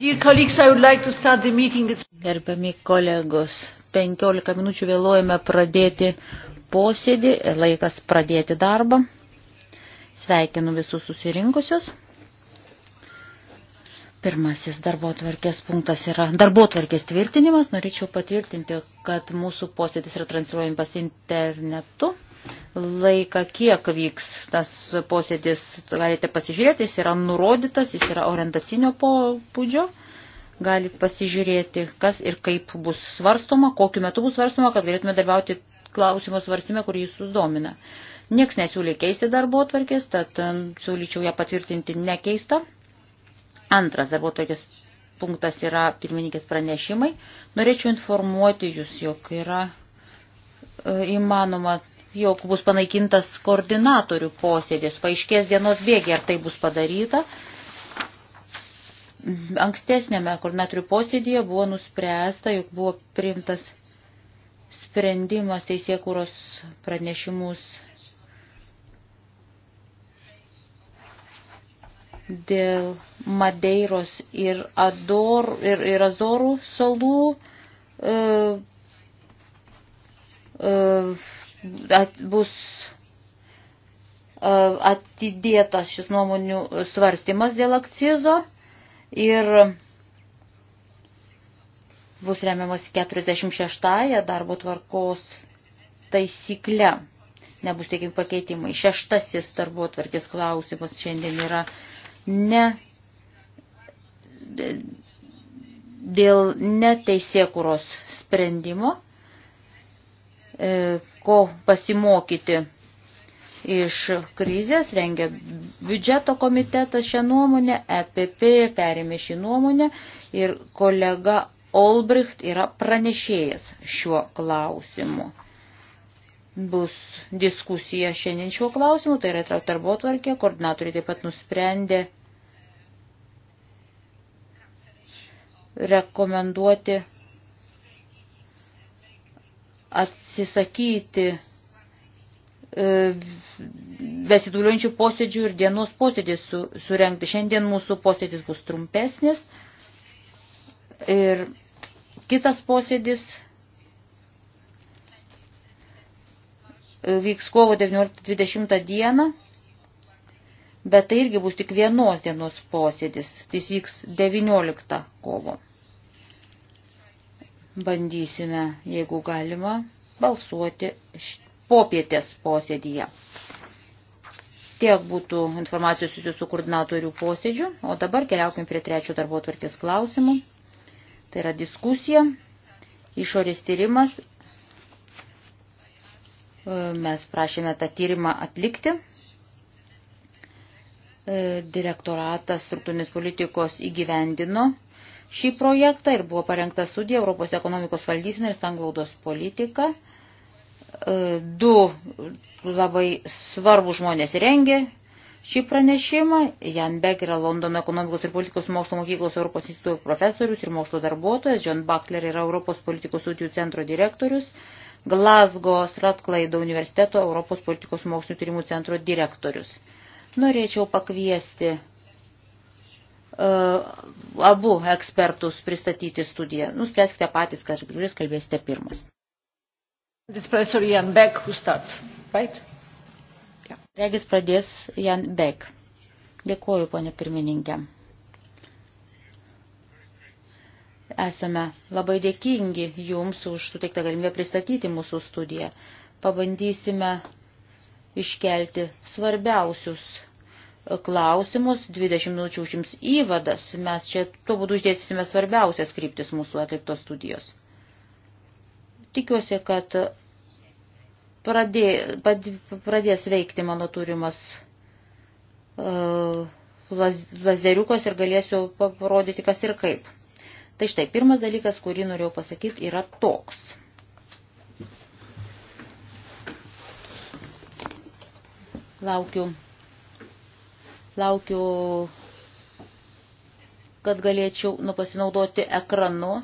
Gerbiami kolegos, 15 minučių vėluojame pradėti posėdį, laikas pradėti darbą. Sveikinu visus susirinkusius. Pirmasis darbo tvarkės punktas yra darbo tvarkės tvirtinimas. Norėčiau patvirtinti, kad mūsų posėdis yra transliuojamas internetu laiką, kiek vyks tas posėdis, galite pasižiūrėti, jis yra nurodytas, jis yra orientacinio pobūdžio, galite pasižiūrėti, kas ir kaip bus svarstoma, kokiu metu bus svarstoma, kad galėtume dalyvauti klausimo svarsime, kurį jūs sudomina. Niekas nesiūlė keisti darbo atvarkės, tad um, siūlyčiau ją patvirtinti nekeistą. Antras darbo atvarkės punktas yra pirmininkės pranešimai. Norėčiau informuoti jūs, jog yra e, įmanoma jog bus panaikintas koordinatorių posėdis. Paaiškės dienos bėgiai, ar tai bus padaryta. Ankstesnėme koordinatorių posėdėje buvo nuspręsta, jog buvo priimtas sprendimas teisėkūros pranešimus dėl Madeiros ir, Ador, ir, ir Azorų salų e, e, at, bus uh, atidėtas šis nuomonių svarstymas dėl akcizo ir bus remiamas 46 darbo tvarkos taisykle. Nebus teikim pakeitimai. Šeštasis darbo tvarkės klausimas šiandien yra ne dėl neteisėkuros sprendimo E, ko pasimokyti iš krizės, rengia biudžeto komitetas šią nuomonę, EPP perėmė šį nuomonę ir kolega Olbricht yra pranešėjas šiuo klausimu. Bus diskusija šiandien šiuo klausimu, tai yra darbo tvarkė, koordinatoriai taip pat nusprendė rekomenduoti atsisakyti e, besiduliuojančių posėdžių ir dienos posėdis su, surengti. Šiandien mūsų posėdis bus trumpesnis ir kitas posėdis e, vyks kovo 19-20 dieną, bet tai irgi bus tik vienos dienos posėdis. Tai vyks 19 kovo bandysime, jeigu galima, balsuoti popietės posėdyje. Tiek būtų informacijos susijusių koordinatorių posėdžių, o dabar keliaukim prie trečio darbo tvarkės klausimų. Tai yra diskusija, išorės tyrimas. E, mes prašėme tą tyrimą atlikti. E, direktoratas struktūrinės politikos įgyvendino šį projektą ir buvo parengta studija Europos ekonomikos valdysina ir sanglaudos politika. E, du labai svarbų žmonės rengė šį pranešimą. Jan Beck yra Londono ekonomikos ir politikos mokslo mokyklos Europos instituto profesorius ir mokslo darbuotojas. John Buckler yra Europos politikos studijų centro direktorius. Glasgow Stratklaido universiteto Europos politikos mokslo tyrimų centro direktorius. Norėčiau pakviesti Uh, abu ekspertus pristatyti studiją. Nuspręskite patys, kad jūs kalbėsite pirmas. Beck, starts, right? yeah. Regis pradės Jan Beck. Dėkuoju, ponė pirmininkė. Esame labai dėkingi Jums už suteiktą galimybę pristatyti mūsų studiją. Pabandysime iškelti svarbiausius klausimus, 20 minučių užims įvadas. Mes čia tuo būdu uždėsime svarbiausias kryptis mūsų atliktos studijos. Tikiuosi, kad pradė, pradės veikti mano turimas uh, lazeriukas ir galėsiu parodyti, kas ir kaip. Tai štai, pirmas dalykas, kurį norėjau pasakyti, yra toks. Laukiu Laukiu, kad galėčiau nu, pasinaudoti ekranu.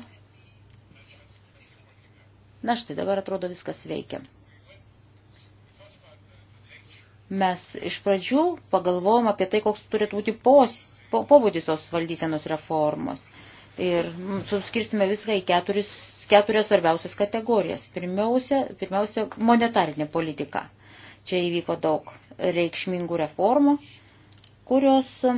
Na štai dabar atrodo viskas veikia. Mes iš pradžių pagalvojom apie tai, koks turėtų būti pos, po, pobūdis tos valdysenos reformos. Ir suskirstime viską į keturis, keturias svarbiausias kategorijas. Pirmiausia, pirmiausia, monetarinė politika. Čia įvyko daug reikšmingų reformų kurios e,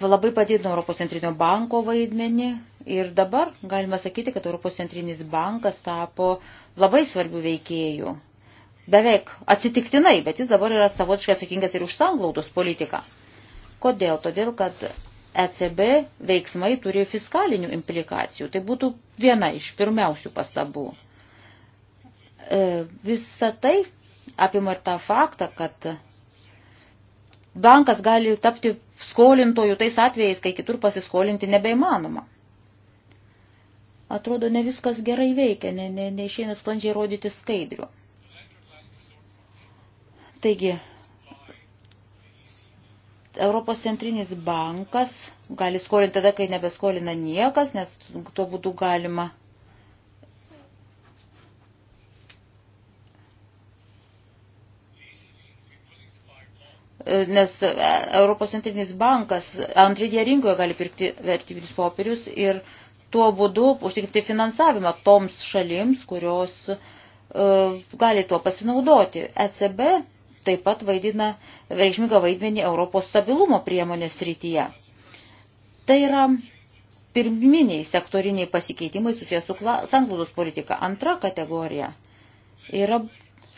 labai padidino Europos centrinio banko vaidmenį ir dabar galima sakyti, kad Europos centrinis bankas tapo labai svarbių veikėjų. Beveik atsitiktinai, bet jis dabar yra savotiškai atsakingas ir už sanglaudos politiką. Kodėl? Todėl, kad ECB veiksmai turi fiskalinių implikacijų. Tai būtų viena iš pirmiausių pastabų. E, visa tai apima ir tą faktą, kad bankas gali tapti skolintojų tais atvejais, kai kitur pasiskolinti nebeįmanoma. Atrodo, ne viskas gerai veikia, ne, ne, neišėina sklandžiai rodyti skaidrių. Taigi, Europos centrinis bankas gali skolinti tada, kai nebeskolina niekas, nes tuo būdu galima nes Europos centrinis bankas antrinėje rinkoje gali pirkti vertybinius popierius ir tuo būdu užtikrinti finansavimą toms šalims, kurios e, gali tuo pasinaudoti. ECB taip pat vaidina reikšmingą vaidmenį Europos stabilumo priemonės rytyje. Tai yra pirminiai sektoriniai pasikeitimai susijęs su sanglaudos politika. Antra kategorija yra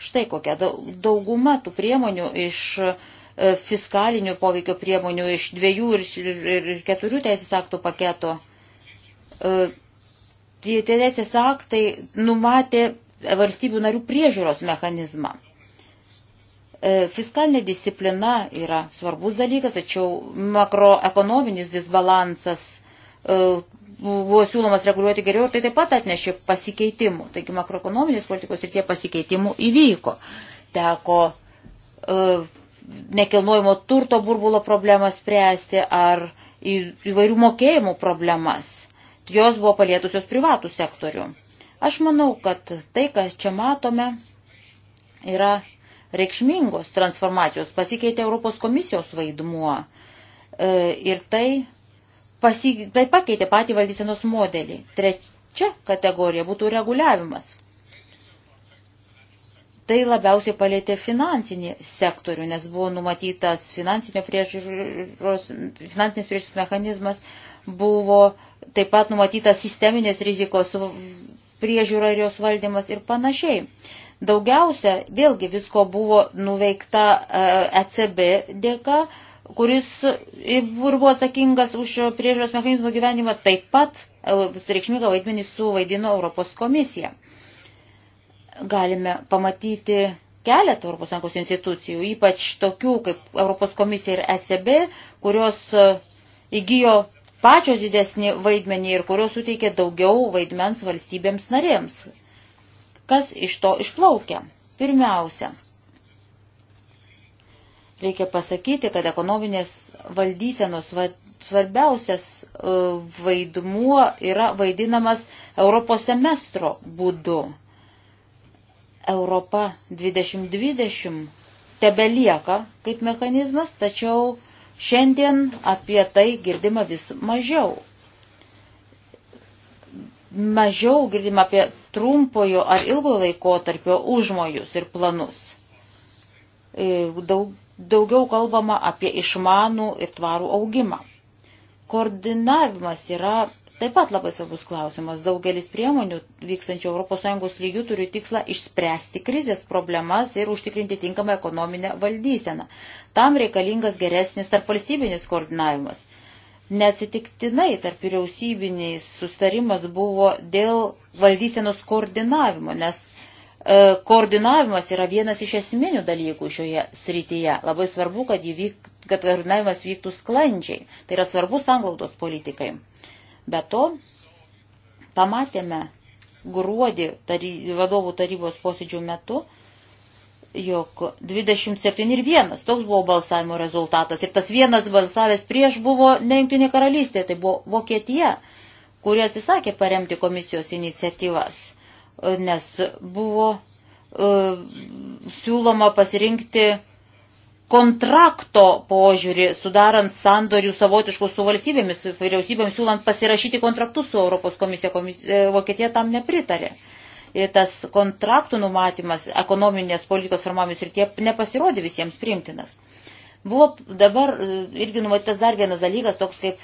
štai kokia dauguma tų priemonių iš E, fiskalinių poveikio priemonių iš dviejų ir keturių teisės aktų paketo. E, tie teisės aktai numatė valstybių narių priežiūros mechanizmą. E, fiskalinė disciplina yra svarbus dalykas, tačiau makroekonominis disbalansas buvo siūlomas reguliuoti geriau ir tai taip pat atnešė pasikeitimų. Taigi makroekonominės politikos ir tie pasikeitimų įvyko. Teko uh, nekilnojimo turto burbulo problemas spręsti ar įvairių mokėjimų problemas. Jos buvo palietusios privatų sektorių. Aš manau, kad tai, kas čia matome, yra reikšmingos transformacijos. Pasikeitė Europos komisijos vaidmuo e, ir tai, pasi, tai pakeitė patį valdysenos modelį. Trečia kategorija būtų reguliavimas. Tai labiausiai palėtė finansinį sektorių, nes buvo numatytas priežiūros, finansinės priežiūros mechanizmas, buvo taip pat numatytas sisteminės rizikos priežiūra ir jos valdymas ir panašiai. Daugiausia, vėlgi, visko buvo nuveikta ECB e dėka, kuris ir buvo atsakingas už priežiūros mechanizmų gyvenimą, taip pat e, reikšmingą vaidmenį suvaidino Europos komisija galime pamatyti keletą ES institucijų, ypač tokių kaip Europos komisija ir ECB, kurios e, įgyjo pačios didesnį vaidmenį ir kurios suteikė daugiau vaidmens valstybėms narėms. Kas iš to išplaukia? Pirmiausia, reikia pasakyti, kad ekonominės valdysenos svarbiausias e, vaidmuo yra vaidinamas Europos semestro būdu Europa 2020 tebelieka kaip mechanizmas, tačiau šiandien apie tai girdima vis mažiau. Mažiau girdima apie trumpojo ar ilgojo laikotarpio užmojus ir planus. E, daug, daugiau kalbama apie išmanų ir tvarų augimą. Koordinavimas yra Taip pat labai svarbus klausimas. Daugelis priemonių vykstančių ES lygių turi tikslą išspręsti krizės problemas ir užtikrinti tinkamą ekonominę valdyseną. Tam reikalingas geresnis tarp valstybinis koordinavimas. Neatsitiktinai tarp vyriausybinis sustarimas buvo dėl valdysenos koordinavimo, nes e, koordinavimas yra vienas iš esminių dalykų šioje srityje. Labai svarbu, kad, vyk, kad koordinavimas vyktų sklandžiai. Tai yra svarbus anglaudos politikai. E, Be to, pamatėme gruodį tary, vadovų tarybos posėdžių metu, jog 27 ir 1, toks buvo balsavimo rezultatas. Ir tas vienas balsavęs prieš buvo ne Junktinė karalystė, tai buvo Vokietija, kuri atsisakė paremti komisijos iniciatyvas, nes buvo uh, siūloma pasirinkti kontrakto požiūrį, sudarant sandorių savotiškų su valstybėmis, vyriausybėms siūlant pasirašyti kontraktus su Europos komisija, komisija e, Vokietija tam nepritarė. Ir tas kontraktų numatymas ekonominės politikos formavimus ir tie nepasirodė visiems priimtinas. Buvo dabar e, irgi numatytas dar vienas dalykas, toks kaip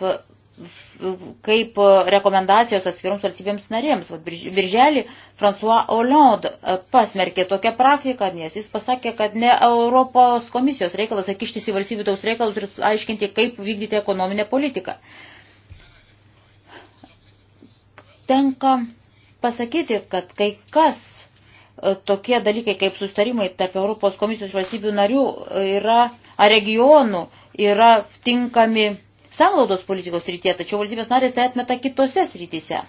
kaip e, rekomendacijos atskiroms valstybėms narėms. Birželį François Hollande e, pasmerkė tokią praktiką, nes jis pasakė, kad ne Europos komisijos reikalas tai kištis į valstybių taus reikalus ir aiškinti, kaip vykdyti ekonominę politiką. Tenka pasakyti, kad kai kas e, tokie dalykai kaip sustarimai tarp Europos komisijos valstybių narių yra, ar regionų yra tinkami sanglaudos politikos rytie, tačiau valstybės narės tai atmeta kitose srityse,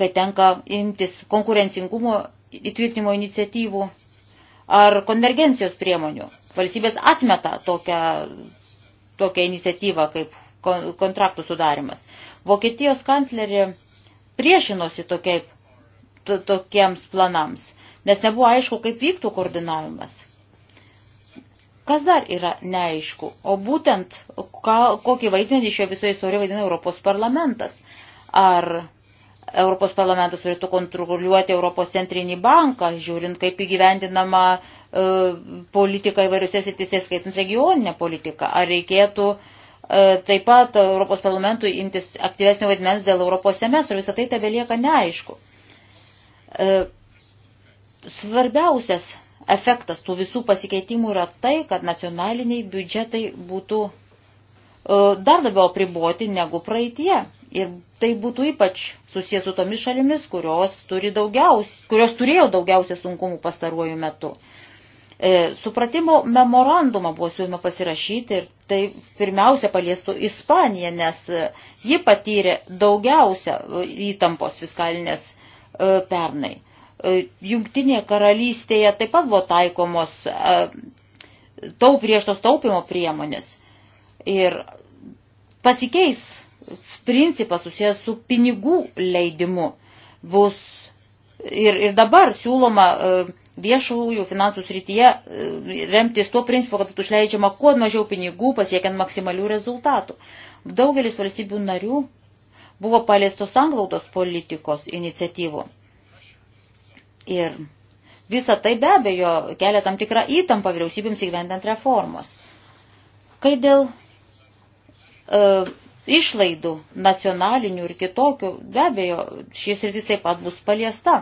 kai tenka imtis konkurencingumo įtvirtinimo iniciatyvų ar konvergencijos priemonių. Valstybės atmeta tokią, tokią iniciatyvą kaip kontraktų sudarimas. Vokietijos kanclerė priešinosi tokiai, to, tokiems planams, nes nebuvo aišku, kaip vyktų koordinavimas. Kas dar yra neaišku? O būtent, ką, kokį vaidmenį šioje visoje istorijoje vaidina Europos parlamentas? Ar Europos parlamentas turėtų kontroliuoti Europos centrinį banką, žiūrint, kaip įgyvendinama e, politika įvairiuose srityse, skaitant regioninę politiką? Ar reikėtų e, taip pat Europos parlamentui imtis aktyvesnio vaidmens dėl Europos semestro? Visą tai tebelieka neaišku. E, svarbiausias efektas tų visų pasikeitimų yra tai, kad nacionaliniai biudžetai būtų e, dar labiau apriboti negu praeitie. Ir tai būtų ypač susijęs su tomis šalimis, kurios, turi kurios turėjo daugiausia sunkumų pastaruoju metu. E, supratimo memorandumą buvo siūloma pasirašyti ir tai pirmiausia paliestų Ispaniją, nes e, ji patyrė daugiausia e, įtampos fiskalinės e, pernai. E, jungtinėje karalystėje taip pat buvo taikomos e, tau prieštos taupimo priemonės. Ir pasikeis principas susijęs su pinigų leidimu. Bus ir, ir dabar siūloma e, viešųjų finansų srityje remtis tuo principu, kad būtų išleidžiama kuo mažiau pinigų, pasiekiant maksimalių rezultatų. Daugelis valstybių narių buvo paliestos sanglaudos politikos iniciatyvų. Ir visa tai be abejo kelia tam tikrą įtampą vyriausybėms įgyvendant reformos. Kai dėl e, išlaidų nacionalinių ir kitokių, be abejo, šis rytis taip pat bus paliesta.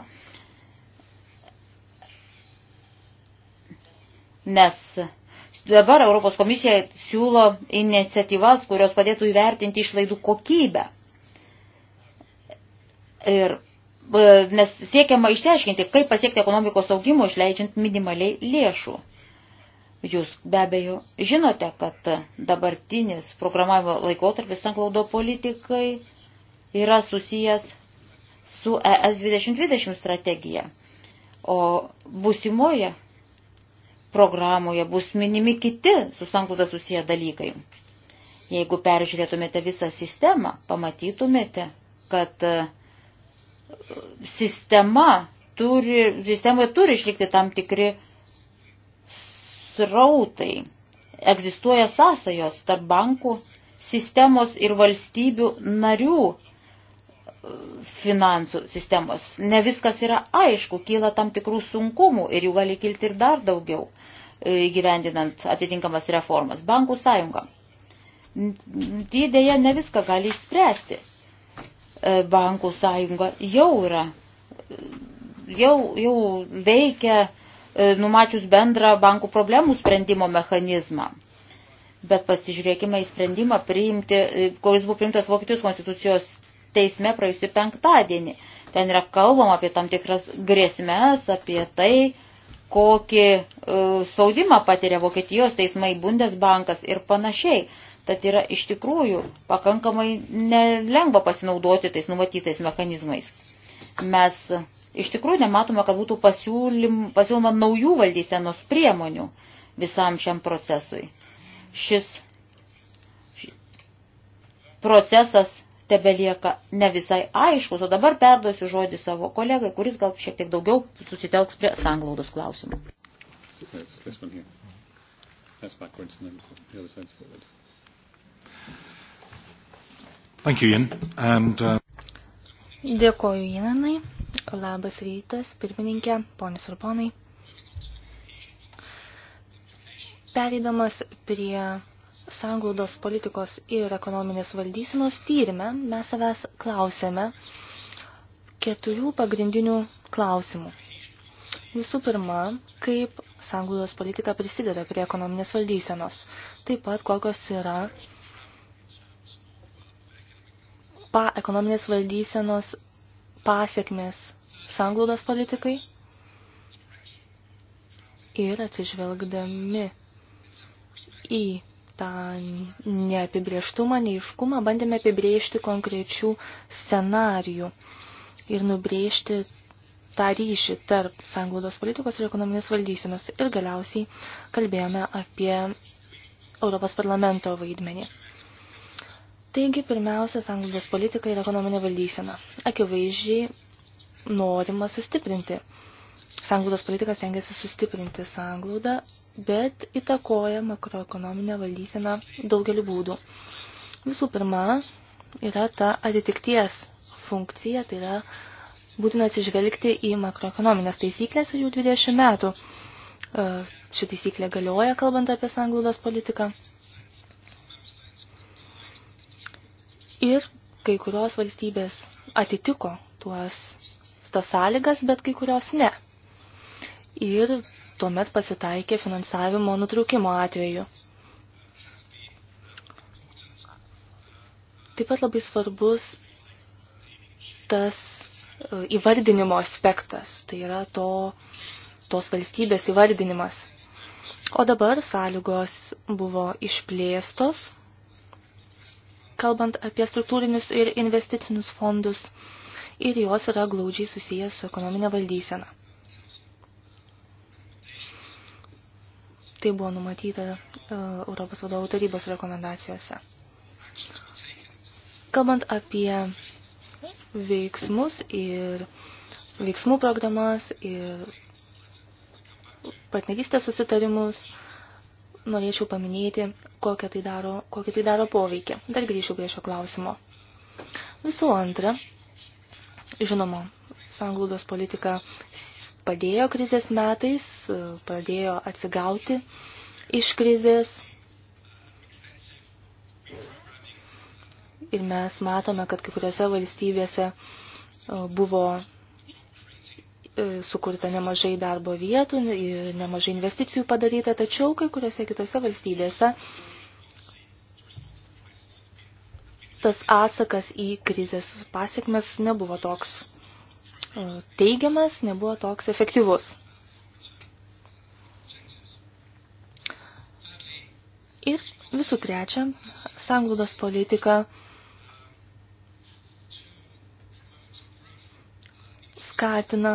Nes dabar Europos komisija siūlo iniciatyvas, kurios padėtų įvertinti išlaidų kokybę. Ir E, nes siekiama išsiaiškinti, kaip pasiekti ekonomikos augimo išleidžiant minimaliai lėšų. Jūs be abejo žinote, kad dabartinis programavimo laikotarpis sanklaudo politikai yra susijęs su ES 2020 strategija. O būsimoje programoje bus minimi kiti su sanklauda susiję dalykai. Jeigu peržiūrėtumėte visą sistemą, pamatytumėte, kad uh, sistema turi, sistemoje turi išlikti tam tikri srautai. Egzistuoja sąsajos tarp bankų sistemos ir valstybių narių e, finansų sistemos. Ne viskas yra aišku, kyla tam tikrų sunkumų ir jų gali kilti ir dar daugiau e, įgyvendinant atitinkamas reformas. Bankų sąjunga. Dėja ne viską gali išspręsti. E, bankų sąjunga jau yra, jau, jau veikia e, numačius bendrą bankų problemų sprendimo mechanizmą. Bet pasižiūrėkime į sprendimą priimti, e, kuris buvo priimtas Vokietijos konstitucijos teisme praėjusį penktadienį. Ten yra kalbama apie tam tikras grėsmės, apie tai, kokį spaudimą patiria Vokietijos teismai, Bundesbankas ir panašiai. Tad yra iš tikrųjų pakankamai nelengva pasinaudoti tais numatytais mechanizmais. Mes iš tikrųjų nematome, kad būtų pasiūlym, pasiūlyma naujų valdysenos priemonių visam šiam procesui. Šis procesas tebelieka ne visai aiškus, o dabar perduosiu žodį savo kolegai, kuris gal šiek tiek daugiau susitelks prie sanglaudos klausimų. This one here. That's backwards and then the other side's forward. Thank you, Ian. And, uh... Dėkoju, Janai. Labas rytas, pirmininkė, ponis ir ponai. Pereidamas prie sanglaudos politikos ir ekonominės valdysenos tyrime, mes savęs klausėme keturių pagrindinių klausimų. Visų pirma, kaip sanglaudos politika prisideda prie ekonominės valdysenos. Taip pat, kokios yra pa, ekonominės valdysenos pasiekmes sanglaudos politikai ir atsižvelgdami į tą neapibrieštumą, neiškumą, bandėme apibriežti konkrečių scenarijų ir nubrėžti tą ryšį tarp sanglaudos politikos ir ekonominės valdysenos. Ir galiausiai kalbėjome apie Europos parlamento vaidmenį. Taigi, pirmiausia, sanglaudos politika ir ekonominė valdysena. Akivaizdžiai norima sustiprinti. Sanglaudos politikas tengiasi sustiprinti sanglaudą, bet įtakoja makroekonominę valdyseną daugeliu būdų. Visų pirma, yra ta atitikties funkcija, tai yra būtina atsižvelgti į makroekonominės taisyklės ir jau 20 metų ši taisyklė galioja, kalbant apie sanglaudos politiką. Ir kai kurios valstybės atitiko tuos tas sąlygas, bet kai kurios ne. Ir tuomet pasitaikė finansavimo nutraukimo atveju. Taip pat labai svarbus tas e, įvardinimo aspektas, tai yra to, tos valstybės įvardinimas. O dabar sąlygos buvo išplėstos kalbant apie struktūrinius ir investicinius fondus ir jos yra glaudžiai susijęs su ekonominė valdysena. Tai buvo numatyta e, Europos vadovų tarybos rekomendacijose. Kalbant apie veiksmus ir veiksmų programas ir partnerystės susitarimus, uh, norėčiau paminėti, kokią tai daro, kokią tai daro poveikį. Dar grįšiu prie šio klausimo. Visų antra, žinoma, sanglaudos politika padėjo krizės metais, padėjo atsigauti iš krizės. Ir mes matome, kad kai kuriuose valstybėse e, buvo E, sukurta nemažai darbo vietų, nemažai investicijų padaryta, tačiau kai kuriuose kitose valstybėse tas atsakas į krizės pasiekmes nebuvo toks e, teigiamas, nebuvo toks efektyvus. Ir visų trečia, sanglaudos politika skatina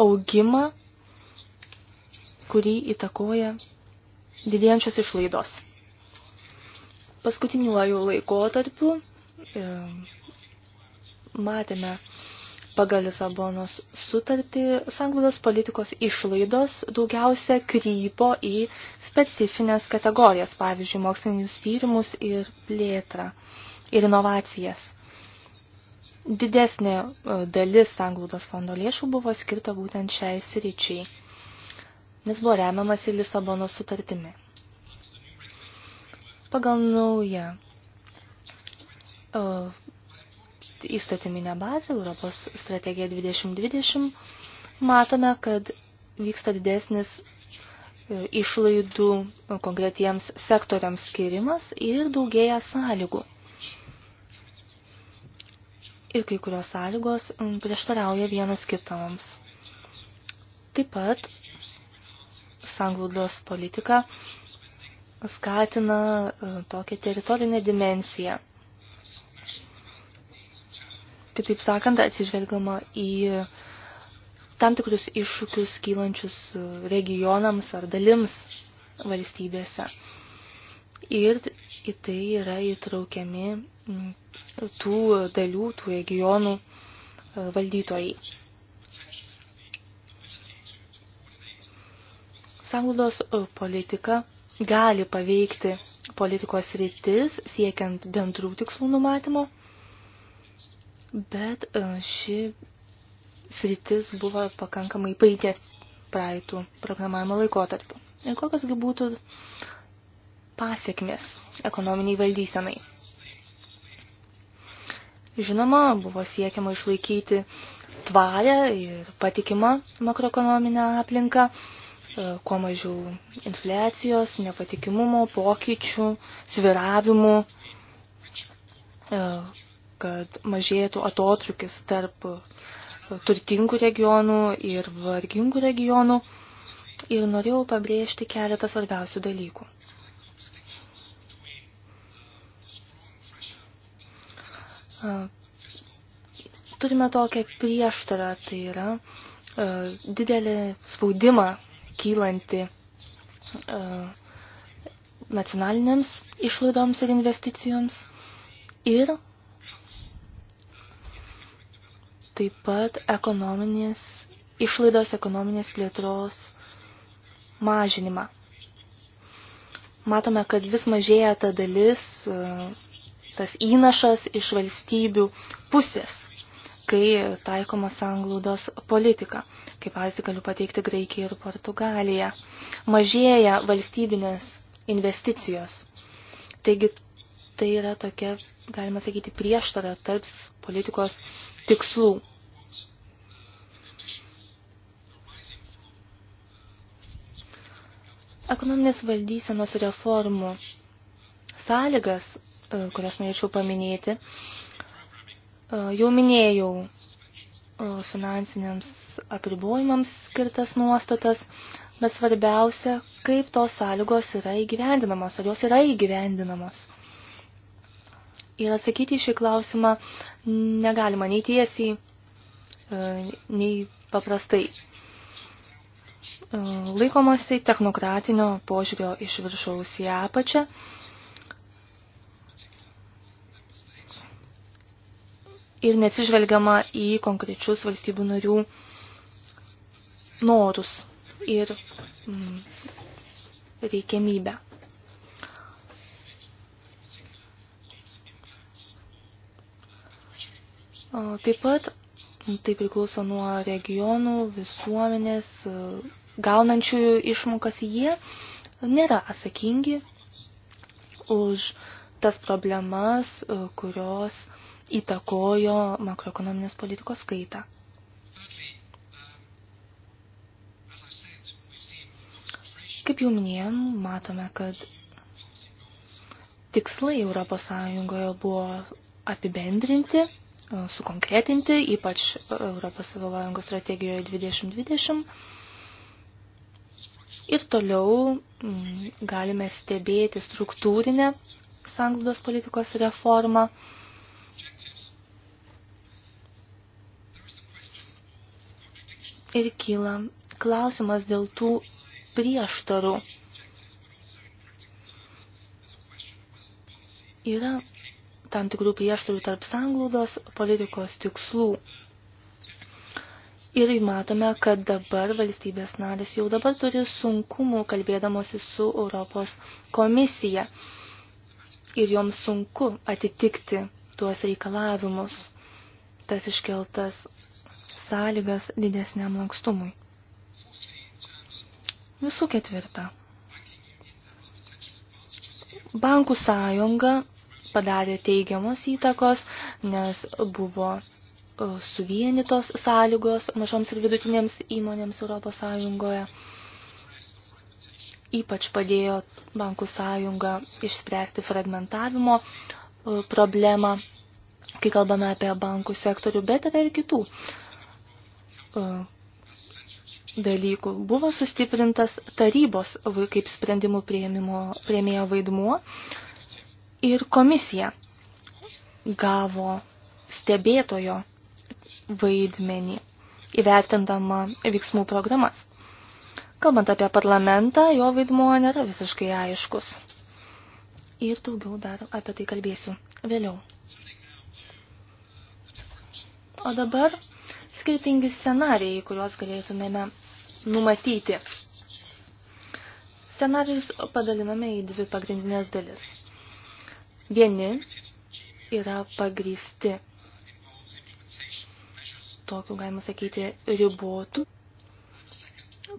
augimą, kurį įtakoja didėjančios išlaidos. Paskutiniuoju laikotarpiu e, matėme pagal Lisabonos sutartį sanglaudos politikos išlaidos daugiausia krypo į specifines kategorijas, pavyzdžiui, mokslinius tyrimus ir plėtrą ir inovacijas. Didesnė e, dalis sanglaudos fondo lėšų buvo skirta būtent šiai sričiai, nes buvo remiamas į Lisabono sutartimi. Pagal naują e, įstatyminę bazę Europos strategija 2020 matome, kad vyksta didesnis e, išlaidų konkretiems sektoriams skirimas ir daugėja sąlygų ir kai kurios sąlygos mm, prieštarauja vienas kitams. Taip pat sanglaudos politika skatina e, tokią teritorinę dimensiją. Kitaip sakant, atsižvelgiama į tam tikrus iššūkius kylančius regionams ar dalims valstybėse. Ir į tai yra įtraukiami tų dalių, tų regionų e, valdytojai. Sanglaudos e, politika gali paveikti politikos rytis siekiant bendrų tikslų numatymo, bet e, ši sritis buvo pakankamai paitė praeitų programavimo laikotarpiu. Ir kokiasgi būtų pasiekmės ekonominiai valdysenai. Žinoma, buvo siekiama išlaikyti tvarę ir patikimą makroekonominę aplinką, e, kuo mažiau infliacijos, nepatikimumo, pokyčių, sviravimų, e, kad mažėtų atotrukis tarp e, turtingų regionų ir vargingų regionų. Ir norėjau pabrėžti keletą svarbiausių dalykų. turime tokią prieštarą, tai yra didelį spaudimą kylanti nacionalinėms išlaidoms ir investicijoms ir taip pat ekonominės išlaidos ekonominės plėtros mažinimą. Matome, kad vis mažėja ta dalis tas įnašas iš valstybių pusės, kai taikoma sanglaudos politika. Kaip pavyzdį galiu pateikti Graikiją ir Portugaliją. Mažėja valstybinės investicijos. Taigi tai yra tokia, galima sakyti, prieštara tarp politikos tikslų. Ekonominės valdysenos reformų sąlygas E, kurias norėčiau paminėti. E, jau minėjau e, finansiniams apribojimams skirtas nuostatas, bet svarbiausia, kaip tos sąlygos yra įgyvendinamos, ar jos yra įgyvendinamos. Ir atsakyti šį klausimą negalima nei tiesiai, nei paprastai. Laikomasi technokratinio požiūrio iš viršaus į apačią ir neatsižvelgiama į konkrečius valstybių narių norus ir mm, reikiamybę. Taip pat mm, tai priklauso nuo regionų, visuomenės, e, gaunančiųjų išmokas. Jie nėra atsakingi už tas problemas, e, kurios uh, įtakojo makroekonominės politikos kaitą. Kaip jau minėjom, matome, kad tikslai Europos Sąjungoje buvo apibendrinti, e, sukonkretinti, ypač Europos Sąjungos strategijoje 2020. Ir toliau mm, galime stebėti struktūrinę sanglaudos politikos reformą Ir kyla klausimas dėl tų prieštarų. Yra tam tikrų prieštarų tarp sanglaudos politikos tikslų. Ir matome, kad dabar valstybės narės jau dabar turi sunkumų kalbėdamosi su Europos komisija. Ir joms sunku atitikti tuos reikalavimus, tas iškeltas sąlygas didesniam lankstumui. Visų ketvirta. Bankų sąjunga padarė teigiamos įtakos, nes buvo e, suvienytos sąlygos mažoms ir vidutinėms įmonėms Europos Sąjungoje. Ypač padėjo bankų sąjunga išspręsti fragmentavimo problemą, kai kalbame apie bankų sektorių, bet yra ir kitų e, dalykų. Buvo sustiprintas tarybos kaip sprendimų prieimėjo vaidmuo ir komisija gavo stebėtojo vaidmenį įvertindama veiksmų programas. Kalbant apie parlamentą, jo vaidmuo nėra visiškai aiškus ir daugiau dar apie tai kalbėsiu vėliau. O dabar skirtingi scenarijai, kuriuos galėtumėme numatyti. Scenarijus padaliname į dvi pagrindinės dalis. Vieni yra pagrysti tokiu, galima sakyti, ribotų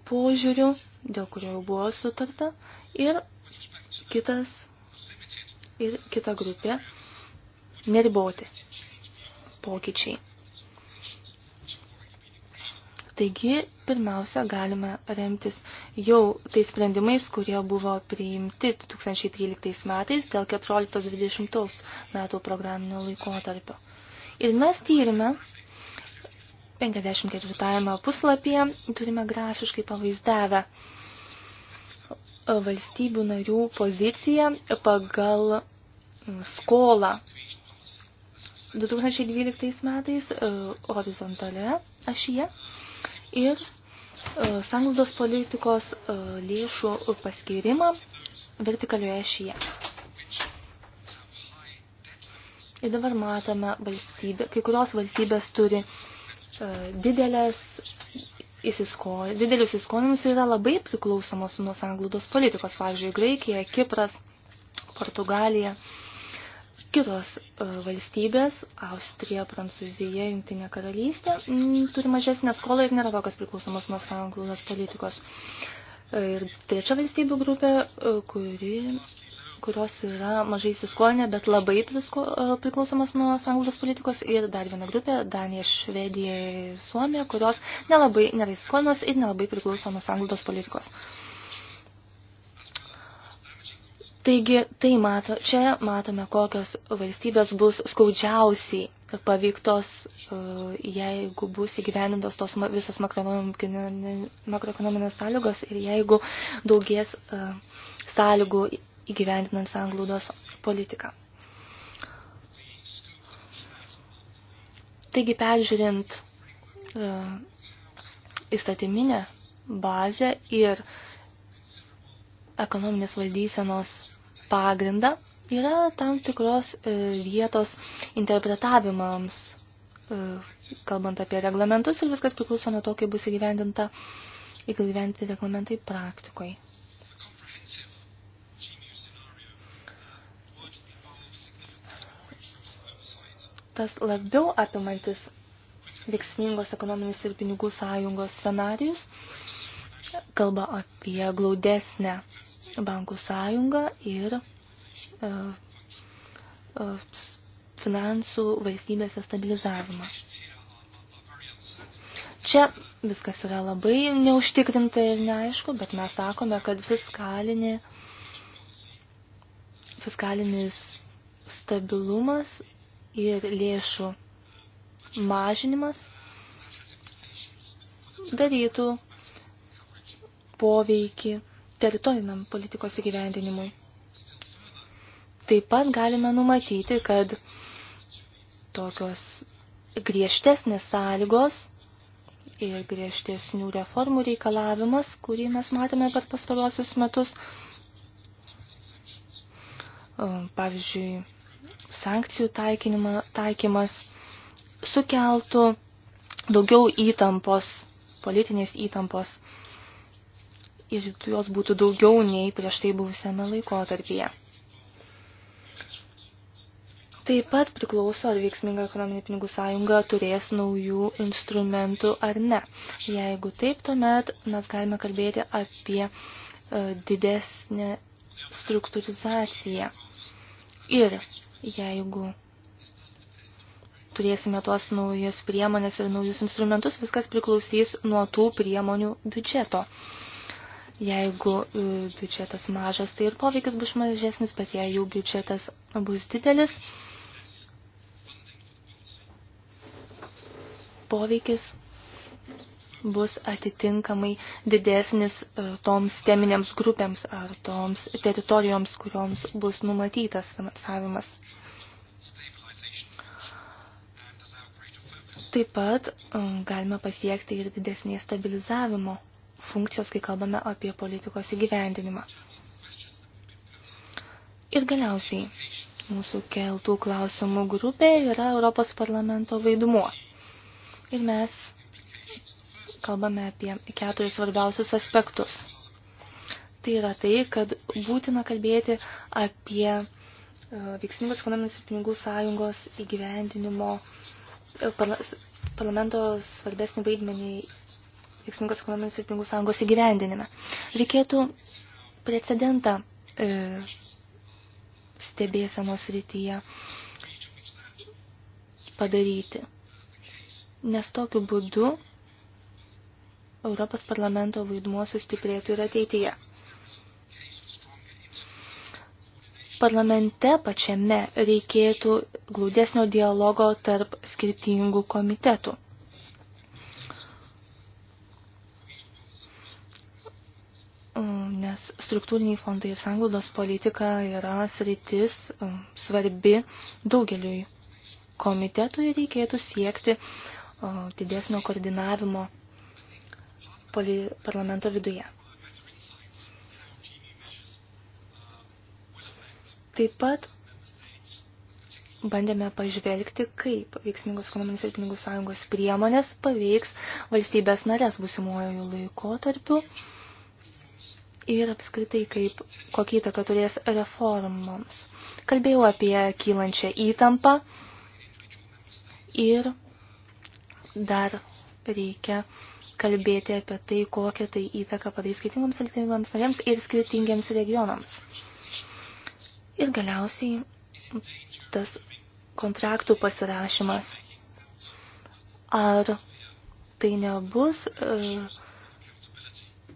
požiūrių, dėl kurio jau buvo sutarta, ir kitas ir kita grupė neriboti pokyčiai. Taigi, pirmiausia, galime remtis jau tais sprendimais, kurie buvo priimti 2013 metais dėl 14-20 metų programinio laikotarpio. Ir mes tyrime 54 puslapyje turime grafiškai pavaizdavę valstybių narių poziciją pagal skolą. 2012 metais e, horizontale ašyje ir e, sanglaudos politikos e, lėšų paskirimą vertikalioje ašyje. Ir dabar matome valstybę, kai kurios valstybės turi didelės įsisko, didelius įskolinimus yra labai priklausomos nuo sanglaudos politikos, pavyzdžiui, Graikija, Kipras, Portugalija, kitos e, valstybės, Austrija, Prancūzija, Jungtinė karalystė, turi mažesnę skolą ir nėra tokios priklausomos nuo sanglaudos politikos. E, ir trečia valstybių grupė, e, kuri kurios yra mažai įsiskolinę, bet labai prisko, e, priklausomas nuo sanglaudos politikos ir dar viena grupė, Danija, Švedija ir Suomija, kurios nelabai nėra įsiskolinos ir nelabai priklauso nuo sanglaudos politikos. Taigi, tai mato, čia matome, kokios valstybės bus skaudžiausiai paveiktos, e, jeigu bus įgyvenintos tos visos makroekonominės sąlygos ir jeigu daugės e, sąlygų įgyvendinant sanglaudos politiką. Taigi, peržiūrint uh, įstatyminę bazę ir ekonominės valdysenos pagrindą, yra tam tikros uh, vietos interpretavimams, uh, kalbant apie reglamentus ir viskas priklauso nuo to, kaip bus įgyvendinta įgyvendinti reglamentai praktikoje. tas labiau apimantis veiksmingos ekonominės ir pinigų sąjungos scenarius, kalba apie glaudesnę bankų sąjungą ir e, e, finansų valstybėse stabilizavimą. Čia viskas yra labai neužtikrinta ir neaišku, bet mes sakome, kad fiskalinė, fiskalinis stabilumas ir lėšų mažinimas darytų poveikį teritoriniam politikos įgyvendinimui. Taip pat galime numatyti, kad tokios griežtesnės sąlygos ir griežtesnių reformų reikalavimas, kurį mes matėme per pastaruosius metus, pavyzdžiui, sankcijų taikymas sukeltų daugiau įtampos, politinės įtampos ir jos būtų daugiau nei prieš tai buvusiame laikotarpyje. Taip pat priklauso, ar veiksminga ekonominė pinigų sąjunga turės naujų instrumentų ar ne. Jeigu taip, tuomet mes galime kalbėti apie e, didesnę struktūrizaciją. Ir jeigu turėsime tuos naujus priemonės ir naujus instrumentus, viskas priklausys nuo tų priemonių biudžeto. Jeigu e, biudžetas mažas, tai ir poveikis bus mažesnis, bet jei jų biudžetas bus didelis, poveikis bus atitinkamai didesnis e, toms teminėms grupėms ar toms teritorijoms, kurioms bus numatytas finansavimas. Taip pat e, galime pasiekti ir didesnės stabilizavimo funkcijos, kai kalbame apie politikos įgyvendinimą. Ir galiausiai mūsų keltų klausimų grupė yra Europos parlamento vaidmuo. Ir mes kalbame apie keturis svarbiausius aspektus. Tai yra tai, kad būtina kalbėti apie e, veiksmingos ekonominės ir pinigų sąjungos įgyvendinimo e, parlamento svarbesnį vaidmenį veiksmingos ekonominės ir pinigų sąjungos įgyvendinime. Reikėtų precedentą e, stebėsenos rytyje padaryti. Nes tokiu būdu Europos parlamento vaidmuo sustiprėtų ir ateityje. Parlamente pačiame reikėtų glaudesnio dialogo tarp skirtingų komitetų. Nes struktūriniai fondai ir sanglaudos politika yra sritis um, svarbi daugeliui komitetų ir reikėtų siekti uh, didesnio koordinavimo parlamento viduje. Taip pat bandėme pažvelgti, kaip veiksmingos ekonominės ir pinigų sąjungos priemonės paveiks valstybės narės būsimuoju laikotarpiu ir apskritai, kaip, kokį įtaką turės reformams. Kalbėjau apie kylančią įtampą ir dar reikia uh, kalbėti apie tai, kokią tai įtaką padarys skirtingoms alternatyvams narėms ir skirtingiems regionams. Ir galiausiai tas kontraktų pasirašymas. Ar tai nebus, e,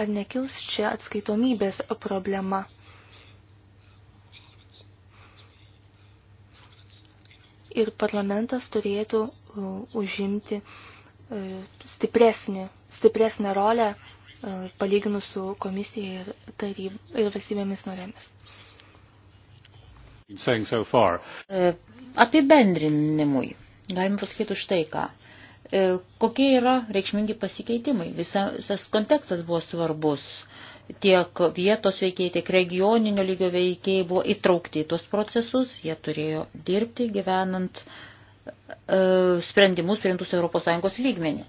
ar nekils čia atskaitomybės problema? Ir parlamentas turėtų e, užimti uh, stipresnį, stipresnę rolę e, palyginus su komisija ir, taryb, ir valstybėmis norėmis. So far. E, apibendrinimui galim pasakyti štai ką. E, kokie yra reikšmingi pasikeitimai? Visas kontekstas buvo svarbus. Tiek vietos veikiai, tiek regioninio lygio veikiai buvo įtraukti į tuos procesus, jie turėjo dirbti gyvenant uh, E, sprendimus priimtus ES lygmenį.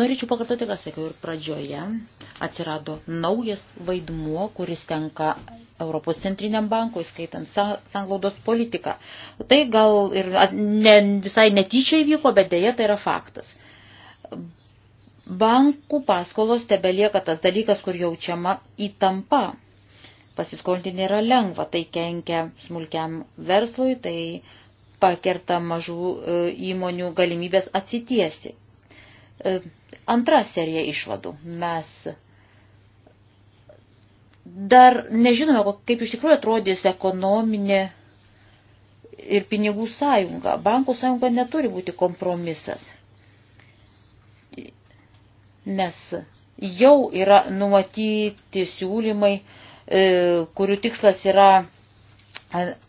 Norėčiau pakartoti, ką sakiau ir pradžioje. Atsirado naujas vaidmuo, kuris tenka Europos centriniam bankui, skaitant sanglaudos politiką. Tai gal ir ne, visai netyčia įvyko, bet dėja tai yra faktas. Bankų paskolos tebelieka tas dalykas, kur jaučiama įtampa. Pasiskolinti nėra lengva, tai kenkia smulkiam verslui, tai uh, pakerta mažų e, įmonių galimybės atsitiesti. E, antra serija išvadų. Mes dar nežinome, kaip iš tikrųjų atrodys ekonominė ir pinigų sąjunga. Bankų sąjunga neturi būti kompromisas, nes jau yra numatyti siūlymai, e, kurių tikslas yra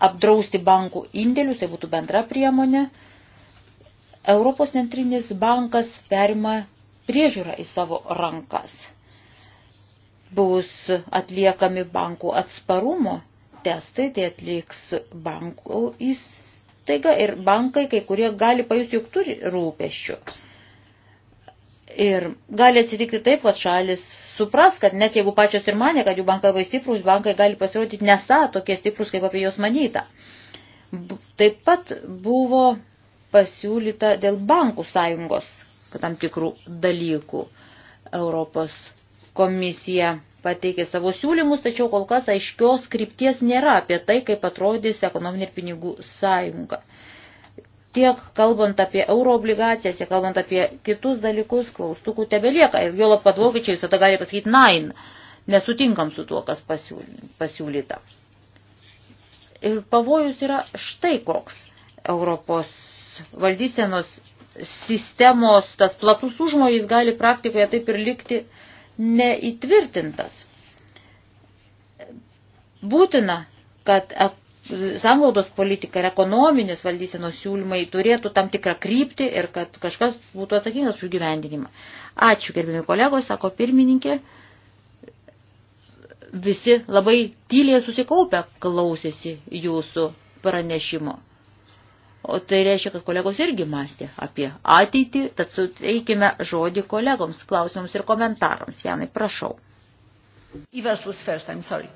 apdrausti bankų indėlius, tai būtų bendra priemonė. Europos centrinis bankas perima priežiūrą į savo rankas. Bus atliekami bankų atsparumo testai, tai atliks bankų įstaiga ir bankai, kai kurie gali pajusti, jog turi rūpeščių. Ir gali atsitikti taip, kad šalis supras, kad net jeigu pačios ir mane, kad jų bankai labai stiprus, bankai gali pasirodyti nesą tokie stiprus, kaip apie juos manyta. Taip pat buvo pasiūlyta dėl bankų sąjungos tam tikrų dalykų. Europos komisija pateikė savo siūlymus, tačiau kol kas aiškios krypties nėra apie tai, kaip atrodys ekonominė ir pinigų sąjunga tiek kalbant apie euroobligacijas, tiek kalbant apie kitus dalykus, klaustukų tebelieka. Ir juolab, kad vokiečiai visada gali pasakyti nein, nesutinkam su tuo, kas pasiūlyta. Ir pavojus yra štai koks Europos valdysenos sistemos, tas platus užmojais gali praktikoje taip ir likti neįtvirtintas. Būtina, kad sanglaudos politika ir ekonominės valdysenos siūlymai turėtų tam tikrą kryptį ir kad kažkas būtų atsakingas už gyvendinimą. Ačiū, gerbimi kolegos, sako pirmininkė. Visi labai tyliai susikaupę klausėsi jūsų pranešimo. O tai reiškia, kad kolegos irgi mąstė apie ateitį, tad suteikime žodį kolegoms, klausimams ir komentarams. Janai, prašau. Ivers was first, I'm sorry.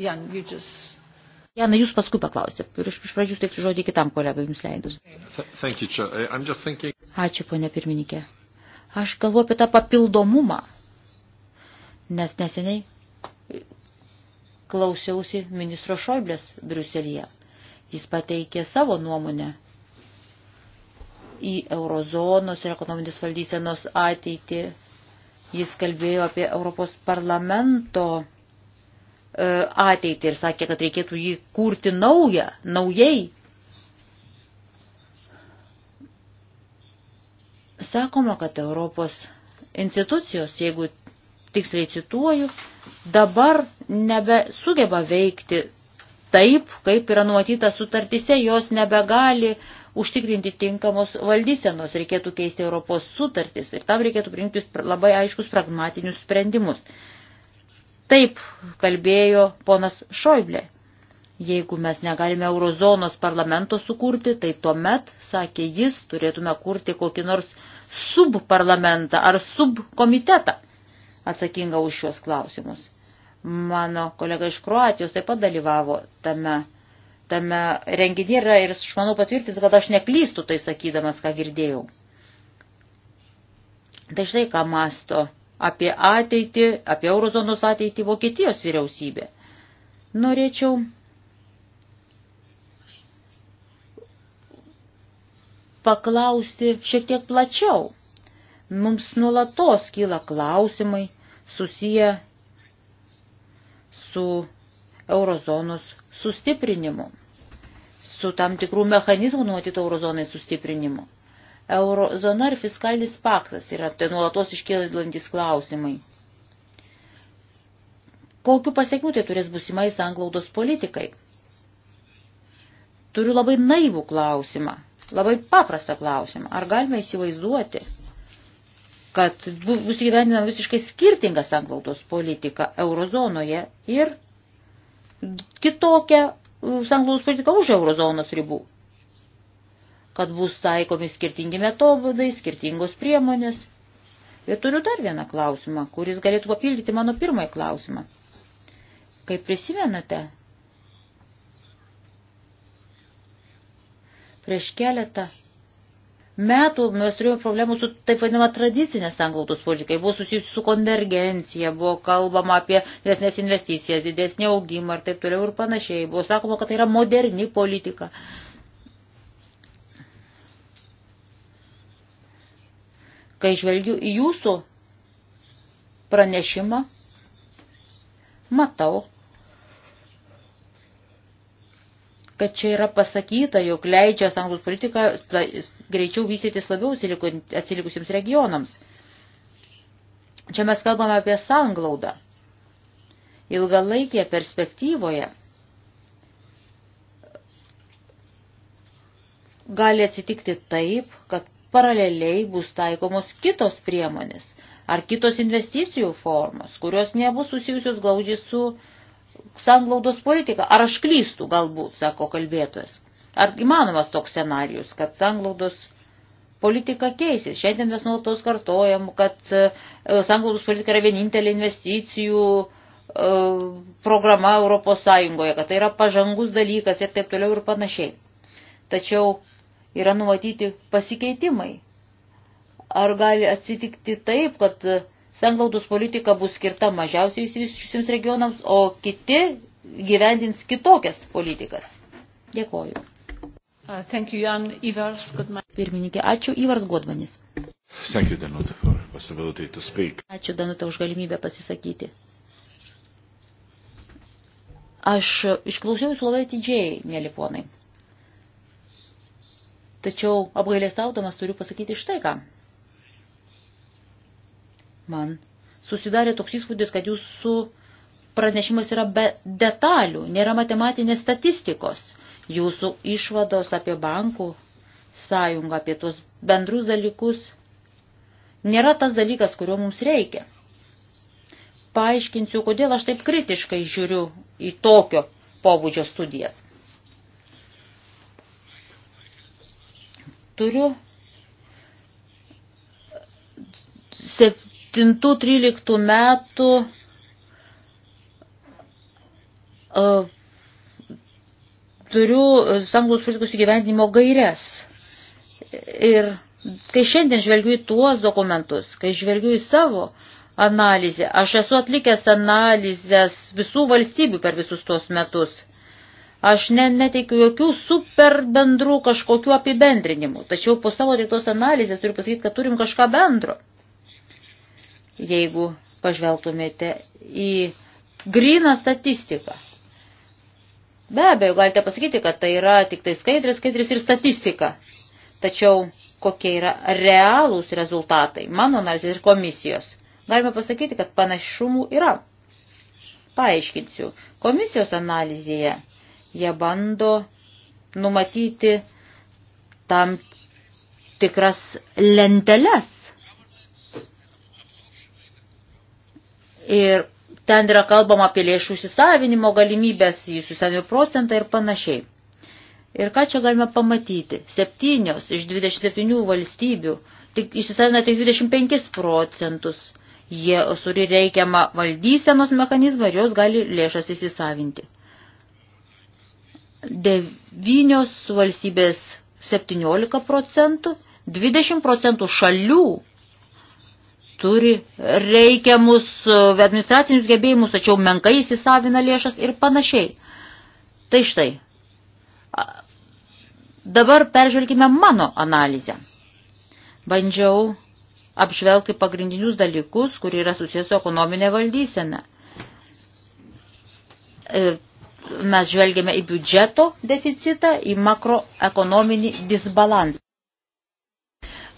Jan, you just Jana, jūs paskui paklausite. Ir iš pradžių teiksiu žodį kitam kolegai jums leidus. You, thinking... Ačiū, ponė pirmininkė. Aš galvoju apie tą papildomumą, nes neseniai klausiausi ministro Šoiblės Briuselėje. Jis pateikė savo nuomonę į eurozonos ir ekonominės valdysenos ateitį. Jis kalbėjo apie Europos parlamento E, ateitį ir sakė, kad reikėtų jį kurti naują, naujai. Sakoma, kad Europos institucijos, jeigu tiksliai cituoju, dabar nebesugeba veikti taip, kaip yra numatyta sutartise, jos nebegali užtikrinti tinkamos valdysenos, reikėtų keisti Europos sutartis ir tam reikėtų priimti labai aiškus pragmatinius sprendimus. Taip kalbėjo ponas Šoiblė. Jeigu mes negalime eurozonos parlamento sukurti, tai tuomet, sakė jis, turėtume kurti kokį nors subparlamentą ar subkomitetą atsakingą už šios klausimus. Mano kolega iš Kroatijos taip pat dalyvavo tame, tame renginyje ir aš manau patvirtins, kad aš neklystu tai sakydamas, ką girdėjau. Tai štai ką masto apie ateitį, apie eurozonos ateitį Vokietijos vyriausybė. Norėčiau paklausti šiek tiek plačiau. Mums nulatos kyla klausimai susiję su eurozonos sustiprinimu, su tam tikrų mechanizmų numatytų eurozonai sustiprinimu. Eurozona ir fiskalinis paktas yra tai nuolatos iškėlantis klausimai. Kokiu pasiekmiu tai turės būsimai sanglaudos politikai? Turiu labai naivų klausimą, labai paprastą klausimą. Ar galime įsivaizduoti, kad bus gyvenina visiškai skirtinga sanglaudos politika eurozonoje ir kitokia uh, sanglaudos politika už eurozonos ribų kad bus taikomi skirtingi metodai, skirtingos priemonės. Ir turiu dar vieną klausimą, kuris galėtų papildyti mano pirmąjį klausimą. Kaip prisimenate, prieš keletą metų mes turėjome problemų su taip vadinama tradicinė sanglautos politika. Buvo susijusi su konvergencija, buvo kalbama apie didesnės investicijas, didesnį augimą ir taip toliau ir panašiai. Buvo sakoma, kad tai yra moderni politika. Uh, Kai žvelgiu į jūsų pranešimą, matau, kad čia yra pasakyta, jog leidžia sanglus politiką greičiau vystytis labiau atsilikusiems regionams. Čia mes kalbame apie sanglaudą. Ilgalaikėje perspektyvoje gali atsitikti taip, kad paraleliai bus taikomos kitos priemonės ar kitos investicijų formos, kurios nebus susijusios glaudžiai su sanglaudos politika. Ar aš klystu, galbūt, sako kalbėtojas. Ar įmanomas toks scenarius, kad sanglaudos politika keisis? Šiandien mes nuolatos kartojam, kad e, sanglaudos politika yra vienintelė investicijų e, programa Europos Sąjungoje, kad tai yra pažangus dalykas ir taip toliau ir panašiai. Tačiau yra numatyti pasikeitimai. Ar gali atsitikti taip, kad sanglaudos politika bus skirta mažiausiai išsivysčiusiems regionams, o kiti gyvendins kitokias politikas? Dėkoju. Uh, thank you, Jan Ivars Godman. Pirmininkė, ačiū Ivars Godmanis. Thank you, Danuta, for possibility to speak. Ačiū, Danuta, už galimybę pasisakyti. Aš išklausiau jūsų labai didžiai, mėly ponai. Tačiau apgailėstaudamas turiu pasakyti štai ką. Man susidarė toks įspūdis, kad jūsų pranešimas yra be detalių, nėra matematinės statistikos. Jūsų išvados apie bankų sąjungą, apie tuos bendrus dalykus nėra tas dalykas, kurio mums reikia. Paaiškinsiu, kodėl aš taip kritiškai žiūriu į tokio pobūdžio studijas. Turiu 7-13 metų uh, turiu sanglaus politikos įgyvendinimo gairias. Ir kai šiandien žvelgiu į tuos dokumentus, kai žvelgiu į savo analizę, aš esu atlikęs analizės visų valstybių per visus tuos metus – Aš ne, neteikiu jokių super bendrų kažkokių apibendrinimų, tačiau po savo teiktos analizės turiu pasakyti, kad turim kažką bendro. Jeigu pažvelgtumėte į gryną statistiką. Be abejo, galite pasakyti, kad tai yra tik tai skaidrės, skaidrės ir statistika. Tačiau kokie yra realūs rezultatai mano analizės ir komisijos. Galime pasakyti, kad panašumų yra. Paaiškinsiu. Komisijos analizėje jie bando numatyti tam tikras lenteles. Ir ten yra kalbama apie lėšų įsisavinimo galimybės, įsisavinimo procentą ir panašiai. Ir ką čia galime pamatyti? Septynios iš 27 valstybių tik įsisavina tik 25 procentus. Jie turi reikiamą valdysenos mechanizmą ir jos gali lėšas įsisavinti devynios valstybės 17 procentų, 20 procentų šalių turi reikiamus e, administracinius gebėjimus, tačiau menkai įsisavina lėšas ir panašiai. Tai štai, dabar peržvelgime mano analizę. Bandžiau apžvelgti pagrindinius dalykus, kurie yra susijęs su ekonominė valdysena e, mes žvelgiame į biudžeto deficitą, į makroekonominį disbalansą.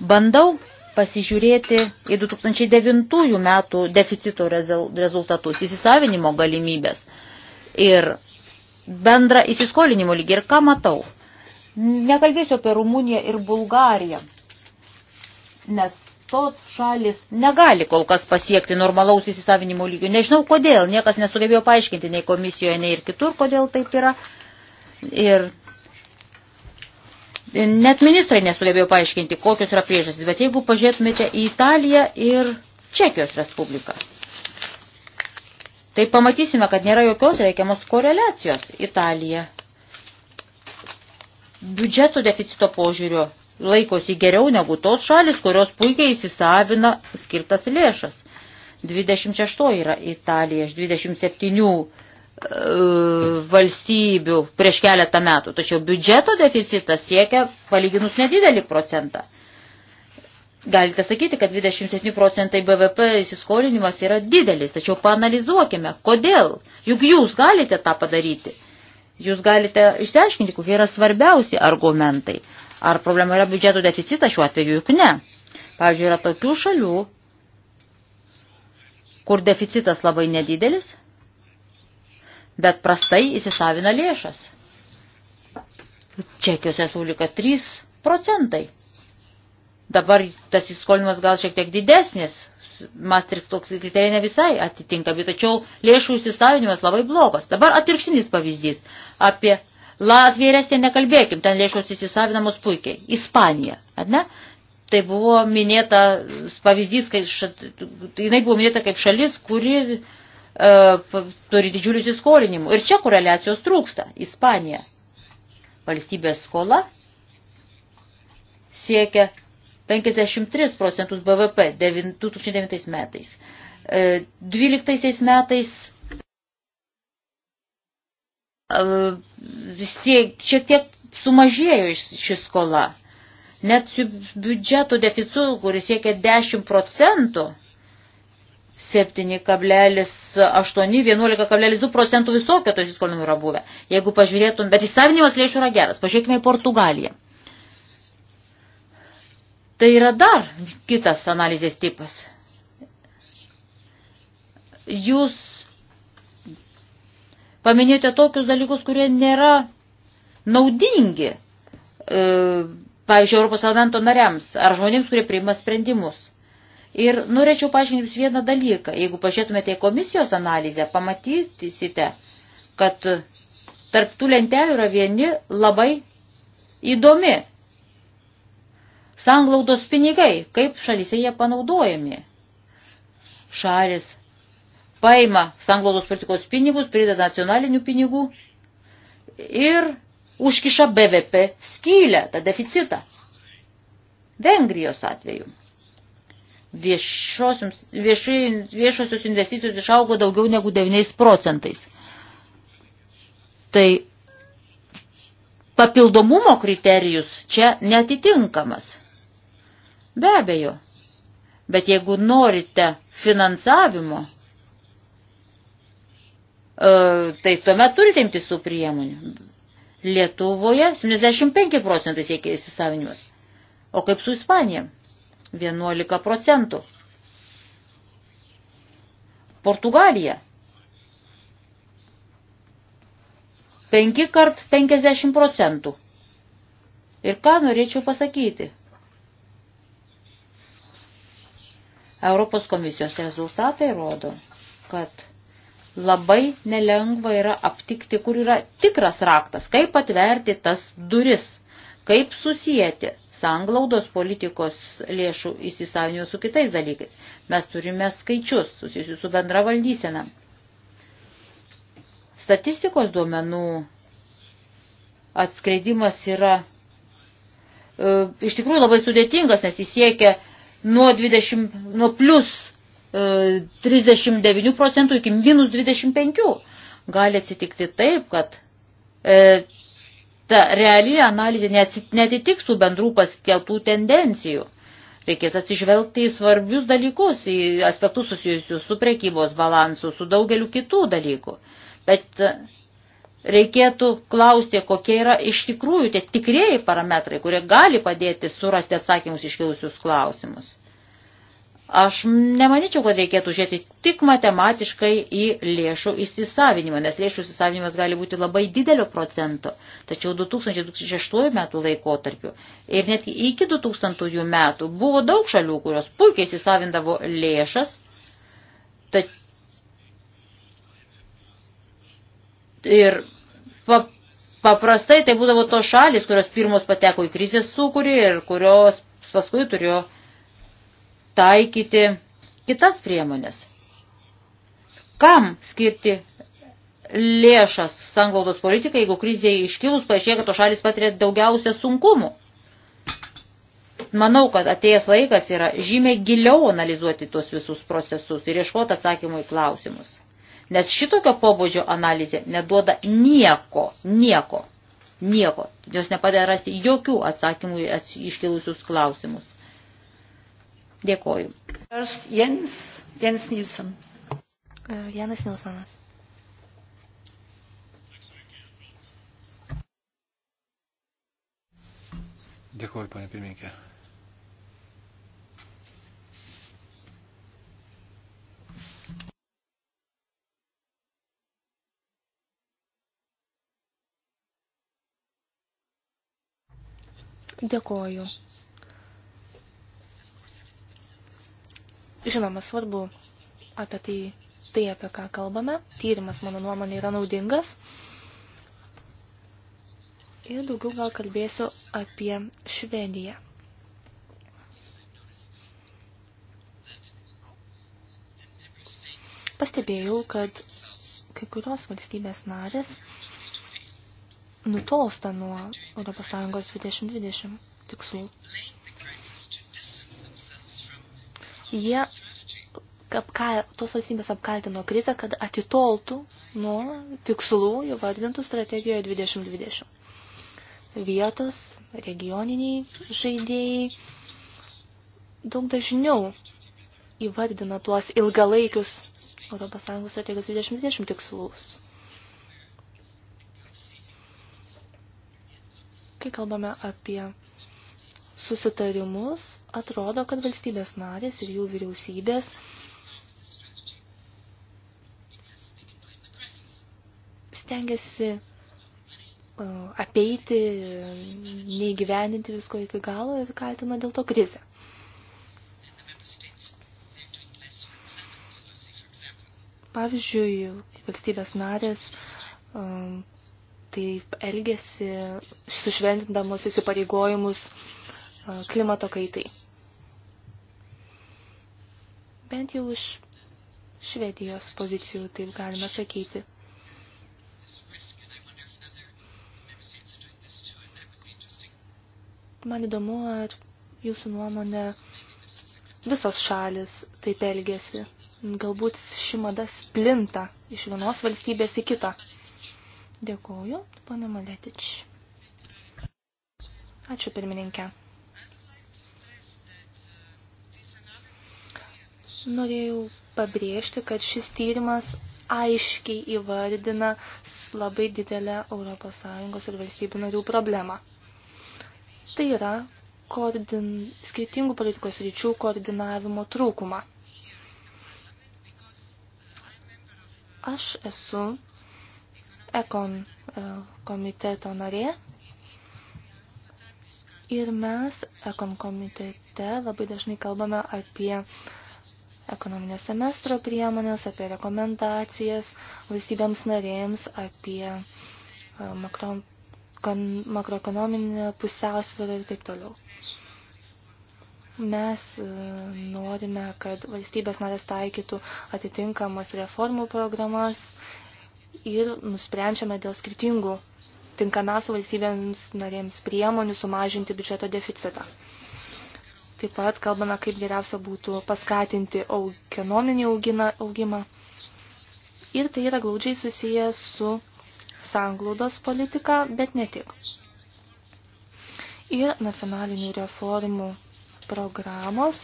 Bandau pasižiūrėti į 2009 metų deficito rezultatus, įsisavinimo galimybės ir bendrą įsiskolinimo lygį. Ir ką matau? Nekalbėsiu apie Rumuniją ir Bulgariją, nes tos šalis negali kol kas pasiekti normalaus įsisavinimo lygių. Nežinau kodėl, niekas nesugebėjo paaiškinti nei komisijoje, nei ir kitur, kodėl taip yra. Ir net ministrai nesugebėjo paaiškinti, kokios yra priežastys. Bet jeigu pažiūrėtumėte į Italiją ir Čekijos Respubliką, tai pamatysime, kad nėra jokios reikiamos koreliacijos Italija biudžeto deficito požiūrio laikosi geriau negu tos šalis, kurios puikiai įsisavina skirtas lėšas. 26 yra Italija iš 27 e, valstybių prieš keletą metų, tačiau biudžeto deficitas siekia palyginus nedidelį procentą. Galite sakyti, kad 27 procentai BVP įsiskolinimas yra didelis, tačiau paanalizuokime, kodėl. Juk jūs galite tą padaryti. Jūs galite išsiaiškinti, kokie yra svarbiausi argumentai. Ar problema yra biudžeto deficitas šiuo atveju? Juk ne. Pavyzdžiui, yra tokių šalių, kur deficitas labai nedidelis, bet prastai įsisavina lėšas. Čekijos Respublika 3 procentai. Dabar tas įskolimas gal šiek tiek didesnis, Maastrichto kriterijai ne visai atitinka, bet tačiau lėšų įsisavinimas labai blogas. Dabar atvirkštinis pavyzdys. Apie Latvija ir Estija nekalbėkim, ten lėšos įsisavinamos puikiai. Ispanija, ar ne? Tai buvo minėta pavyzdys, kai ša, jinai buvo minėta kaip šalis, kuri e, turi didžiulius įskolinimų. Ir čia koreliacijos trūksta. Ispanija. Valstybės skola siekia 53 procentus BVP 2009 metais. 12 e, metais siek, šiek tiek sumažėjo ši skola. Net su biudžeto deficitu, kuris siekia 10 procentų, 7,8-11,2 procentų visokio to įsiskolinimo yra buvę. Jeigu pažiūrėtum, bet įsavinimas lėšų yra geras. Pažiūrėkime į Portugaliją. Tai yra dar kitas analizės tipas. Jūs Paminėjote tokius dalykus, kurie nėra naudingi, e, pavyzdžiui, Europos parlamento nariams ar žmonėms, kurie priima sprendimus. Ir norėčiau paaiškinti jums vieną dalyką. Jeigu pažiūrėtumėte į komisijos analizę, pamatysite, kad tarp tų lentelių yra vieni labai įdomi. Sanglaudos pinigai, kaip šalyse jie panaudojami. Šalis paima sanglaudos politikos pinigus, prideda nacionalinių pinigų ir užkiša BVP skylę, tą deficitą. Vengrijos atveju. Viešosios, viešosios investicijos išaugo daugiau negu 9 procentais. Tai papildomumo kriterijus čia netitinkamas. Be abejo. Bet jeigu norite finansavimo, E, tai tuomet turite imtis tų priemonių. Lietuvoje 75 procentai siekia įsisavinimas. O kaip su Ispanija? 11 procentų. Portugalija. 5 kart 50 procentų. Ir ką norėčiau pasakyti? Europos komisijos rezultatai rodo, kad labai nelengva yra aptikti, kur yra tikras raktas, kaip atverti tas duris, kaip susijęti sanglaudos politikos lėšų įsisavinimo su kitais dalykais. Mes turime skaičius susijusius su bendra valdysena. Statistikos duomenų atskleidimas yra e, iš tikrųjų labai sudėtingas, nes jis siekia nuo, 20, nuo plus 39 e, procentų iki minus 25. Gali atsitikti taip, kad e, ta reali analizė netitiks tų bendrų paskeltų tendencijų. Reikės atsižvelgti į svarbius dalykus, į aspektus susijusius su prekybos balansu, su daugeliu kitų dalykų. Bet e, reikėtų klausti, kokie yra iš tikrųjų tie tikrieji parametrai, kurie gali padėti surasti atsakymus iškilusius klausimus. Aš nemanyčiau, kad reikėtų žiūrėti tik matematiškai į lėšų įsisavinimą, nes lėšų įsisavinimas gali būti labai didelio procento, tačiau 2006 metų laikotarpiu ir netgi iki 2000 metų buvo daug šalių, kurios puikiai įsisavindavo lėšas, ta... ir pa... paprastai tai būdavo tos šalis, kurios pirmos pateko į krizės sukūrį ir kurios paskui turėjo taikyti kitas priemonės. Kam skirti lėšas sanglaudos politikai, jeigu krizėje iškilus paaiškėjo, kad to šalis patiria daugiausia sunkumų? Manau, kad atėjęs laikas yra žymiai giliau analizuoti tuos visus procesus ir ieškoti atsakymų į klausimus. Nes šitokio pobūdžio analizė neduoda nieko, nieko, nieko. Jos nepadeda rasti jokių atsakymų į iškilusius klausimus. Dėkoju. Jens, Jens Nilsson. E, Janas Nilsonas. Dėkuoju, panė pirmininkė. Dėkuoju. Žinoma, svarbu apie tai, tai, apie ką kalbame. Tyrimas, mano nuomonė, yra naudingas. Ir daugiau gal kalbėsiu apie Švediją. Pastebėjau, kad kai kurios valstybės narės nutolsta nuo ES 2020 tikslų jie apka, tos valstybės apkaltino krizę, kad atitoltų nuo tikslų įvardintų strategijoje 2020. Vietos, regioniniai žaidėjai daug dažniau įvardina tuos ilgalaikius ES strategijos 2020 tikslus. Kai kalbame apie susitarimus, atrodo, kad valstybės narės ir jų vyriausybės stengiasi e, apeiti, neįgyvendinti visko iki galo ir kaltina dėl to krizę. Pavyzdžiui, valstybės narės e, taip elgesi, sušventindamos įsipareigojimus klimato kaitai. Bent jau iš Švedijos pozicijų, taip galime sakyti. Man įdomu, ar jūsų nuomonė visos šalis taip elgėsi. Galbūt ši mada splinta iš vienos valstybės į kitą. Dėkuoju, pana Maletič. Ačiū pirmininkė. Norėjau pabrėžti, kad šis tyrimas aiškiai įvardina labai didelę ES ir valstybių narių problemą. Tai yra koordin... skirtingų politikos ryčių koordinavimo trūkumą. Aš esu Ekon e, komiteto narė ir mes Ekon komitete labai dažnai kalbame apie uh, ekonominio semestro priemonės, apie rekomendacijas valstybėms narėjams, apie e, makro, kon, makroekonominę pusiausvyrą ir taip toliau. Mes e, norime, kad valstybės narės taikytų atitinkamas reformų programas ir nusprendžiame dėl skirtingų tinkamiausių valstybėms narėms priemonių sumažinti biudžeto deficitą. Taip pat kalbame, kaip geriausia būtų paskatinti aug, ekonominį augina, augimą. Ir tai yra glaudžiai susiję su sanglaudos politika, bet ne tik. Ir nacionalinių reformų programos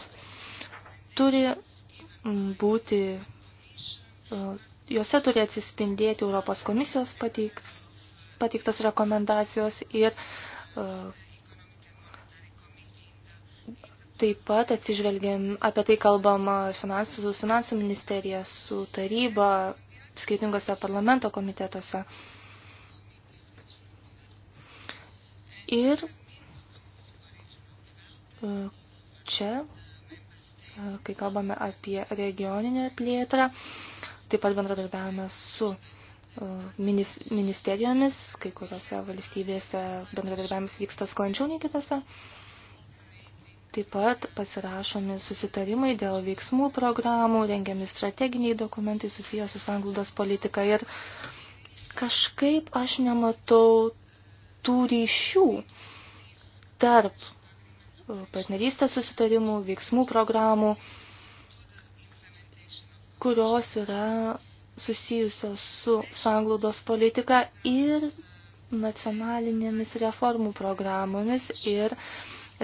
turi mm, būti, e, juose turi atsispindėti Europos komisijos pateik, pateiktos rekomendacijos ir uh, Taip pat atsižvelgiam, apie tai kalbama finansų, su finansų ministerija, su taryba, skirtingose parlamento komitetuose. Ir e, čia, e, kai kalbame apie regioninę plėtrą, taip pat bendradarbiavame su e, ministerijomis, kai kuriuose valstybėse bendradarbiavimas vyksta sklandžiau nei kitose. Taip pat pasirašomi susitarimai dėl veiksmų programų, rengiami strateginiai dokumentai susijęs su sanglaudos politika ir kažkaip aš nematau tų ryšių tarp e, partnerystės susitarimų, veiksmų programų, kurios yra susijusios su sanglaudos politika ir nacionalinėmis reformų programomis ir uh,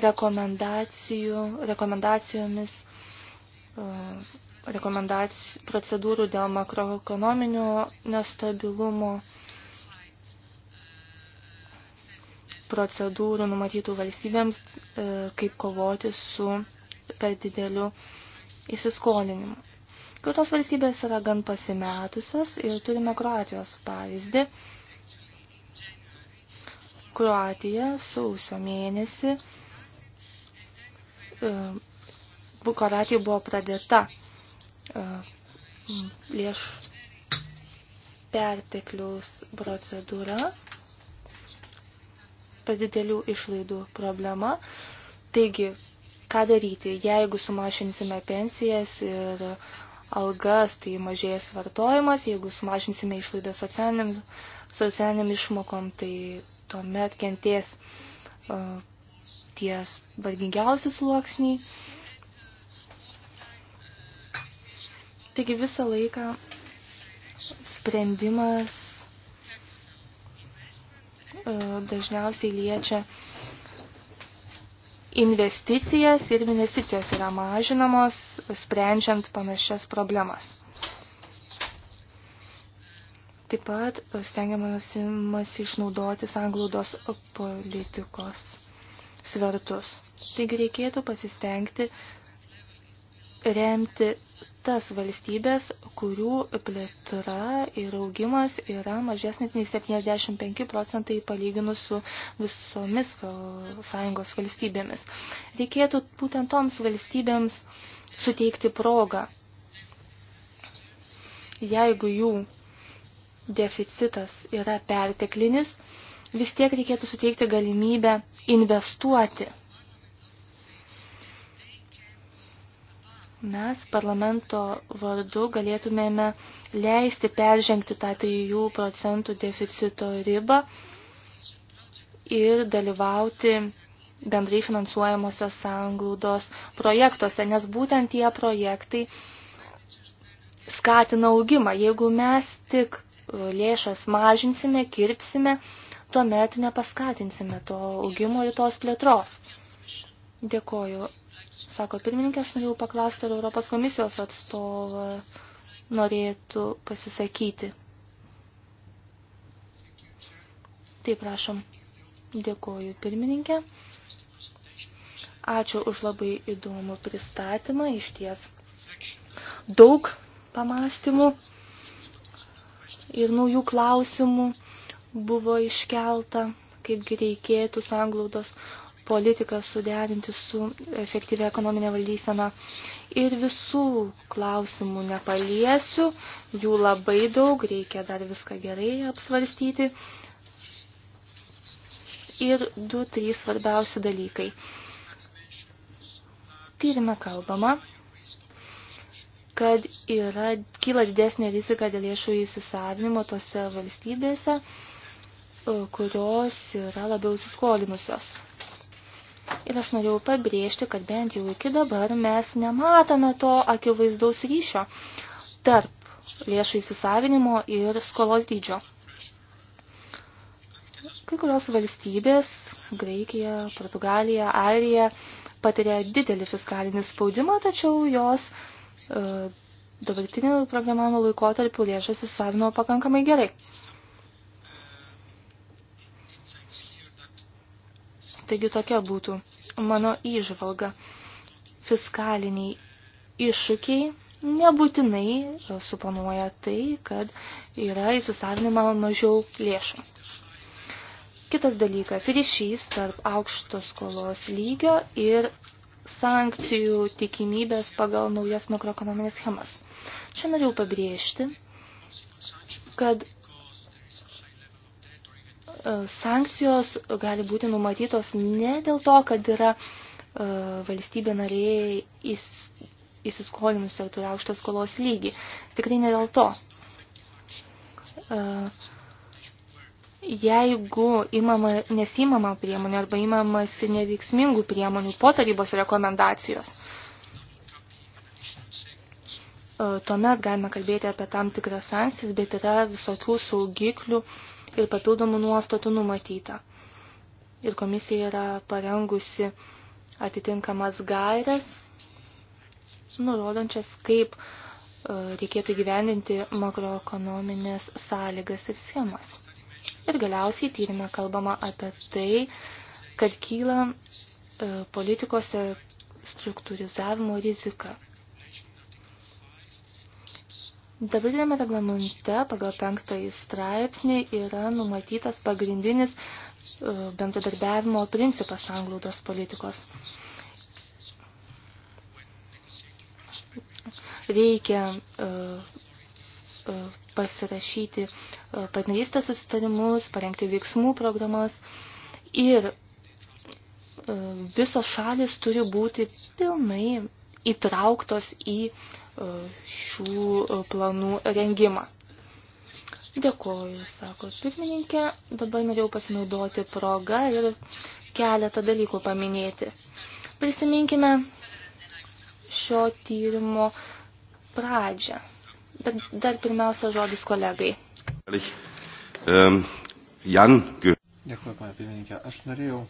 rekomendacijomis, e, rekomendacijų, procedūrų dėl makroekonominio nestabilumo, procedūrų numatytų valstybėms, e, kaip kovoti su per dideliu įsiskolinimu. Kitos valstybės yra gan pasimetusios ir turime Kroatijos pavyzdį. Kroatija sausio mėnesį E, Kroatijai buvo pradėta e, lėšų pertekliaus procedūra, per didelių išlaidų problema. Taigi, ką daryti, jeigu sumažinsime pensijas ir algas, tai mažės vartojimas, jeigu sumažinsime išlaidą socialiniam, socialiniam išmokom, tai tuomet kenties uh, e, ties vargingiausi sluoksniai. Taigi visą laiką sprendimas e, dažniausiai liečia investicijas ir investicijos yra mažinamos, sprendžiant panašias problemas. Taip pat stengiamasi išnaudoti sanglaudos politikos svertus. Taigi reikėtų pasistengti remti tas valstybės, kurių plėtra ir augimas yra mažesnis nei 75 procentai palyginus su visomis sąjungos valstybėmis. Reikėtų būtent toms valstybėms suteikti progą, jeigu jų deficitas yra perteklinis, vis tiek reikėtų suteikti galimybę investuoti. Mes parlamento vardu galėtumėme leisti peržengti tą 3 procentų deficito ribą ir dalyvauti bendrai finansuojamose sanglaudos projektuose, nes būtent tie projektai skatina augimą. Jeigu mes tik lėšas mažinsime, kirpsime, tuomet nepaskatinsime to augimo ir tos plėtros. Dėkoju. Sako pirmininkės, norėjau paklausti, ar Europos komisijos atstovą norėtų pasisakyti. Taip, prašom. Dėkoju pirmininkė. Ačiū už labai įdomų pristatymą, iš ties daug pamastymų ir naujų klausimų buvo iškelta, kaipgi reikėtų sanglaudos politiką suderinti su efektyvia ekonominė valdysena. Ir visų klausimų nepaliesiu, jų labai daug, reikia dar viską gerai apsvarstyti. Ir du, trys svarbiausi dalykai. Tyrime kalbama, kad yra, kyla didesnė rizika dėl lėšų įsisavinimo tose valstybėse, E, kurios yra labiau įsiskolinusios. Ir aš norėjau pabrėžti, kad bent jau iki dabar mes nematome to akivaizdaus ryšio tarp lėšų įsisavinimo ir skolos dydžio. Kai kurios valstybės – Graikija, Portugalija, Airija – patiria didelį fiskalinį spaudimą, tačiau jos e, dabartinių programavimo laikotarpių lėšas įsavino pakankamai gerai. Taigi tokia būtų mano įžvalga. Fiskaliniai iššūkiai nebūtinai suponuoja tai, kad yra įsisavinima mažiau lėšų. Kitas dalykas – ryšys tarp aukšto skolos lygio ir sankcijų tikimybės pagal naujas makroekonominės schemas. Čia norėjau pabrėžti, kad E, sankcijos gali būti numatytos ne dėl to, kad yra e, valstybė narėjai įs, įsiskolinusi ar turi aukštą skolos lygį. Tikrai ne dėl to. E, jeigu imama, nesimama priemonė arba imamasi neveiksmingų priemonių po tarybos rekomendacijos, tuomet galime kalbėti apie tam tikras sankcijas, bet yra visokių saugiklių uh, ir papildomų nuostatų numatyta. Ir komisija yra parengusi atitinkamas gairias, nurodančias, kaip e, reikėtų gyvendinti makroekonominės sąlygas ir schemas. Ir galiausiai tyrime kalbama apie tai, kad kyla e, politikos struktūrizavimo rizika. Dabartinėme reglamente pagal penktąjį straipsnį yra numatytas pagrindinis e, bendradarbiavimo principas anglaudos politikos. Reikia e, e, pasirašyti partnerystės susitarimus, parengti veiksmų programas ir visos šalis turi būti pilnai įtrauktos į uh, E, šių e, planų rengimą. Dėkoju, sako pirmininkė. Dabar norėjau pasinaudoti progą ir keletą dalykų paminėti. Prisiminkime šio tyrimo pradžią. Bet dar pirmiausia žodis kolegai. Ehm, Jan. Dėkuoju, pana pirmininkė. Aš norėjau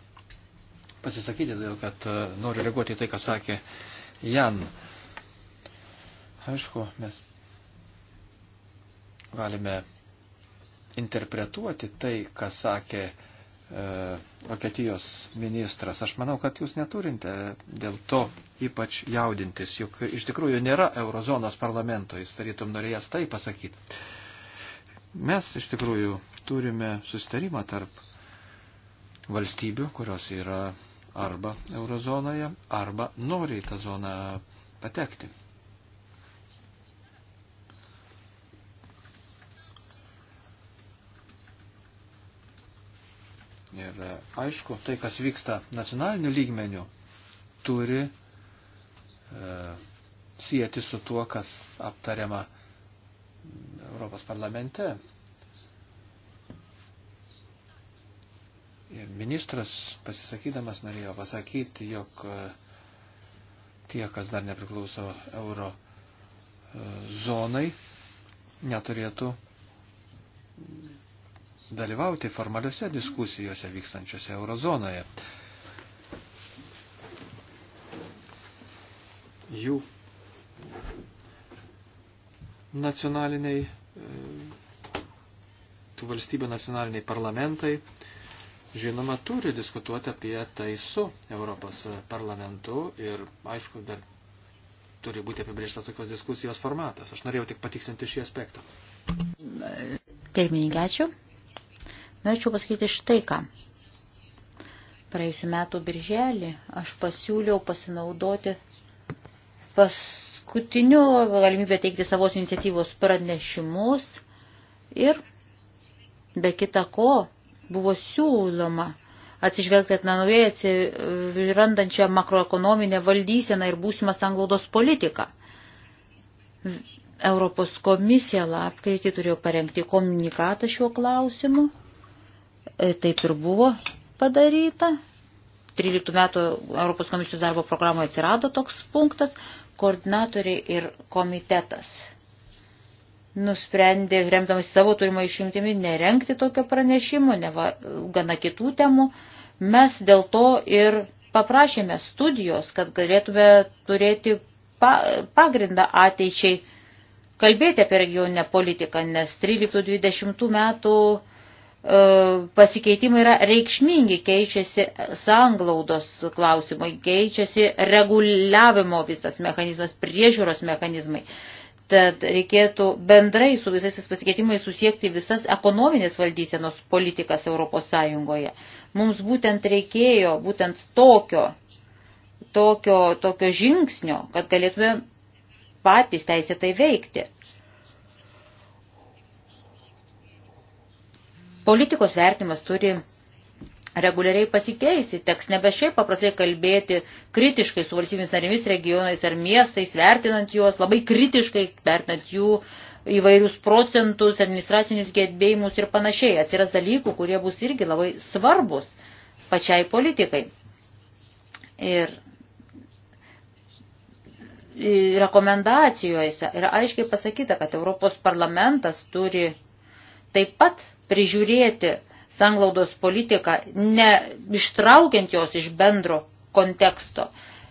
pasisakyti, todėl kad e, noriu reaguoti į tai, ką sakė Jan. Uh, Aišku, mes galime interpretuoti tai, ką sakė e, Vokietijos ministras. Aš manau, kad jūs neturinte dėl to ypač jaudintis, juk iš tikrųjų nėra eurozonos parlamento, jis tarytum norėjęs tai pasakyti. Mes iš tikrųjų turime sustarimą tarp valstybių, kurios yra arba eurozonoje, arba nori į tą zoną patekti. Ir e, aišku, tai, kas vyksta nacionaliniu lygmeniu, turi e, sieti su tuo, kas aptariama Europos parlamente. Ir ministras pasisakydamas norėjo pasakyti, jog e, tie, kas dar nepriklauso euro e, zonai, neturėtų dalyvauti formaliuose diskusijose vykstančiose eurozonoje. Jų nacionaliniai, e, tų valstybių nacionaliniai parlamentai, žinoma, turi diskutuoti apie tai su Europos parlamentu ir, aišku, dar turi būti apibrėžtas tokios diskusijos formatas. Aš norėjau tik patiksinti šį aspektą. Pirmininkė, ačiū. Norėčiau pasakyti štai ką. Praėjusiu metu birželį aš pasiūliau pasinaudoti paskutiniu galimybę teikti savos iniciatyvos pranešimus ir be kita ko buvo siūloma atsižvelgti na, naujai atsirandančią makroekonominę valdyseną ir būsimą sanglaudos politiką. Europos komisija lapkritį turėjo parengti komunikatą šiuo klausimu E, taip ir buvo padaryta. 13 metų Europos komisijos darbo programoje atsirado toks punktas - koordinatoriai ir komitetas. Nusprendė, remdamas savo turimą išimtimi, nerenkti tokio pranešimo, neva, gana kitų temų. Mes dėl to ir paprašėme studijos, kad galėtume turėti pa, pagrindą ateičiai kalbėti apie regioninę politiką, nes 13-20 metų E, pasikeitimai yra reikšmingi, keičiasi sanglaudos klausimai, keičiasi reguliavimo visas mechanizmas, priežiūros mechanizmai. Tad reikėtų bendrai su visais pasikeitimais susiekti visas ekonominės valdysenos politikas Europos Sąjungoje. Mums būtent reikėjo būtent tokio, tokio, tokio žingsnio, kad galėtume patys teisėtai veikti. Politikos vertimas turi reguliariai pasikeisti, teks nebe šiaip paprastai kalbėti kritiškai su valstybės narimis, regionais ar miestais, vertinant juos, labai kritiškai vertinant jų įvairius procentus, administracinius gedbėjimus ir panašiai. Atsiras dalykų, kurie bus irgi labai svarbus pačiai politikai. Ir rekomendacijose yra aiškiai pasakyta, kad Europos parlamentas turi taip pat prižiūrėti sanglaudos politiką, neištraukiant jos iš bendro konteksto.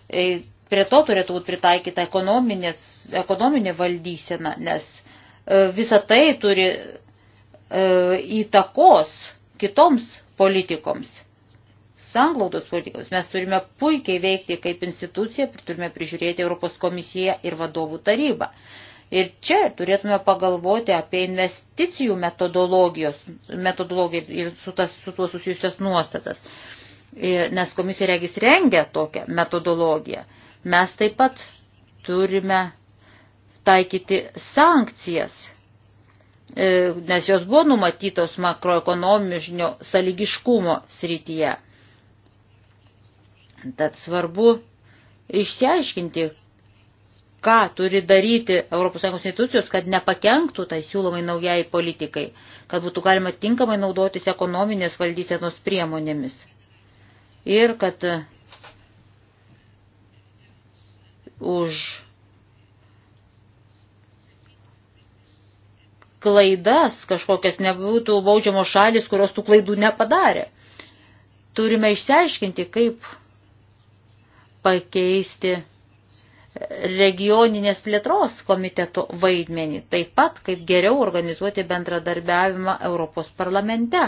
E, prie to turėtų būti pritaikyta ekonominė valdysena, nes e, visa tai turi e, įtakos kitoms politikoms, sanglaudos politikoms. Mes turime puikiai veikti kaip institucija, turime prižiūrėti Europos komisiją ir vadovų tarybą. Ir čia turėtume pagalvoti apie investicijų metodologijos, metodologiją ir su, tas, su tuo susijusias nuostatas. Nes komisija regis rengia tokią metodologiją. Mes taip pat turime taikyti sankcijas, e, nes jos buvo numatytos makroekonominio saligiškumo srityje. Tad svarbu išsiaiškinti, ką turi daryti ES institucijos, kad nepakenktų tai siūlomai naujai politikai, kad būtų galima tinkamai naudotis ekonominės valdysenos priemonėmis. Ir kad už klaidas kažkokias nebūtų baudžiamo šalis, kurios tų klaidų nepadarė. Turime išsiaiškinti, kaip pakeisti regioninės plėtros komiteto vaidmenį, taip pat kaip geriau organizuoti bendradarbiavimą Europos parlamente,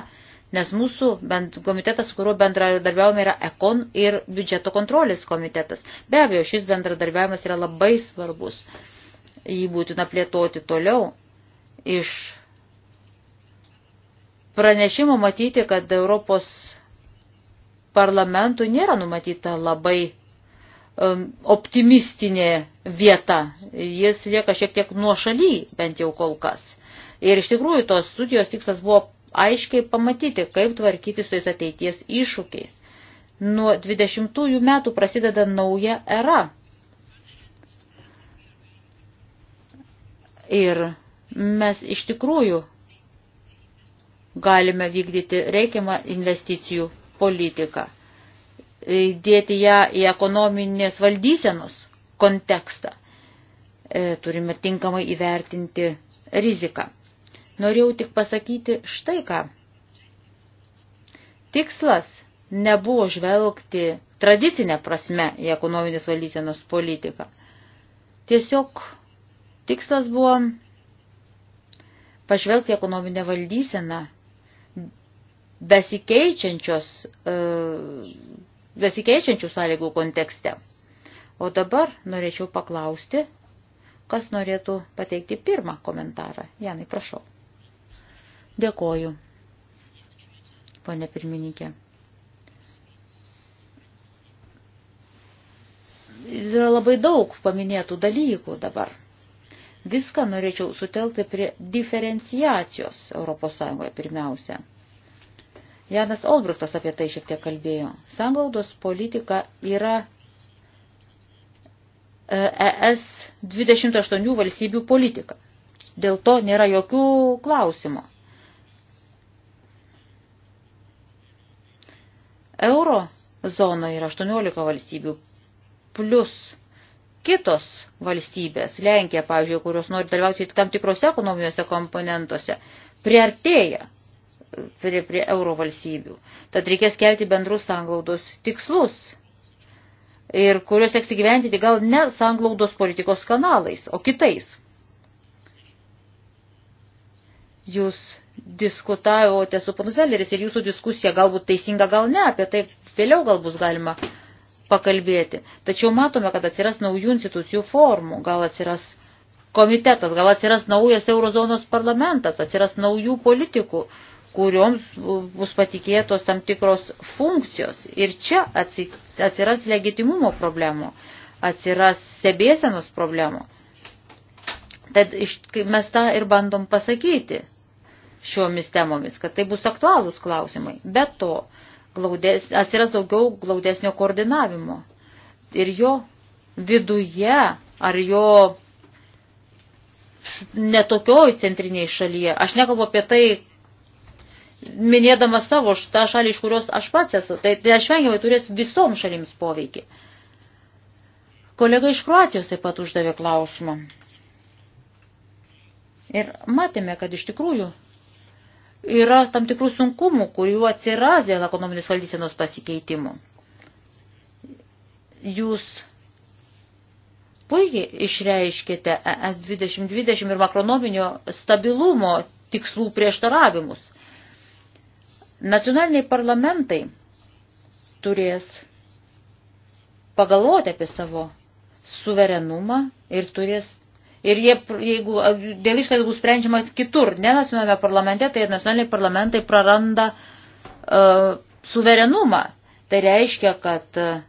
nes mūsų bent, komitetas, su kuriuo bendradarbiavome, yra ekon ir biudžeto kontrolės komitetas. Be abejo, šis bendradarbiavimas yra labai svarbus. Jį būtina plėtoti toliau. Iš pranešimo matyti, kad Europos parlamentui nėra numatyta labai Um, optimistinė vieta. Jis lieka šiek tiek nuošaly, bent jau kol kas. Ir iš tikrųjų tos studijos tikslas buvo aiškiai pamatyti, kaip tvarkyti su tais ateities iššūkiais. Nuo 20 metų prasideda nauja era. Ir mes iš tikrųjų galime vykdyti reikiamą investicijų politiką. E, dėti ją į ekonominės valdysenos kontekstą. E, turime tinkamai įvertinti riziką. Norėjau tik pasakyti štai ką. Tikslas nebuvo žvelgti tradicinę prasme į ekonominės valdysenos politiką. Tiesiog tikslas buvo pažvelgti ekonominę valdyseną besikeičiančios e, besikeičiančių sąlygų kontekste. O dabar norėčiau paklausti, kas norėtų pateikti pirmą komentarą. Janai, prašau. Dėkoju, ponė pirmininkė. Yra labai daug paminėtų dalykų dabar. Viską norėčiau sutelkti prie diferenciacijos ES pirmiausia. Janas Olbruktas apie tai šiek tiek kalbėjo. Sangaldos politika yra ES e 28 valstybių politika. Dėl to nėra jokių klausimų. Euro zonoje yra 18 valstybių plus kitos valstybės, Lenkija, pavyzdžiui, kurios nori dalyvauti tam tikrose ekonominiuose komponentuose, priartėja prie, prie euro valstybių. Tad reikės kelti bendrus sanglaudos tikslus ir kuriuos teks įgyventyti gal ne sanglaudos politikos kanalais, o kitais. Jūs diskutavote su panu Zelleris ir jūsų diskusija galbūt teisinga, gal ne, apie tai vėliau gal bus galima pakalbėti. Tačiau matome, kad atsiras naujų institucijų formų, gal atsiras komitetas, gal atsiras naujas eurozonos parlamentas, atsiras naujų politikų, uh, kurioms bus patikėtos tam tikros funkcijos. Ir čia atsiras legitimumo problemų, atsiras stebėsenos problemų. Tad mes tą ir bandom pasakyti šiomis temomis, kad tai bus aktualūs klausimai. Be to, glaudės, atsiras daugiau glaudesnio koordinavimo. Ir jo viduje ar jo netokioj centriniai šalyje. Aš nekalbu apie tai, minėdamas savo tą šalį, iš kurios aš pats esu, tai nešvengiamai tai turės visom šalims poveikį. Kolega iš Kroatijos taip pat uždavė klausimą. Ir matėme, kad iš tikrųjų yra tam tikrų sunkumų, kurių atsiras dėl ekonominės valdysenos pasikeitimų. Jūs puikiai išreiškite ES 2020 ir makronominio stabilumo tikslų prieštaravimus. Nacionaliniai parlamentai turės pagalvoti apie savo suverenumą ir turės Ir jie, jeigu dėl išlaidų bus sprendžiama kitur, ne nacionalinėme parlamente, tai nacionaliniai parlamentai praranda uh, suverenumą. Tai reiškia, kad uh,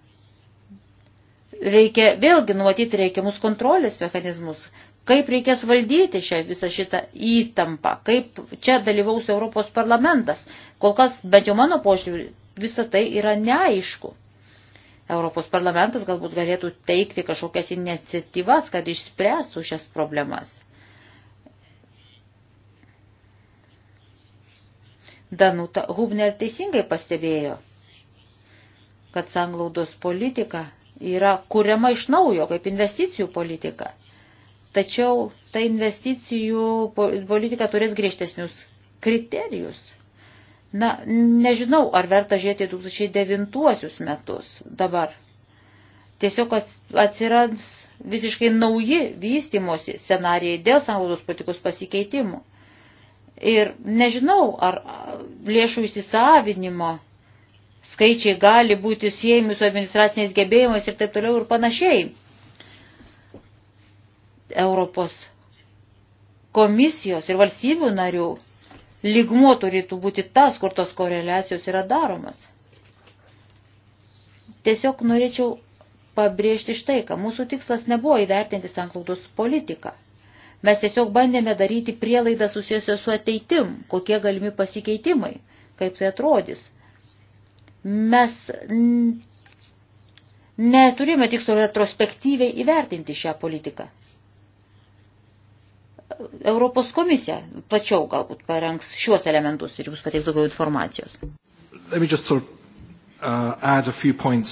reikia vėlgi numatyti reikiamus kontrolės mechanizmus, kaip reikės valdyti šią visą šitą įtampą, kaip čia dalyvaus Europos parlamentas. Kol kas, bent jau mano požiūrį, visa tai yra neaišku. Europos parlamentas galbūt galėtų teikti kažkokias iniciatyvas, kad išspręstų šias problemas. Danuta Hubner teisingai pastebėjo, kad sanglaudos politika yra kuriama iš naujo kaip investicijų politika. Tačiau ta investicijų politika turės griežtesnius kriterijus. Na, nežinau, ar verta žiūrėti 2009 metus dabar. Tiesiog atsiras visiškai nauji vystimosi scenarijai dėl sanglaudos politikos pasikeitimų. Ir nežinau, ar lėšų įsisavinimo skaičiai gali būti siejami su administraciniais gebėjimais ir taip toliau ir panašiai. Europos komisijos ir valstybių narių lygmuo turėtų būti tas, kur tos koreliacijos yra daromas. Tiesiog norėčiau pabrėžti štai, kad mūsų tikslas nebuvo įvertinti sanklaudos politiką. Mes tiesiog bandėme daryti prielaidą susijusios su ateitim, kokie galimi pasikeitimai, kaip tai atrodys. Mes neturime tikslo retrospektyviai įvertinti šią politiką. Europos komisija plačiau galbūt parengs šiuos elementus ir jūs pateiks daugiau informacijos. Uh,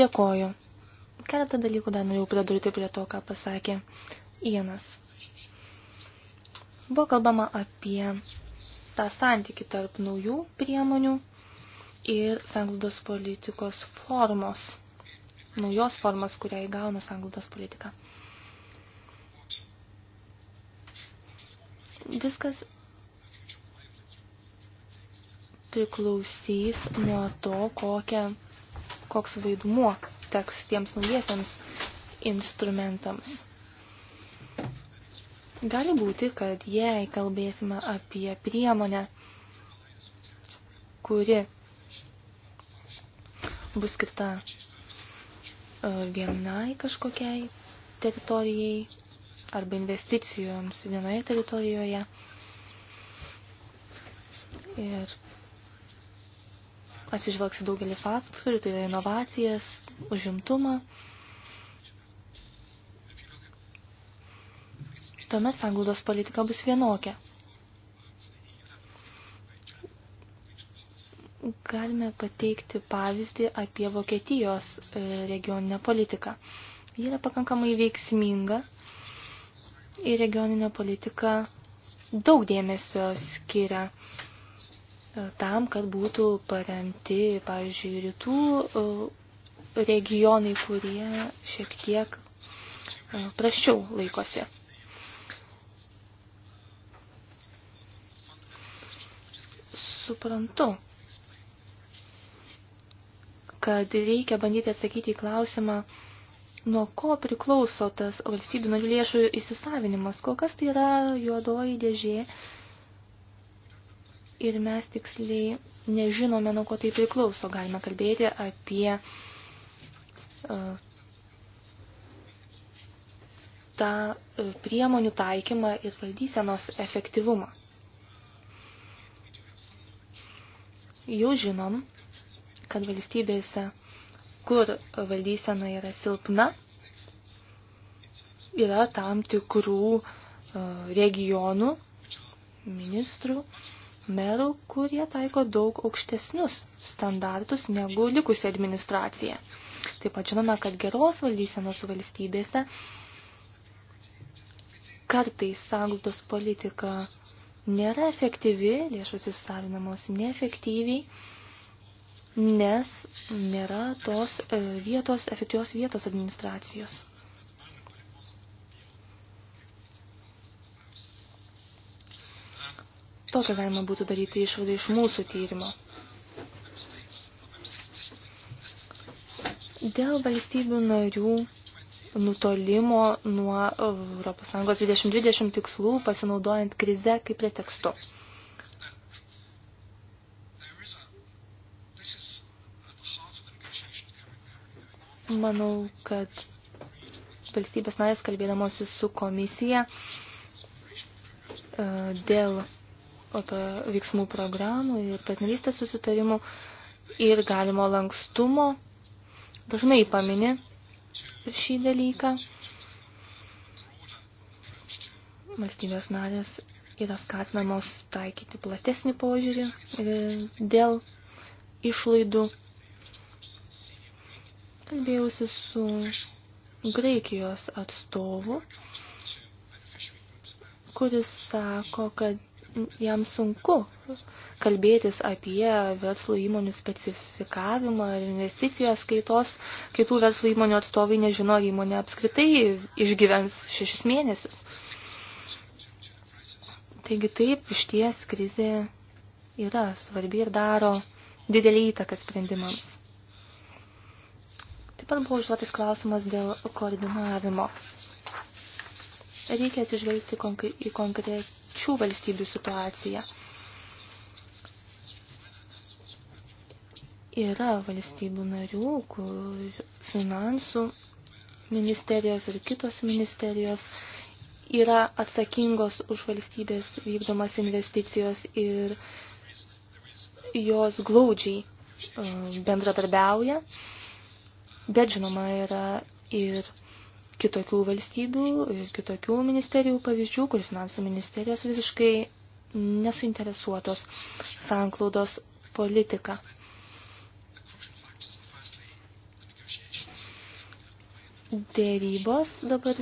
Dėkoju. Keletą dalykų dar norėjau pridurti prie to, ką pasakė Ienas. Buvo kalbama apie tą santykį tarp naujų priemonių ir sanglaudos politikos formos, naujos formos, kurią įgauna sanglaudos politika. Viskas priklausys nuo to, kokia, koks vaidmuo teks tiems naujiesiams instrumentams. Gali būti, kad jei kalbėsime apie priemonę, kuri bus skirta e, vienai kažkokiai teritorijai arba investicijoms vienoje teritorijoje. Ir atsižvelgsi daugelį faktorių, tai yra inovacijas, užimtumą. Tuomet sanglaudos politika bus vienokia. galime pateikti pavyzdį apie Vokietijos e, regioninę politiką. Ji yra pakankamai veiksminga į regioninę politiką daug dėmesio skiria e, tam, kad būtų paremti, pavyzdžiui, rytų e, regionai, kurie šiek tiek e, praščiau laikosi. Suprantu, kad reikia bandyti atsakyti į klausimą, nuo ko priklauso tas valstybių narių lėšų įsisavinimas. Kol kas tai yra juodoji dėžė ir mes tiksliai nežinome, nuo ko tai priklauso. Galime kalbėti apie uh, tą e, priemonių taikymą ir valdysenos efektyvumą. Jau žinom, kad valstybėse kur valdysena yra silpna, yra tam tikrų e, regionų, ministrų, merų, kurie taiko daug aukštesnius standartus negu likusi administracija. Taip pat žinome, kad geros valdysenos valstybėse kartais sanglaudos politika nėra efektyvi, lėšos įsavinamos neefektyviai nes nėra tos e, vietos, efektyvios vietos administracijos. Tokią galima būtų daryti išvadą iš mūsų tyrimo. Dėl valstybių narių nutolimo nuo ES 2020 tikslų pasinaudojant krize kaip pretekstu. Manau, kad valstybės narės kalbėdamosi su komisija e, dėl veiksmų programų ir partnerystės susitarimų ir galimo lankstumo dažnai pamini šį dalyką. Valstybės narės yra skatinamos taikyti platesnį požiūrį e, dėl išlaidų Kalbėjausi su Graikijos atstovu, kuris sako, kad jam sunku kalbėtis apie verslo įmonių specifikavimą ir investicijas, kai tos kitų verslo įmonių atstovai nežino, ar įmonė apskritai išgyvens šešis mėnesius. Taigi taip, iš ties krizė yra svarbi ir daro didelį įtaką sprendimams. Taip pat buvo užduotas klausimas dėl koordinavimo. Reikia atsižvelgti konkre į konkrečių valstybių situaciją. Yra valstybių narių, kur finansų ministerijos ir kitos ministerijos yra atsakingos už valstybės vykdomas investicijos ir jos glaudžiai uh, bendradarbiauja. Uh, Bet žinoma yra ir kitokių valstybių, ir kitokių ministerijų pavyzdžių, kur finansų ministerijos visiškai nesuinteresuotos sanklaudos politika. Dėrybos dabar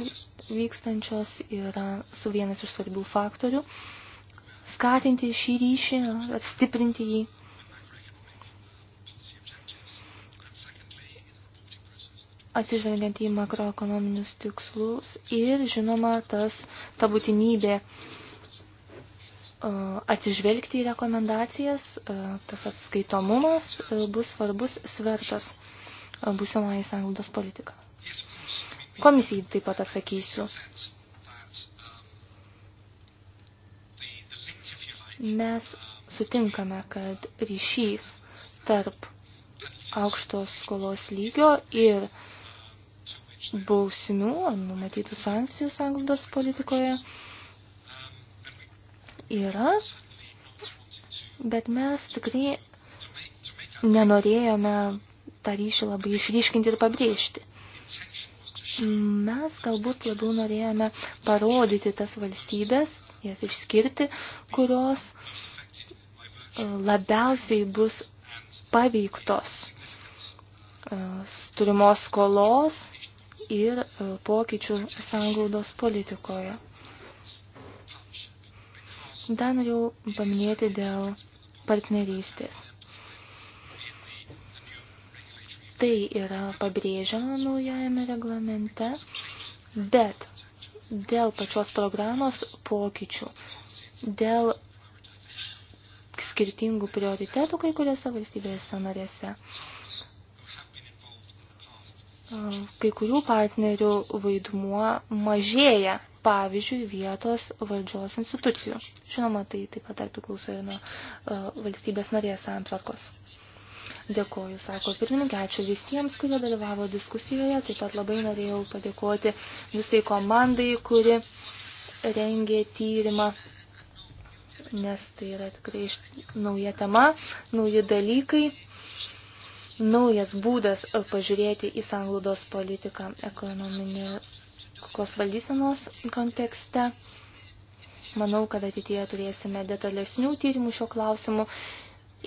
vykstančios yra su vienas iš svarbių faktorių. Skatinti šį ryšį, atstiprinti jį. atsižvelgiant į makroekonominius tikslus ir, žinoma, tas, ta būtinybė e, atsižvelgti į rekomendacijas, e, tas atskaitomumas e, bus svarbus svertas būsimai sąjungos politiką. Komisijai taip pat atsakysiu. Mes sutinkame, kad ryšys tarp aukštos skolos lygio ir uh, bausmių, numatytų sankcijų sanglaudos politikoje yra, bet mes tikrai nenorėjome tą ryšį labai išryškinti ir pabrėžti. Mes galbūt labiau norėjome parodyti tas valstybės, jas išskirti, kurios e, labiausiai bus paveiktos e, turimos skolos ir e, pokyčių sanglaudos politikoje. Dar norėjau paminėti dėl partnerystės. Tai yra pabrėžiama naujajame reglamente, bet dėl pačios programos pokyčių, dėl skirtingų prioritetų kai kuriuose valstybėse narėse kai kurių partnerių vaidmuo mažėja, pavyzdžiui, vietos valdžios institucijų. Žinoma, tai taip pat dar priklauso ir nuo e, valstybės narės santvarkos. Dėkoju, sako pirmininkė, ačiū visiems, kurie dalyvavo diskusijoje, taip pat labai norėjau padėkoti visai komandai, kuri rengė tyrimą, nes tai yra tikrai nauja tema, nauji dalykai naujas būdas pažiūrėti į sanglaudos politiką ekonominės valdysenos kontekste. Manau, kad ateityje turėsime detalesnių tyrimų šio klausimu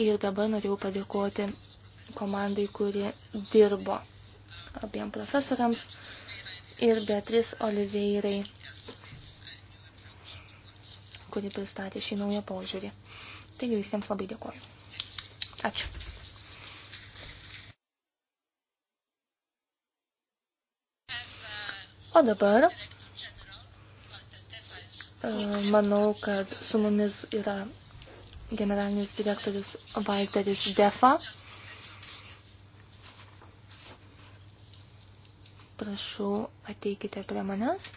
ir dabar norėjau padėkoti komandai, kuri dirbo abiem profesoriams ir Beatriz Oliveirai, kuri pristatė šį naują požiūrį. Taigi visiems labai dėkoju. Ačiū. O dabar e, manau, kad su mumis yra generalinis direktorius Valteris Defa. Prašau, ateikite prie manęs.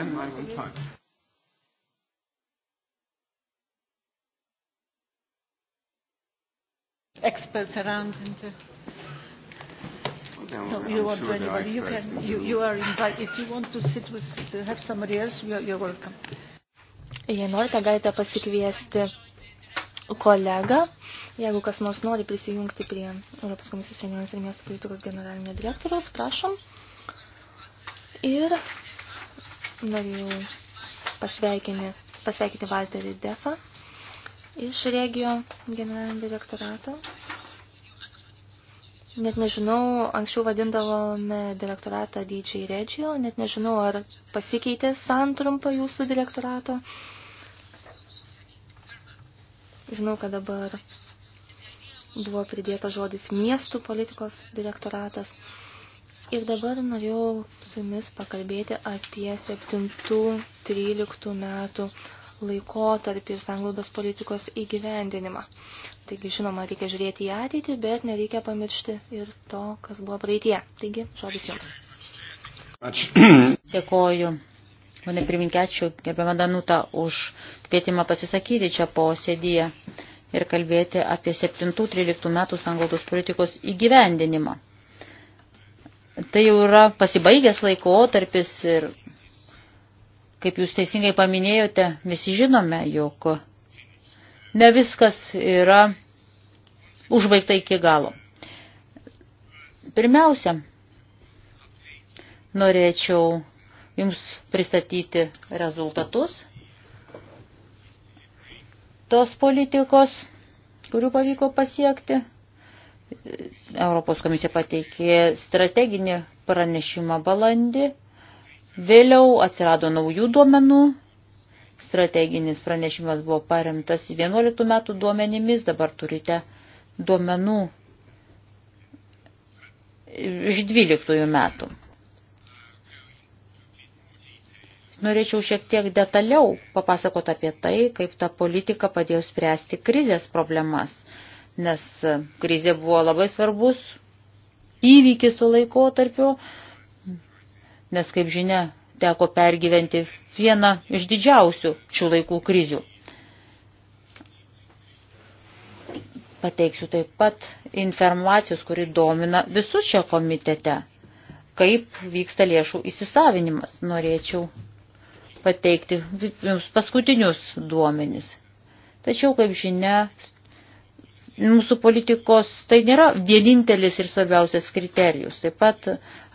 I'm, I'm on time. experts around and. Uh, no, no, you I'm want sure anybody. You can. You, you are invited. If you want to sit with, to have somebody else, you're, you're welcome. Jei norite, galite pasikviesti kolegą, jeigu kas nors nori prisijungti prie Europos komisijos regionės ir miestų politikos generalinio direktoriaus, prašom. Ir norėjau pasveikinti, pasveikinti Valterį Defą iš regio generalinio direktorato. Net nežinau, anksčiau vadindavome direktoratą DJ Regio, net nežinau, ar pasikeitė santrumpa jūsų direktorato. Žinau, kad dabar buvo pridėtas žodis miestų politikos direktoratas. Ir dabar norėjau su jumis pakalbėti apie 7-13 metų laikotarpį ir sanglaudos politikos įgyvendinimą. Taigi, žinoma, reikia žiūrėti į ateitį, bet nereikia pamiršti ir to, kas buvo praeitie. Taigi, žodis jums. Ačiū. Dėkoju. Mane priminkečiau, gerbiamą Danutą, už kvietimą pasisakyti čia posėdyje ir kalbėti apie 7-13 metų sanglaudos politikos įgyvendinimą. Tai jau yra pasibaigęs laikotarpis ir Kaip jūs teisingai paminėjote, visi žinome, jog ne viskas yra užbaigta iki galo. Pirmiausia, norėčiau Jums pristatyti rezultatus tos politikos, kurių pavyko pasiekti. Europos komisija pateikė strateginį pranešimą balandį Vėliau atsirado naujų duomenų, strateginis pranešimas buvo paremtas 11 metų duomenimis, dabar turite duomenų iš 12 metų. Norėčiau šiek tiek detaliau papasakot apie tai, kaip ta politika padėjo spręsti krizės problemas, nes krizė buvo labai svarbus įvykis su laikotarpiu, tarpiu nes, kaip žinia, teko pergyventi vieną iš didžiausių šių laikų krizių. Pateiksiu taip pat informacijos, kuri domina visus čia komitete, kaip vyksta lėšų įsisavinimas. Norėčiau pateikti jums paskutinius duomenis. Tačiau, kaip žinia, mūsų politikos tai nėra vienintelis ir svarbiausias kriterijus. Taip pat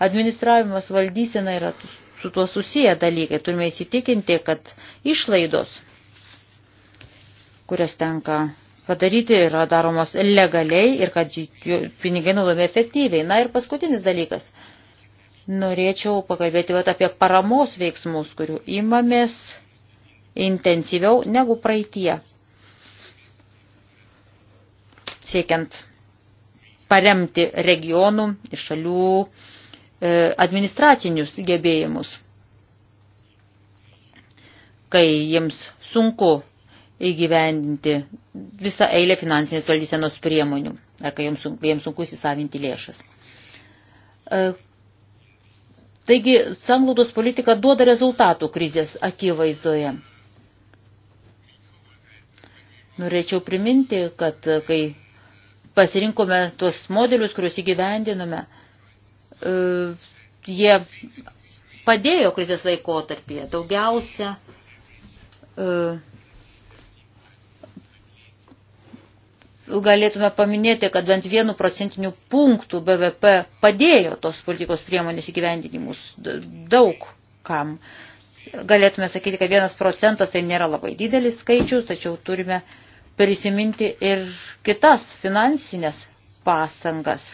administravimas valdysena yra su tuo susiję dalykai. Turime įsitikinti, kad išlaidos, kurias tenka padaryti, yra daromos legaliai ir kad pinigai naudojami efektyviai. Na ir paskutinis dalykas. Norėčiau pakalbėti vat, apie paramos veiksmus, kurių imamės intensyviau negu praeitie siekiant paremti regionų ir šalių e, administracinius gebėjimus, kai jiems sunku įgyvendinti visą eilę finansinės valdysenos priemonių, ar kai jiems sunku, jiems sunku įsisavinti lėšas. E, taigi, sanglaudos politika duoda rezultatų krizės akivaizdoje. Norėčiau priminti, kad kai pasirinkome tuos modelius, kuriuos įgyvendinome, e, jie padėjo krizės laikotarpyje. Daugiausia e, galėtume paminėti, kad bent vienu procentiniu punktų BVP padėjo tos politikos priemonės įgyvendinimus daug kam. Galėtume sakyti, kad vienas procentas tai nėra labai didelis skaičius, tačiau turime uh, prisiminti ir kitas finansinės pasangas,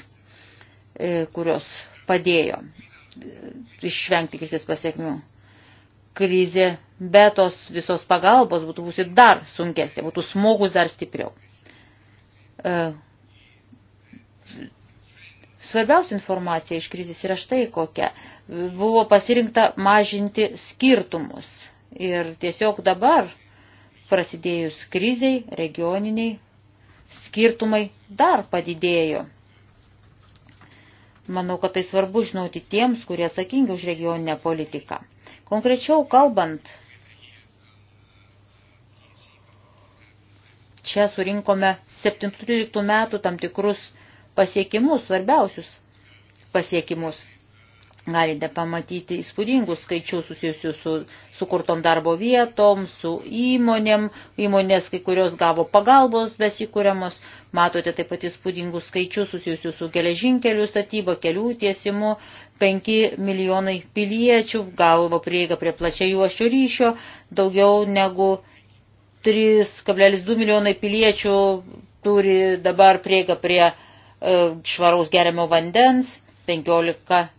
e, kurios padėjo e, išvengti krizės pasiekmių. Krizė be tos visos pagalbos būtų būsi dar sunkesnė, būtų smogus dar stipriau. E, svarbiausia informacija iš krizės yra štai kokia. Buvo pasirinkta mažinti skirtumus. Ir tiesiog dabar prasidėjus kriziai, regioniniai skirtumai dar padidėjo. Manau, kad tai svarbu žinoti tiems, kurie atsakingi už regioninę politiką. Konkrečiau kalbant, čia surinkome 17 metų tam tikrus pasiekimus, svarbiausius pasiekimus galite pamatyti įspūdingus skaičius susijusius su sukurtom darbo vietom, su įmonėm, įmonės kai kurios gavo pagalbos besikūriamos, matote taip pat įspūdingus skaičius susijusius su geležinkelių statyba, kelių tiesimu, 5 milijonai piliečių galvo prieiga prie plačiai juoščių ryšio, daugiau negu 3,2 milijonai piliečių turi dabar prieigą prie e, švaraus geriamo vandens, 15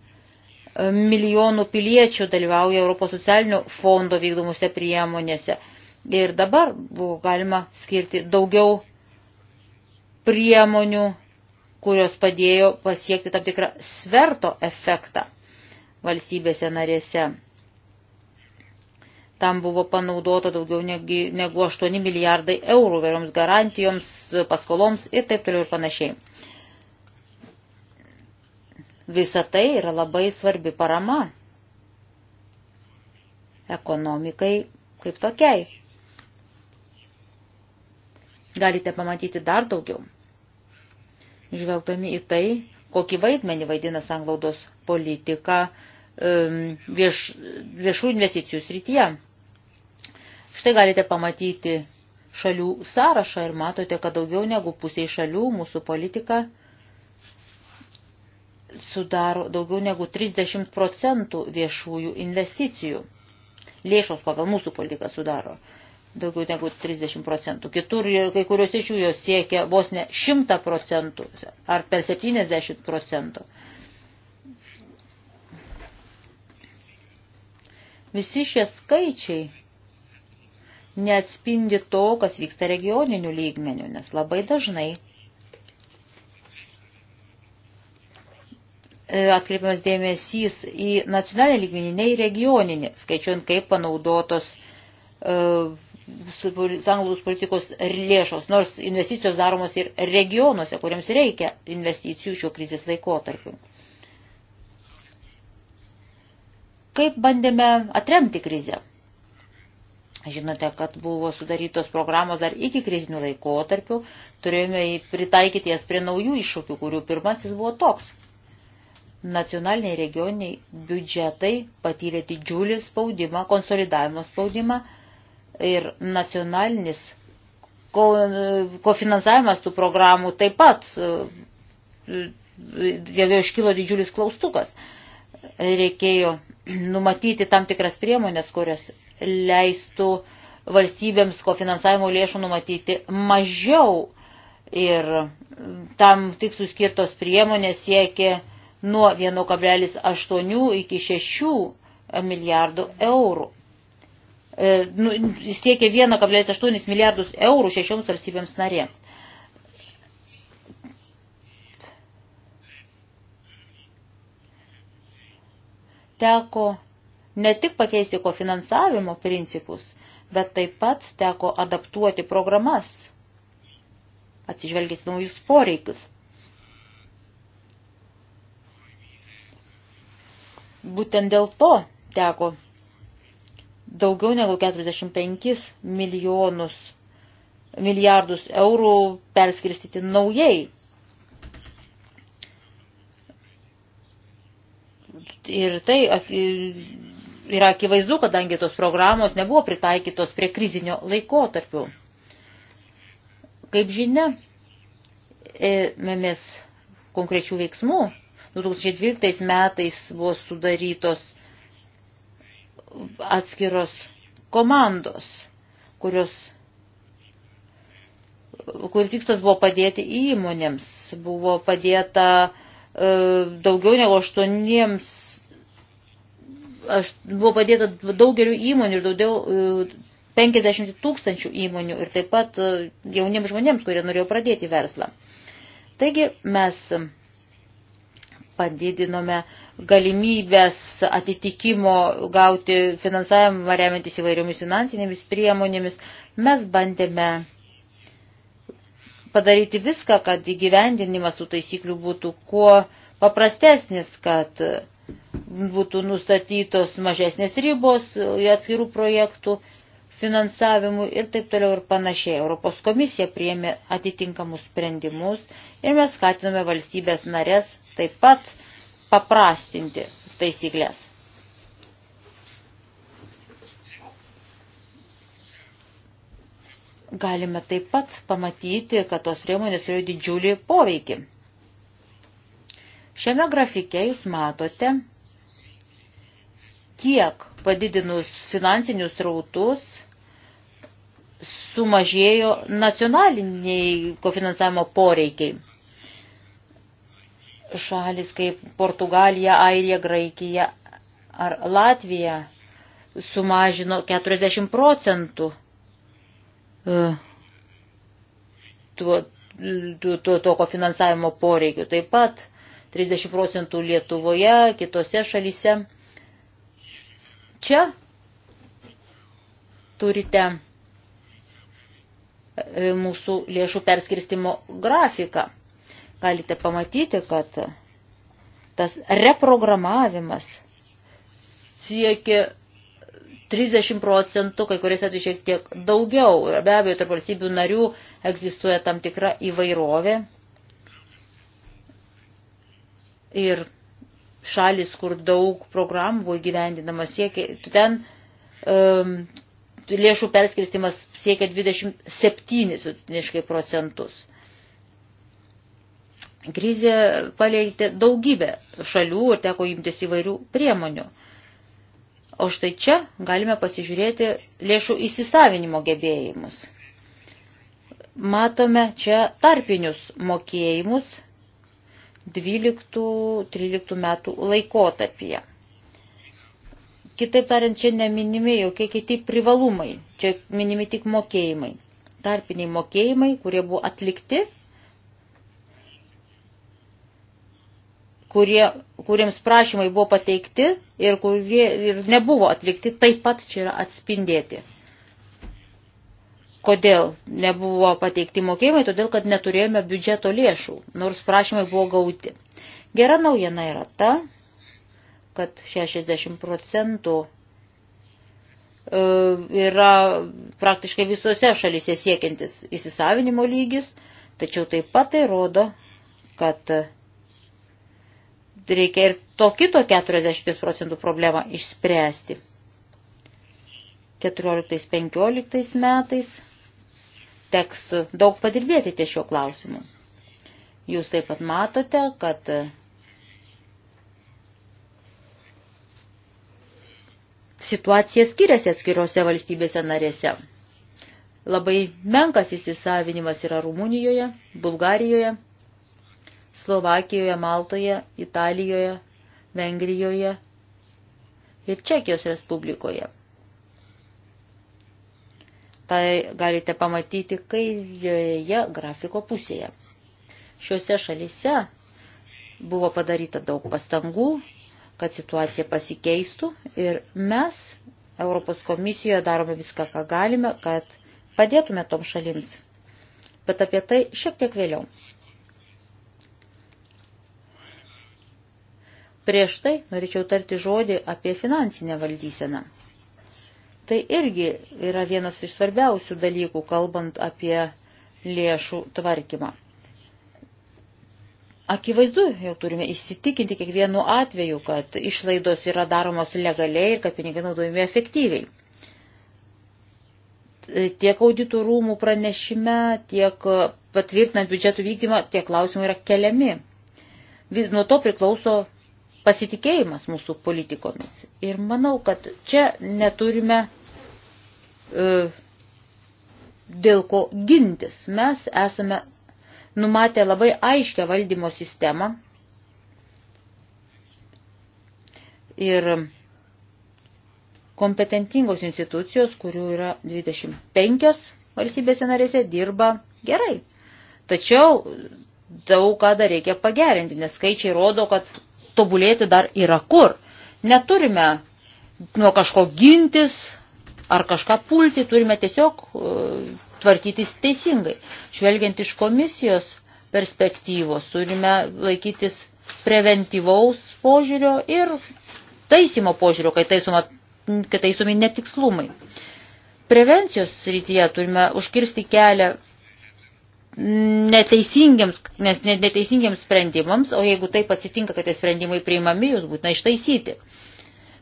milijonų piliečių dalyvauja Europos socialinio fondo vykdomuose priemonėse. Ir dabar buvo galima skirti daugiau priemonių, kurios padėjo pasiekti tam tikrą sverto efektą valstybėse narėse. Tam buvo panaudota daugiau negu 8 milijardai eurų vėroms garantijoms, paskoloms ir taip toliau ir panašiai. Visa tai yra labai svarbi parama ekonomikai kaip tokiai. Galite pamatyti dar daugiau, žvelgdami į tai, kokį vaidmenį vaidina sanglaudos politika vieš, viešų investicijų srityje. Štai galite pamatyti šalių sąrašą ir matote, kad daugiau negu pusiai šalių mūsų politika – sudaro daugiau negu 30 procentų viešųjų investicijų. Lėšos pagal mūsų politiką sudaro daugiau negu 30 procentų. Kitur, kai kurios iš jų jos siekia vos ne 100 procentų ar per 70 procentų. Visi šie skaičiai neatspindi to, kas vyksta regioninių lygmenių, nes labai dažnai E, atkreipiamas dėmesys į nacionalinį lygmenį, ne į regioninį, skaičiuojant, kaip panaudotos e, sanglūdus politikos lėšos, nors investicijos daromos ir regionuose, kuriems reikia investicijų šio krizės laikotarpiu. Kaip bandėme atremti krizę? Žinote, kad buvo sudarytos programos dar iki krizinių laikotarpių, turėjome pritaikyti jas prie naujų iššūkių, kurių pirmasis buvo toks – nacionaliniai regioniniai biudžetai patyrė didžiulį spaudimą, konsolidavimo spaudimą ir nacionalinis kofinansavimas tų programų taip pat e, jau iškilo didžiulis klaustukas. Reikėjo numatyti tam tikras priemonės, kurios leistų valstybėms kofinansavimo lėšų numatyti mažiau ir tam tik suskirtos priemonės siekia nuo 1,8 iki 6 milijardų eurų. E, nu, jis siekia 1,8 milijardus eurų šešioms valstybėms narėms. Teko ne tik pakeisti kofinansavimo principus, bet taip pat teko adaptuoti programas, atsižvelgęs naujus poreikius. būtent dėl to teko daugiau negu 45 milijonus milijardus eurų perskirstyti naujai. Ir tai yra akivaizdu, kadangi tos programos nebuvo pritaikytos prie krizinio laikotarpių. Kaip žinia, ėmėmės konkrečių veiksmų 2012 metais buvo sudarytos atskiros komandos, kurios kur tikslas buvo padėti įmonėms. Buvo padėta e, daugiau negu aštuoniems, aš, buvo padėta daugeliu įmonių ir daugiau e, 50 tūkstančių įmonių ir taip pat e, jauniems žmonėms, kurie norėjo pradėti verslą. Taigi mes padidinome galimybės atitikimo gauti finansavimą remiantis įvairiomis finansinėmis priemonėmis. Mes bandėme padaryti viską, kad įgyvendinimas tų taisyklių būtų kuo paprastesnis, kad būtų nustatytos mažesnės ribos atskirų projektų finansavimu ir taip toliau ir panašiai. Europos komisija priėmė atitinkamus sprendimus ir mes skatinome valstybės narės taip pat paprastinti taisyklės. Galime taip pat pamatyti, kad tos priemonės turi didžiulį poveikį. Šiame grafike jūs matote, kiek padidinus finansinius rautus sumažėjo nacionaliniai kofinansavimo poreikiai. Šalis kaip Portugalija, Airija, Graikija ar Latvija sumažino 40 procentų e, tuo, tuo, tuo, to kofinansavimo poreikių. Taip pat 30 procentų Lietuvoje, kitose šalyse. Čia turite e, mūsų lėšų perskirstimo grafiką. Galite pamatyti, kad tas reprogramavimas siekia 30 procentų, kai kuriais atveju šiek tiek daugiau. Be abejo, tarp valstybių narių egzistuoja tam tikra įvairovė. Ir šalis, kur daug programų įgyvendinama, siekia, ten um, lėšų perskirstimas siekia 27 procentus. Krizė paleitė daugybę šalių ir teko imtis įvairių priemonių. O štai čia galime pasižiūrėti lėšų įsisavinimo gebėjimus. Matome čia tarpinius mokėjimus 12-13 metų laikotarpyje. Kitaip tariant, čia neminimi jokie kiti privalumai, čia minimi tik mokėjimai. Tarpiniai mokėjimai, kurie buvo atlikti, kurie, kuriems prašymai buvo pateikti ir kurie ir nebuvo atlikti, taip pat čia yra atspindėti. Kodėl nebuvo pateikti mokėjimai? Todėl, kad neturėjome biudžeto lėšų, nors prašymai buvo gauti. Gera naujiena yra ta, kad 60 procentų e, yra praktiškai visose šalyse siekiantis įsisavinimo lygis, tačiau taip pat tai rodo, kad reikia ir to kito 40 procentų problemą išspręsti. 14-15 metais teks daug padirbėti ties šio klausimu. Jūs taip pat matote, kad situacija skiriasi atskirose valstybėse narėse. Labai menkas įsisavinimas yra Rumunijoje, Bulgarijoje, Slovakijoje, Maltoje, Italijoje, Vengrijoje ir Čekijos Respublikoje. Tai galite pamatyti kairėje grafiko pusėje. Šiuose šalise buvo padaryta daug pastangų, kad situacija pasikeistų ir mes Europos komisijoje darome viską, ką galime, kad padėtume tom šalims. Bet apie tai šiek tiek vėliau. Prieš tai norėčiau tarti žodį apie finansinę valdyseną. Tai irgi yra vienas iš svarbiausių dalykų, kalbant apie lėšų tvarkymą. Akivaizdu, jau turime įsitikinti kiekvienu atveju, kad išlaidos yra daromos legaliai ir kad pinigai naudojami efektyviai. Tiek auditų rūmų pranešime, tiek patvirtinant biudžetų vykdymą, tie klausimai yra keliami. Vis nuo to priklauso pasitikėjimas mūsų politikomis. Ir manau, kad čia neturime E, dėl ko gintis. Mes esame numatę labai aiškę valdymo sistemą ir kompetentingos institucijos, kurių yra 25 valstybėse narėse, dirba gerai. Tačiau daug ką dar reikia pagerinti, nes skaičiai rodo, kad tobulėti dar yra kur. Neturime nuo kažko gintis, ar kažką pulti, turime tiesiog e, tvarkytis teisingai. Žvelgiant iš komisijos perspektyvos, turime laikytis preventyvaus požiūrio ir taisymo požiūrio, kai, taisoma, kai taisomi netikslumai. Prevencijos srityje turime užkirsti kelią neteisingiams, nes neteisingiams sprendimams, o jeigu taip atsitinka, kad tie sprendimai priimami, jūs būtina ištaisyti.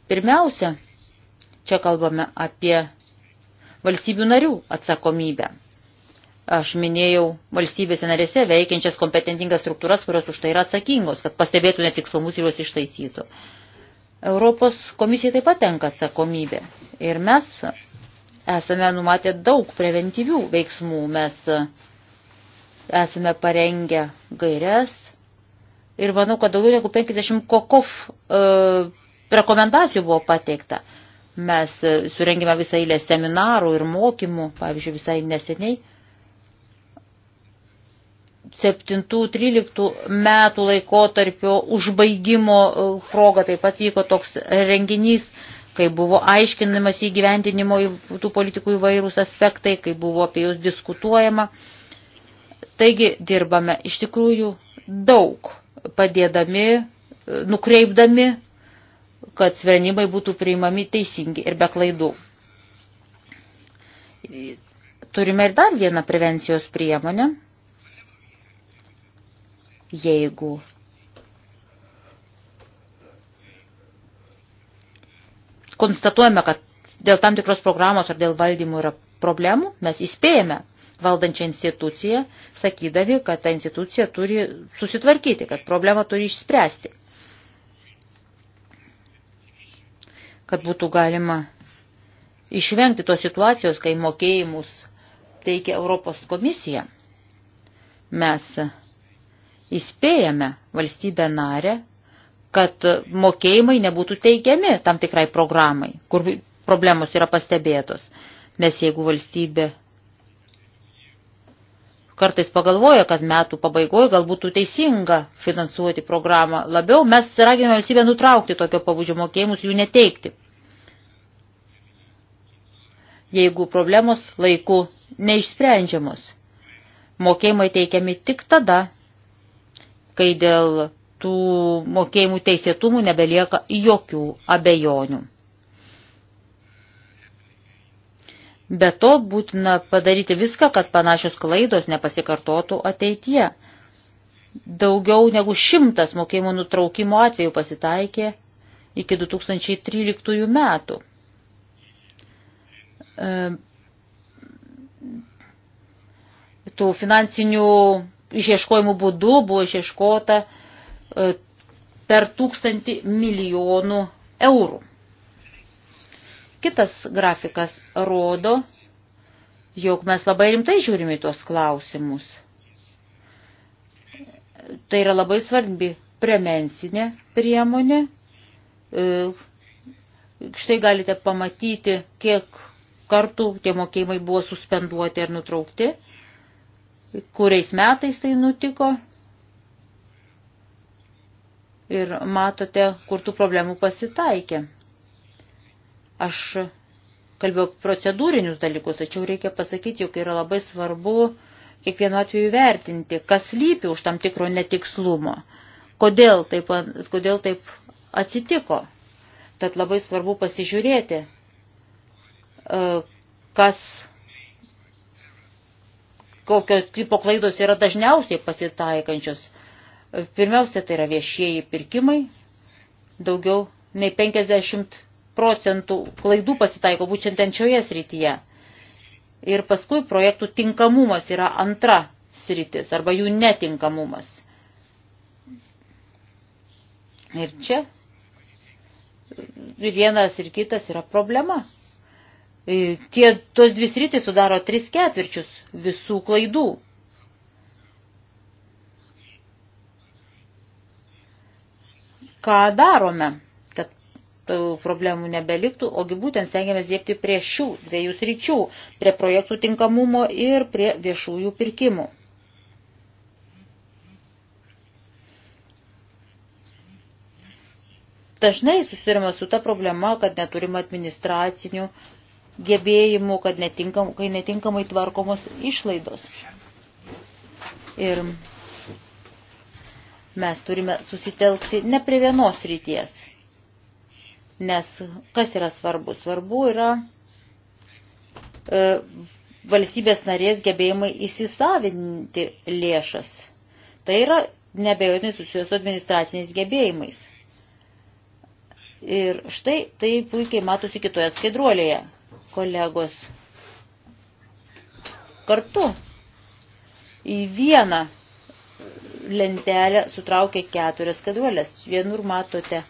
Pirmiausia, Čia kalbame apie valstybių narių atsakomybę. Aš minėjau valstybėse narėse veikiančias kompetentingas struktūras, kurios už tai yra atsakingos, kad pastebėtų netikslumus ir juos ištaisytų. Europos komisijai taip pat tenka atsakomybė. Ir mes esame numatę daug preventyvių veiksmų. Mes esame parengę gairias ir manau, kad daugiau negu 50 kokov e, rekomendacijų buvo pateikta. Mes e, surengime visą eilę seminarų ir mokymų, pavyzdžiui, visai neseniai. 7-13 metų laikotarpio užbaigimo e, proga taip pat vyko toks renginys, kai buvo aiškinimas įgyvendinimo tų politikų įvairūs aspektai, kai buvo apie jūs diskutuojama. Taigi dirbame iš tikrųjų daug, padėdami, e, nukreipdami kad sprendimai būtų priimami teisingi ir be klaidų. Turime ir dar vieną prevencijos priemonę. Jeigu konstatuojame, kad dėl tam tikros programos ar dėl valdymų yra problemų, mes įspėjame valdančią instituciją, sakydami, kad ta institucija turi susitvarkyti, kad problemą turi išspręsti. kad būtų galima išvengti tos situacijos, kai mokėjimus teikia Europos komisija. Mes įspėjame valstybę narę, kad mokėjimai nebūtų teikiami tam tikrai programai, kur problemos yra pastebėtos. Nes jeigu valstybė kartais pagalvoja, kad metų pabaigoje galbūt teisinga finansuoti programą labiau, mes raginame valstybę nutraukti tokio pabudžio mokėjimus, jų neteikti. Jeigu problemos laiku neišsprendžiamos, mokėjimai teikiami tik tada, kai dėl tų mokėjimų teisėtumų nebelieka jokių abejonių. Be to būtina padaryti viską, kad panašios klaidos nepasikartotų ateityje. Daugiau negu šimtas mokėjimo nutraukimo atvejų pasitaikė iki 2013 metų. E, tų finansinių išieškojimų būdų buvo išieškota e, per tūkstantį milijonų eurų. Kitas grafikas rodo, jog mes labai rimtai žiūrime į tuos klausimus. Tai yra labai svarbi premensinė priemonė. E, štai galite pamatyti, kiek kartų tie mokėjimai buvo suspenduoti ar nutraukti, kuriais metais tai nutiko. Ir matote, kur tų problemų pasitaikė. Aš kalbėjau procedūrinius dalykus, tačiau reikia pasakyti, jog yra labai svarbu kiekvienu atveju vertinti, kas lypi už tam tikro netikslumo, kodėl taip, kodėl taip atsitiko. Tad labai svarbu pasižiūrėti, e, kas, kokio tipo klaidos yra dažniausiai pasitaikančios. Pirmiausia, tai yra viešieji pirkimai, daugiau nei 50 procentų klaidų pasitaiko būtent šioje srityje. Ir paskui projektų tinkamumas yra antra sritis arba jų netinkamumas. Ir čia vienas ir kitas yra problema. E, tie, tos dvi sritis sudaro tris ketvirčius visų klaidų. Ką darome? E, problemų nebeliktų, ogi būtent stengiamės dirbti prie šių dviejų sričių - prie projektų tinkamumo ir prie viešųjų pirkimų. Dažnai susirima su ta problema, kad neturima administracinių gebėjimų, kad netinkam, kai netinkamai tvarkomos išlaidos. Ir mes turime susitelkti ne prie vienos ryties Nes kas yra svarbu? Svarbu yra e, valstybės narės gebėjimai įsisavinti lėšas. Tai yra nebejotinai susijęs su administraciniais gebėjimais. Ir štai tai puikiai matosi kitoje skaidruolėje, kolegos. Kartu į vieną lentelę sutraukia keturias skaidruolės. Vienur matote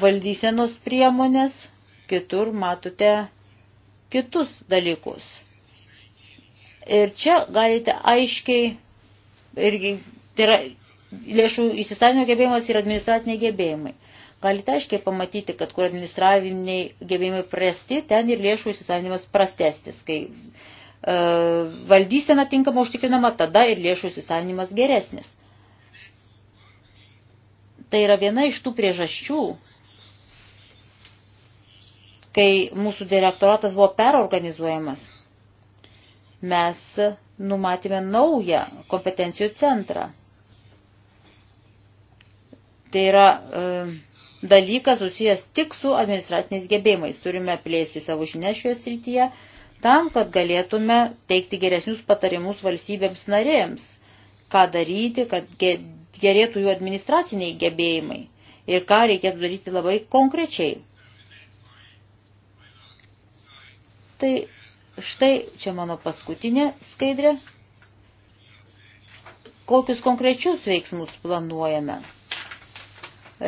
valdysenos priemonės, kitur matote kitus dalykus. Ir čia galite aiškiai, irgi, tai yra lėšų įsistatymo gebėjimas ir administratiniai gebėjimai. Galite aiškiai pamatyti, kad kur administraviniai gebėjimai prasti, ten ir lėšų įsisavimas prastestis. Kai e, valdysena tinkama užtikrinama, tada ir lėšų įsisavinimas geresnis. Tai yra viena iš tų priežasčių, kai mūsų direktoratas buvo perorganizuojamas, mes numatėme naują kompetencijų centrą. Tai yra e, dalykas susijęs tik su administraciniais gebėjimais. Turime plėsti savo žinias šioje srityje tam, kad galėtume teikti geresnius patarimus valstybėms narėms, ką daryti, kad gerėtų jų administraciniai gebėjimai ir ką reikėtų daryti labai konkrečiai. Tai štai čia mano paskutinė skaidrė. Kokius konkrečius veiksmus planuojame,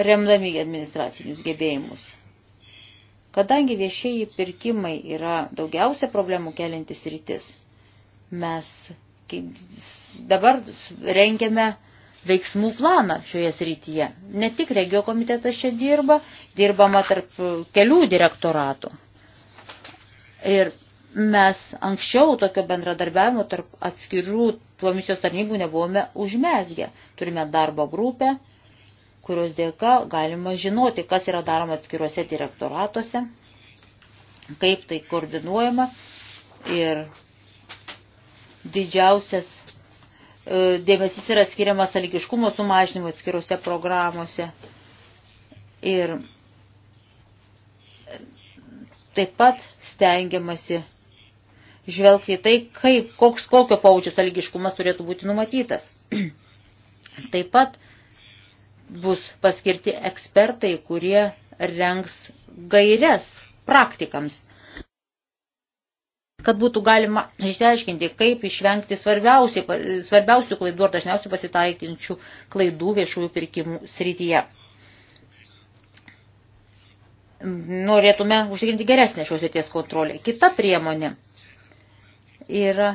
remdami administracinius gebėjimus. Kadangi viešieji pirkimai yra daugiausia problemų keliantis rytis, mes dabar rengiame veiksmų planą šioje srityje. Ne tik regio komitetas čia dirba, dirbama tarp kelių direktoratų. Ir mes anksčiau tokio bendradarbiavimo tarp atskirų tuo misijos tarnybų nebuvome užmesgę. Turime darbo grupę, kurios dėka galima žinoti, kas yra daroma atskiruose direktoratuose, kaip tai koordinuojama ir didžiausias e, dėmesys yra skiriamas aligiškumo sumažinimui atskiruose programuose. Ir Taip pat stengiamasi žvelgti į tai, kaip, koks, kokio paučio sąlygiškumas turėtų būti numatytas. Taip pat bus paskirti ekspertai, kurie rengs gairias praktikams, kad būtų galima išsiaiškinti, kaip išvengti svarbiausių klaidų ar dažniausiai pasitaikinčių klaidų viešųjų pirkimų srityje norėtume užtikrinti geresnę šios srities kontrolę. Kita priemonė yra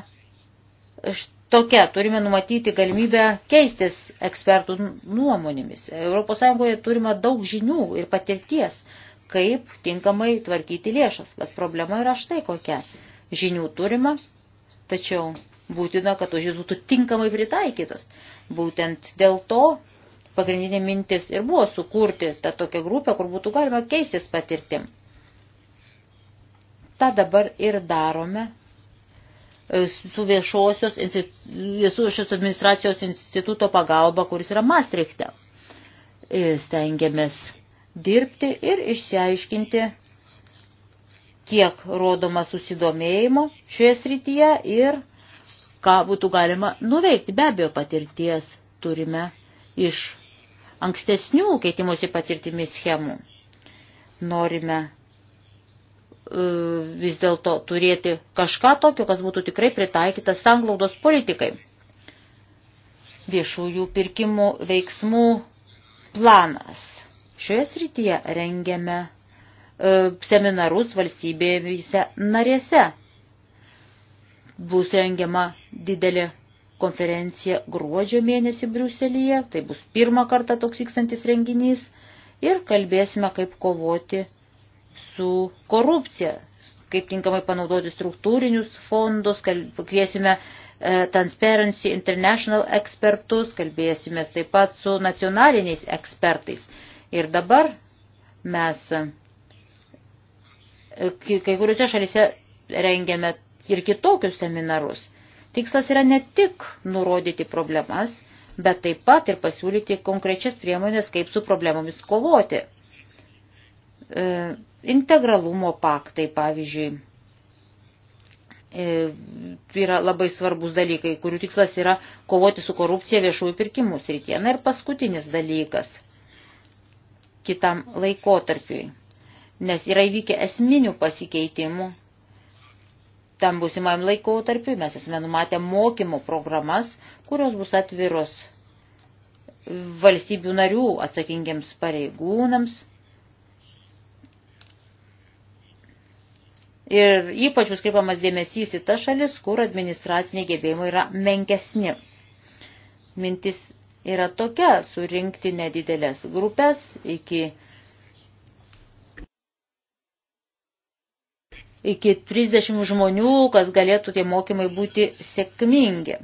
tokia, turime numatyti galimybę keistis ekspertų nuomonėmis. ES turime daug žinių ir patirties, kaip tinkamai tvarkyti lėšas, bet problema yra štai kokia. Žinių turime, tačiau būtina, kad už jis būtų tinkamai pritaikytos. Būtent dėl to pagrindinė mintis ir buvo sukurti tą tokią grupę, kur būtų galima keistis patirtim. Ta dabar ir darome e, su viešosios, viešosios administracijos instituto pagalba, kuris yra Maastrichte. E, stengiamės dirbti ir išsiaiškinti, kiek rodoma susidomėjimo šioje srityje ir ką būtų galima nuveikti. Be abejo, patirties turime iš ankstesnių keitimusi patirtimi schemų. Norime e, vis dėlto turėti kažką tokio, kas būtų tikrai pritaikytas sanglaudos politikai. Viešųjų pirkimų veiksmų planas. Šioje srityje rengiame e, seminarus valstybėse narėse. Bus rengiama didelė konferencija gruodžio mėnesį Briuselyje, tai bus pirmą kartą toks vykstantis renginys ir kalbėsime, kaip kovoti su korupcija, kaip tinkamai panaudoti struktūrinius fondus, kviesime e, Transparency International ekspertus, kalbėsime taip pat su nacionaliniais ekspertais. Ir dabar mes e, kai kuriuose šalise rengiame ir kitokius seminarus. Tikslas yra ne tik nurodyti problemas, bet taip pat ir pasiūlyti konkrečias priemonės, kaip su problemomis kovoti. E, integralumo paktai, pavyzdžiui, e, yra labai svarbus dalykai, kurių tikslas yra kovoti su korupcija viešųjų pirkimų srityje. Na ir paskutinis dalykas kitam laikotarpiui, nes yra įvykę esminių pasikeitimų tam būsimajam laikotarpiu. Mes esame numatę mokymo programas, kurios bus atviros valstybių narių atsakingiams pareigūnams. Ir ypač bus kreipiamas dėmesys į tas šalis, kur administraciniai gebėjimai yra menkesni. Mintis yra tokia - surinkti nedidelės grupės iki iki 30 žmonių, kad galėtų tie mokymai būti sėkmingi.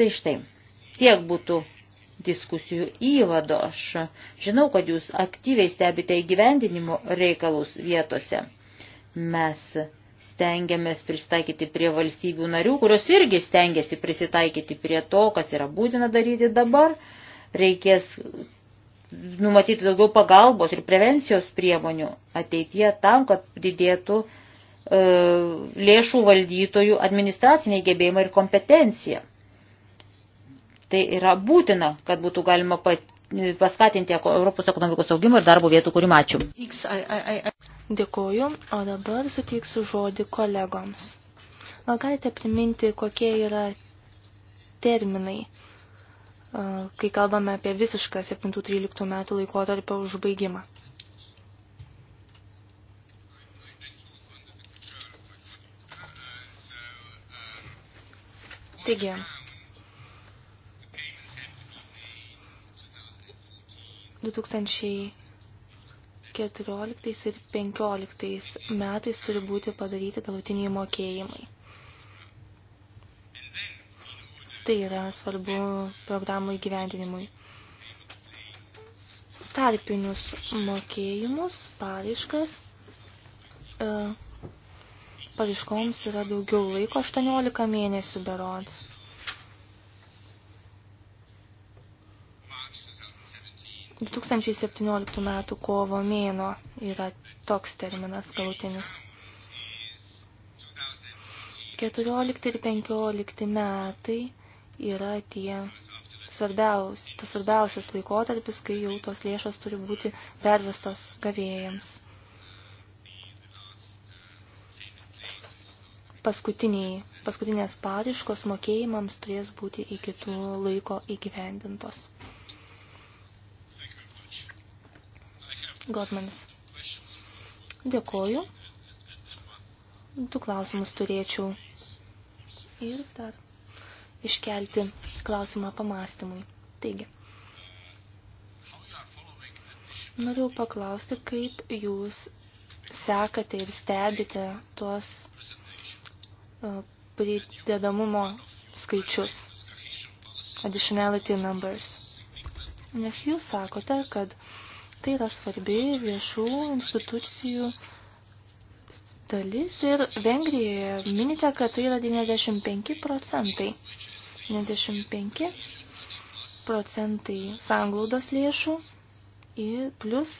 Tai štai, tiek būtų diskusijų įvado. Aš žinau, kad jūs aktyviai stebite įgyvendinimo reikalus vietose. Mes stengiamės pristaikyti prie valstybių narių, kurios irgi stengiasi prisitaikyti prie to, kas yra būtina daryti dabar. Uh, reikės numatyti daugiau pagalbos ir prevencijos priemonių ateityje tam, kad didėtų e, lėšų valdytojų administraciniai gebėjimai ir kompetencija. Tai yra būtina, kad būtų galima e, paskatinti Europos ekonomikos augimą ir darbo vietų kūrimą. Ačiū. Dėkuoju, o dabar suteiksiu žodį kolegoms. Gal galite priminti, kokie yra terminai kai kalbame apie visišką 7-13 metų laikotarpio užbaigimą. Taigi, du tūkstančiai 14 ir 15 metais turi būti padaryti galutiniai mokėjimai. Tai yra svarbu programų įgyvendinimui. Tarpinius mokėjimus, paraiškas, e, paraiškoms yra daugiau laiko, 18 mėnesių berods. Du 2017 metų kovo mėno yra toks terminas galutinis. 14 ir 15 metai yra tie svarbiaus, tas svarbiausias laikotarpis, kai jau tos lėšos turi būti pervestos gavėjams. Paskutiniai, paskutinės pariškos mokėjimams turės būti iki tų laiko įgyvendintos. Godmanis. Dėkoju. Du klausimus turėčiau. Ir dar iškelti klausimą pamastymui. Taigi, norėjau paklausti, kaip jūs sekate ir stebite tuos e, pridedamumo skaičius, additionality numbers. Nes jūs sakote, kad tai yra svarbi viešų institucijų dalis ir Vengrijoje minite, kad tai yra 95 procentai. 75 procentai sanglaudos lėšų ir plus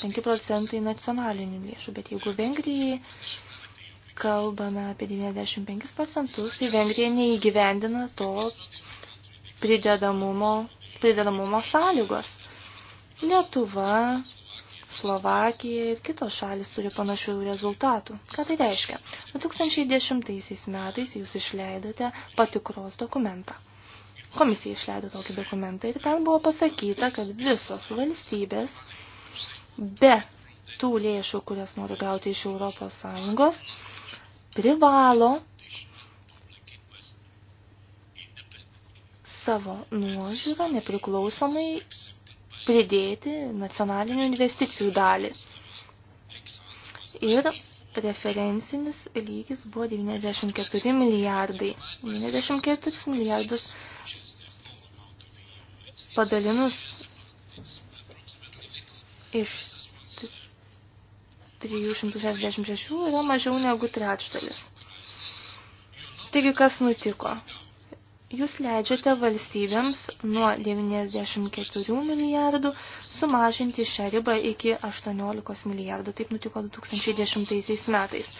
5 procentai nacionalinių lėšų. Bet jeigu Vengrijai kalbame apie 95 procentus, tai Vengrija neįgyvendina to pridedamumo, pridedamumo sąlygos. Lietuva Slovakija ir kitos šalis turi panašių rezultatų. Ką tai reiškia? 2010 metais jūs išleidote patikros dokumentą. Komisija išleido tokį dokumentą ir ten buvo pasakyta, kad visos valstybės be tų lėšų, kurias nori gauti iš Europos Sąjungos, privalo savo nuožiūrą nepriklausomai pridėti nacionalinių investicijų dalį. Ir referencinis lygis buvo 94 milijardai. 94 milijardus padalinus iš 366 yra mažiau negu trečdalis. Taigi, kas nutiko? jūs leidžiate valstybėms nuo 94 milijardų sumažinti šią ribą iki 18 milijardų. Taip nutiko 2010 metais.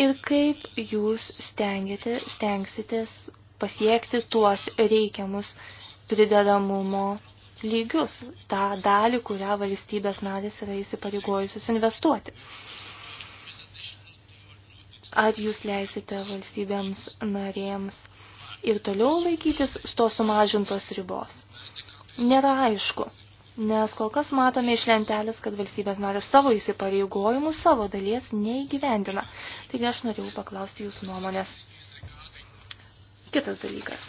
Ir kaip jūs stengiate, stengsitės pasiekti tuos reikiamus pridedamumo lygius, tą dalį, kurią valstybės narės yra įsipareigojusios investuoti. Ar jūs leisite valstybėms narėms ir toliau laikytis to sumažintos ribos. Nėra aišku, nes kol kas matome iš lentelės, kad valstybės narės savo įsipareigojimų savo dalies neįgyvendina. Taigi aš norėjau paklausti jūsų nuomonės. Kitas dalykas.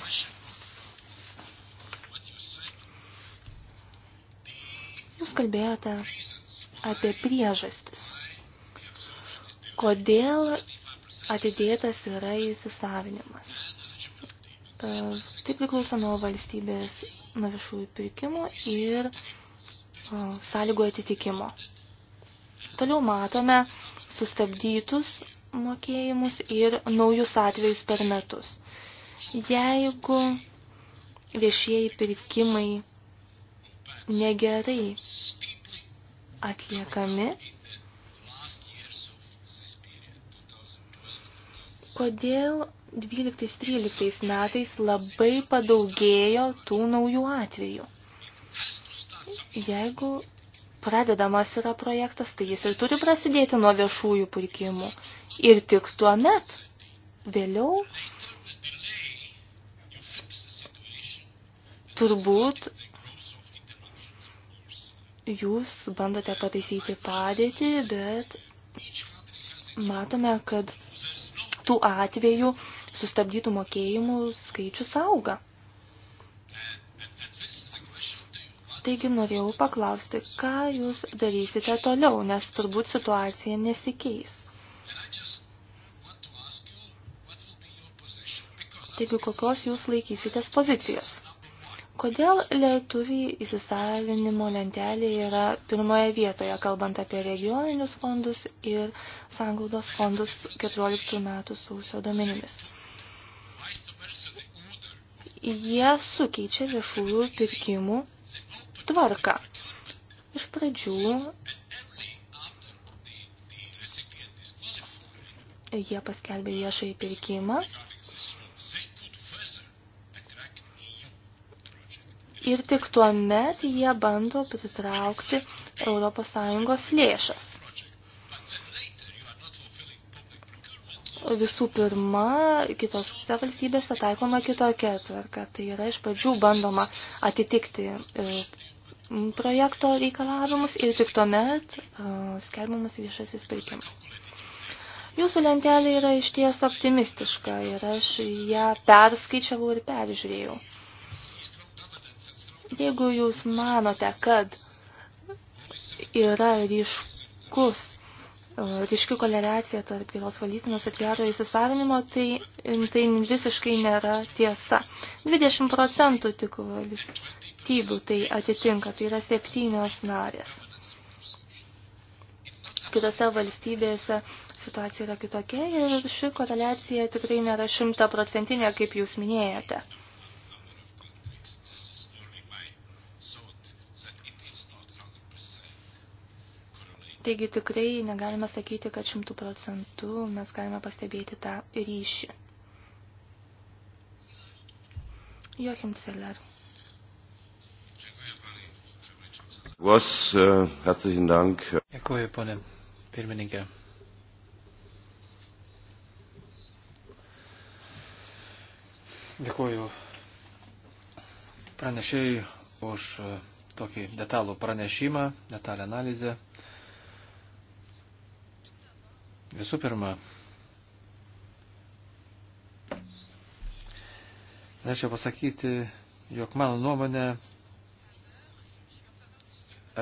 Jūs kalbėjote apie priežastis. Kodėl atidėtas yra įsisavinimas? E, tai priklauso nuo valstybės, nuo viešųjų pirkimų ir e, sąlygų atitikimo. Toliau matome sustabdytus mokėjimus ir naujus atvejus per metus. Jeigu viešieji pirkimai negerai atliekami, kodėl 12-13 metais labai padaugėjo tų naujų atvejų. Jeigu pradedamas yra projektas, tai jis ir turi prasidėti nuo viešųjų pirkimų. Ir tik tuo met, vėliau, turbūt jūs bandote pataisyti padėtį, bet matome, kad tų atvejų sustabdytų mokėjimų skaičius auga. Taigi norėjau paklausti, ką jūs darysite toliau, nes turbūt situacija nesikeis. Taigi kokios jūs laikysitės pozicijos? Kodėl lietuviai įsisavinimo lentelė yra pirmoje vietoje, kalbant apie regioninius fondus ir sanglaudos fondus 14 metų sausio domenimis? Jie sukeičia viešųjų pirkimų tvarką. Iš pradžių jie paskelbė viešąjį pirkimą ir tik tuomet jie bando pritraukti ES lėšas. visų pirma, kitose valstybėse taikoma kitokia tvarka. Tai yra iš pradžių bandoma atitikti e, projekto reikalavimus ir tik tuomet e, skelbiamas viešasis pirkimas. Jūsų lentelė yra išties optimistiška ir aš ją perskaičiavau ir peržiūrėjau. Jeigu jūs manote, kad yra ryškus E, ryškių koleracija tarp geros valdysenos ir gero įsisavinimo, tai, tai visiškai nėra tiesa. 20 procentų tik valstybių tai atitinka, tai yra septynios narės. Kitose valstybėse situacija yra kitokia ir ši koreliacija tikrai nėra šimtaprocentinė, kaip jūs minėjote. Taigi tikrai negalime sakyti, kad šimtų procentų mes galime pastebėti tą ryšį. Joachim Zeller. Was, uh, herzlichen Dank. Dėkuoju, ponė pirmininkė. Dėkuoju pranešėjai už äh, tokį detalų pranešimą, detalę analizę. Uh, Visų pirma, norėčiau pasakyti, jog mano nuomonė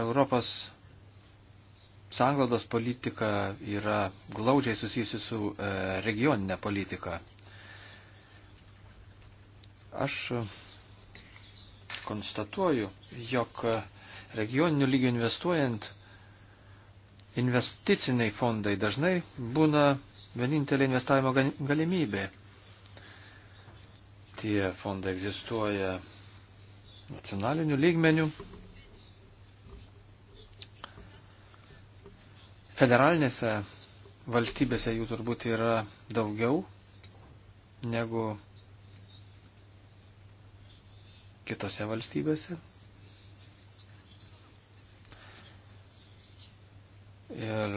Europos sanglaudos politika yra glaudžiai susijusi su e, regioninė politika. Aš konstatuoju, jog regioninių lygių investuojant investiciniai fondai dažnai būna vienintelė investavimo galimybė. Tie fondai egzistuoja nacionaliniu lygmeniu. Federalinėse valstybėse jų turbūt yra daugiau negu kitose valstybėse. Ir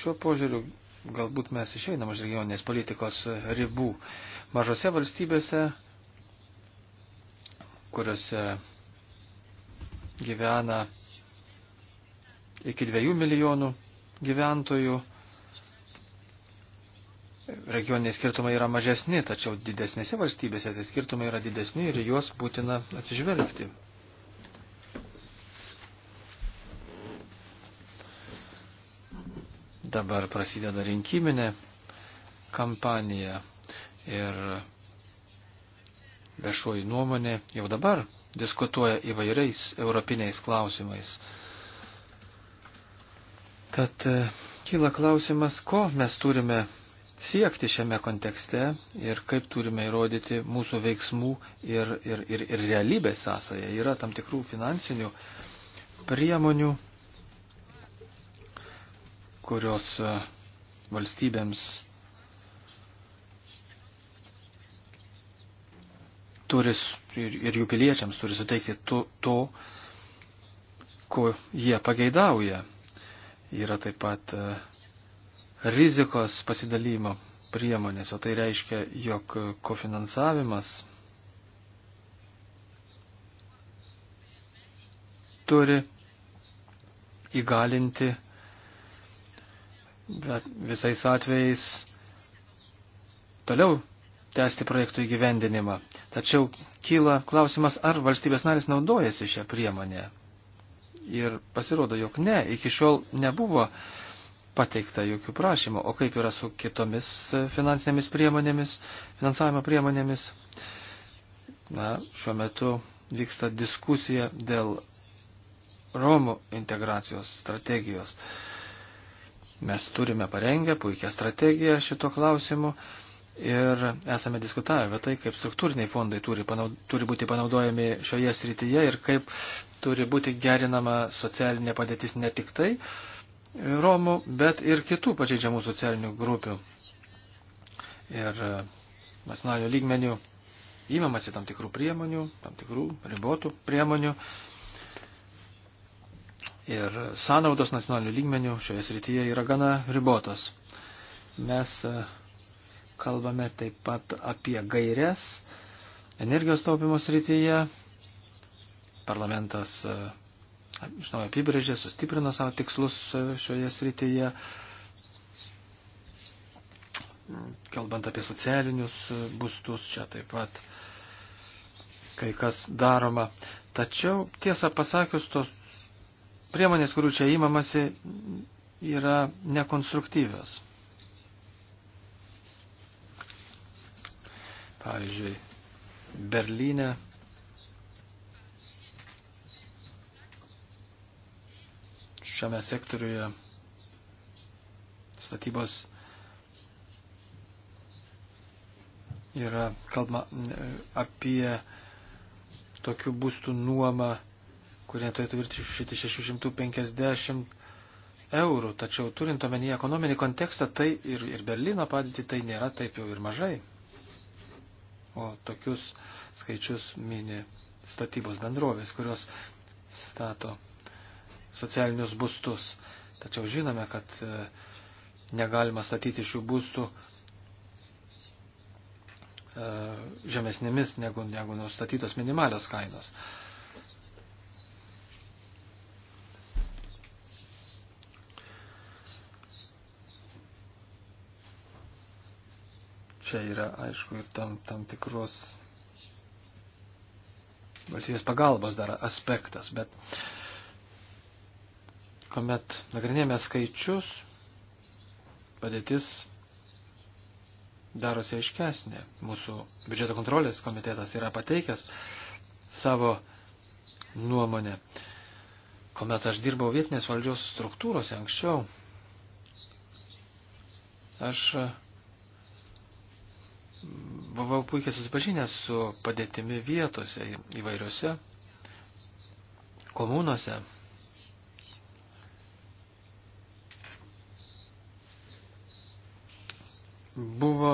šiuo požiūriu galbūt mes išeinam už regioninės politikos ribų. Mažose valstybėse, kuriuose gyvena iki dviejų milijonų gyventojų, regioniniai skirtumai yra mažesni, tačiau didesnėse valstybėse tai skirtumai yra didesni ir juos būtina atsižvelgti. Dabar prasideda rinkiminė kampanija ir viešoji nuomonė jau dabar diskutuoja įvairiais europiniais klausimais. Tad e, kyla klausimas, ko mes turime siekti šiame kontekste ir kaip turime įrodyti mūsų veiksmų ir, ir, ir, ir realybės sąsąją. Yra tam tikrų finansinių priemonių, kurios e, valstybėms turi ir, ir jų piliečiams turi suteikti to, to, ko jie pageidauja. Yra taip pat e, rizikos pasidalymo priemonės, o tai reiškia, jog kofinansavimas turi įgalinti bet visais atvejais toliau tęsti projektų įgyvendinimą. Tačiau kyla klausimas, ar valstybės narės naudojasi šią priemonę. Ir pasirodo, jog ne, iki šiol nebuvo pateikta jokių prašymų, o kaip yra su kitomis finansinėmis priemonėmis, finansavimo priemonėmis. Na, šiuo metu vyksta diskusija dėl Romų integracijos strategijos. Uh, Mes turime parengę puikią strategiją šito klausimu ir esame diskutavę apie tai, kaip struktūriniai fondai turi, panaud, turi būti panaudojami šioje srityje ir kaip turi būti gerinama socialinė padėtis ne tik tai Romų, bet ir kitų pažeidžiamų socialinių grupių. Ir nacionalinių lygmenių įmamasi tam tikrų priemonių, tam tikrų ribotų priemonių ir sąnaudos nacionalinių lygmenių šioje srityje yra gana ribotos. Mes e, kalbame taip pat apie gairias energijos taupimo srityje. Parlamentas, žinau, e, apibrėžė, sustiprino savo tikslus e, šioje srityje. Kalbant apie socialinius būstus, čia taip pat kai kas daroma. Tačiau, tiesą pasakius, tos priemonės, kurių čia įmamasi, yra nekonstruktyvios. Pavyzdžiui, Berlyne šiame sektoriuje statybos yra kalbama e, apie tokių būstų nuomą kurie turėtų virti 650 eurų. Tačiau turint omenyje ekonominį kontekstą, tai ir, ir Berlyno padėtį tai nėra taip jau ir mažai. O tokius skaičius mini statybos bendrovės, kurios stato socialinius būstus. Tačiau žinome, kad e, negalima statyti šių būstų e, žemesnėmis negu, negu nustatytos minimalios kainos. Čia yra, aišku, ir tam, tam tikros valstybės pagalbos dar aspektas, bet kuomet nagrinėjame skaičius, padėtis darosi aiškesnė. Mūsų biudžeto kontrolės komitetas yra pateikęs savo nuomonę. Komet aš dirbau vietinės valdžios struktūrose anksčiau, aš buvau puikiai susipažinęs su padėtimi vietose įvairiose komunose. Buvo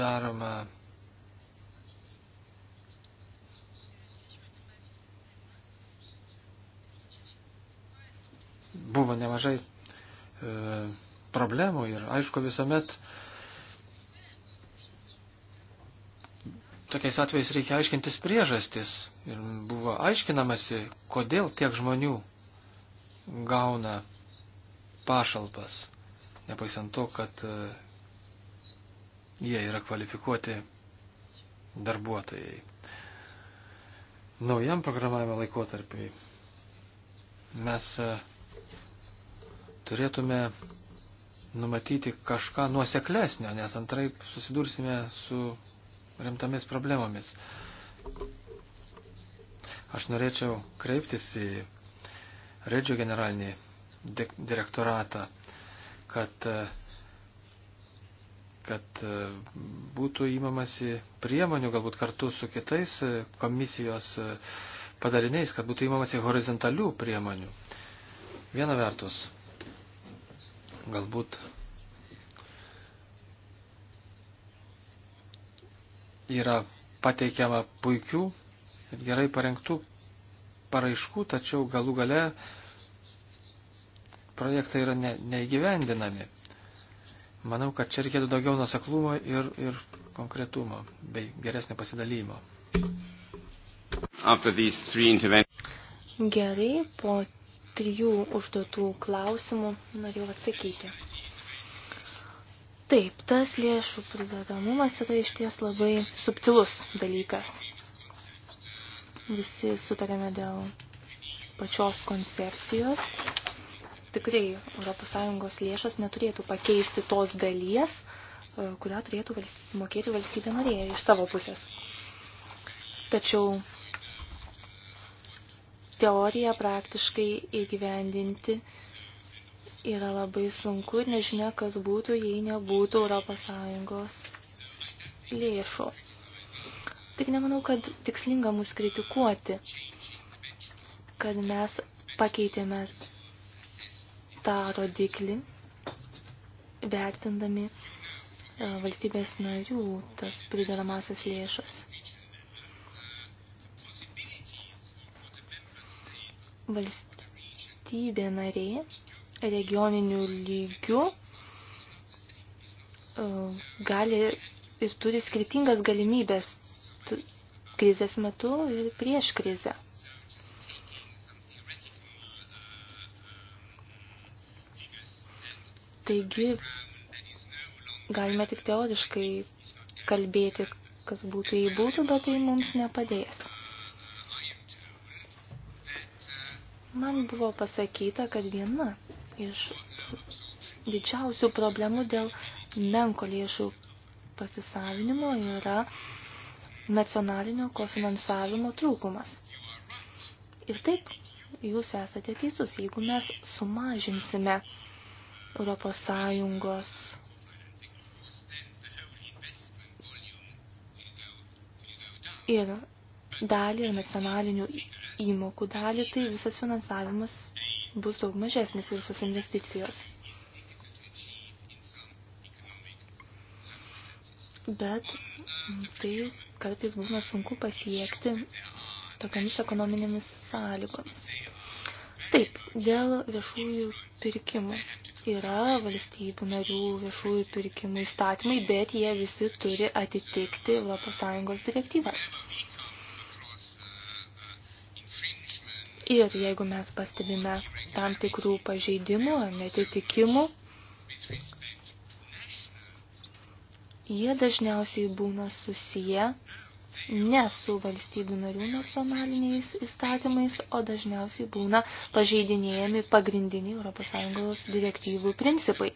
daroma nemažai e, problemų ir aišku visuomet tokiais atvejais reikia aiškintis priežastis ir buvo aiškinamasi, kodėl tiek žmonių gauna pašalpas, nepaisant to, kad e, jie yra kvalifikuoti darbuotojai. Naujam programavimo laikotarpiai mes e, Turėtume numatyti kažką nuoseklesnio, nes antraip susidursime su rimtomis problemomis. Aš norėčiau kreiptis į Redžio generalinį direktoratą, kad, kad būtų įmamasi priemonių, galbūt kartu su kitais komisijos padaliniais, kad būtų įmamasi horizontalių priemonių. Viena vertus, galbūt yra pateikiama puikių ir gerai parengtų paraiškų, tačiau galų gale projektai yra ne, neįgyvendinami. Manau, kad čia reikėtų daugiau nuseklumo ir, ir konkretumo bei geresnio pasidalymo. Gerai, po trijų užduotų klausimų norėjau atsakyti. Taip, tas lėšų pridedamumas yra iš ties labai subtilus dalykas. Visi sutarėme dėl pačios koncepcijos. Tikrai ES lėšos neturėtų pakeisti tos dalies, e, kurią turėtų valstybė, mokėti valstybė norėjo iš savo pusės. Tačiau teoriją praktiškai įgyvendinti yra labai sunku ir nežinia, kas būtų, jei nebūtų ES lėšų. Tik nemanau, kad tikslinga mus kritikuoti, kad mes pakeitėme tą rodiklį, vertindami e, valstybės narių tas prideramasias lėšas. valstybė narė regioninių lygių e, gali ir turi skirtingas galimybės krizės metu ir prieš krizę. Taigi galime tik teoriškai kalbėti, kas būtų, jei būtų, bet tai mums nepadės. Man buvo pasakyta, kad viena iš didžiausių problemų dėl menko lėšų pasisavinimo yra nacionalinio kofinansavimo trūkumas. Ir taip, jūs esate teisus, jeigu mes sumažinsime Europos Sąjungos ir dalį nacionalinių įmokų dalį, tai visas finansavimas bus daug mažesnis visos investicijos. Bet tai kartais būna sunku pasiekti tokiamis ekonominėmis sąlygomis. Taip, dėl viešųjų pirkimų. Yra valstybių narių viešųjų pirkimų įstatymai, bet jie visi turi atitikti ES direktyvas. Ir jeigu mes pastebime tam tikrų pažeidimų ar netitikimų, jie dažniausiai būna susiję ne su valstybių narių nacionaliniais įstatymais, o dažniausiai būna pažeidinėjami pagrindiniai ES direktyvų principai.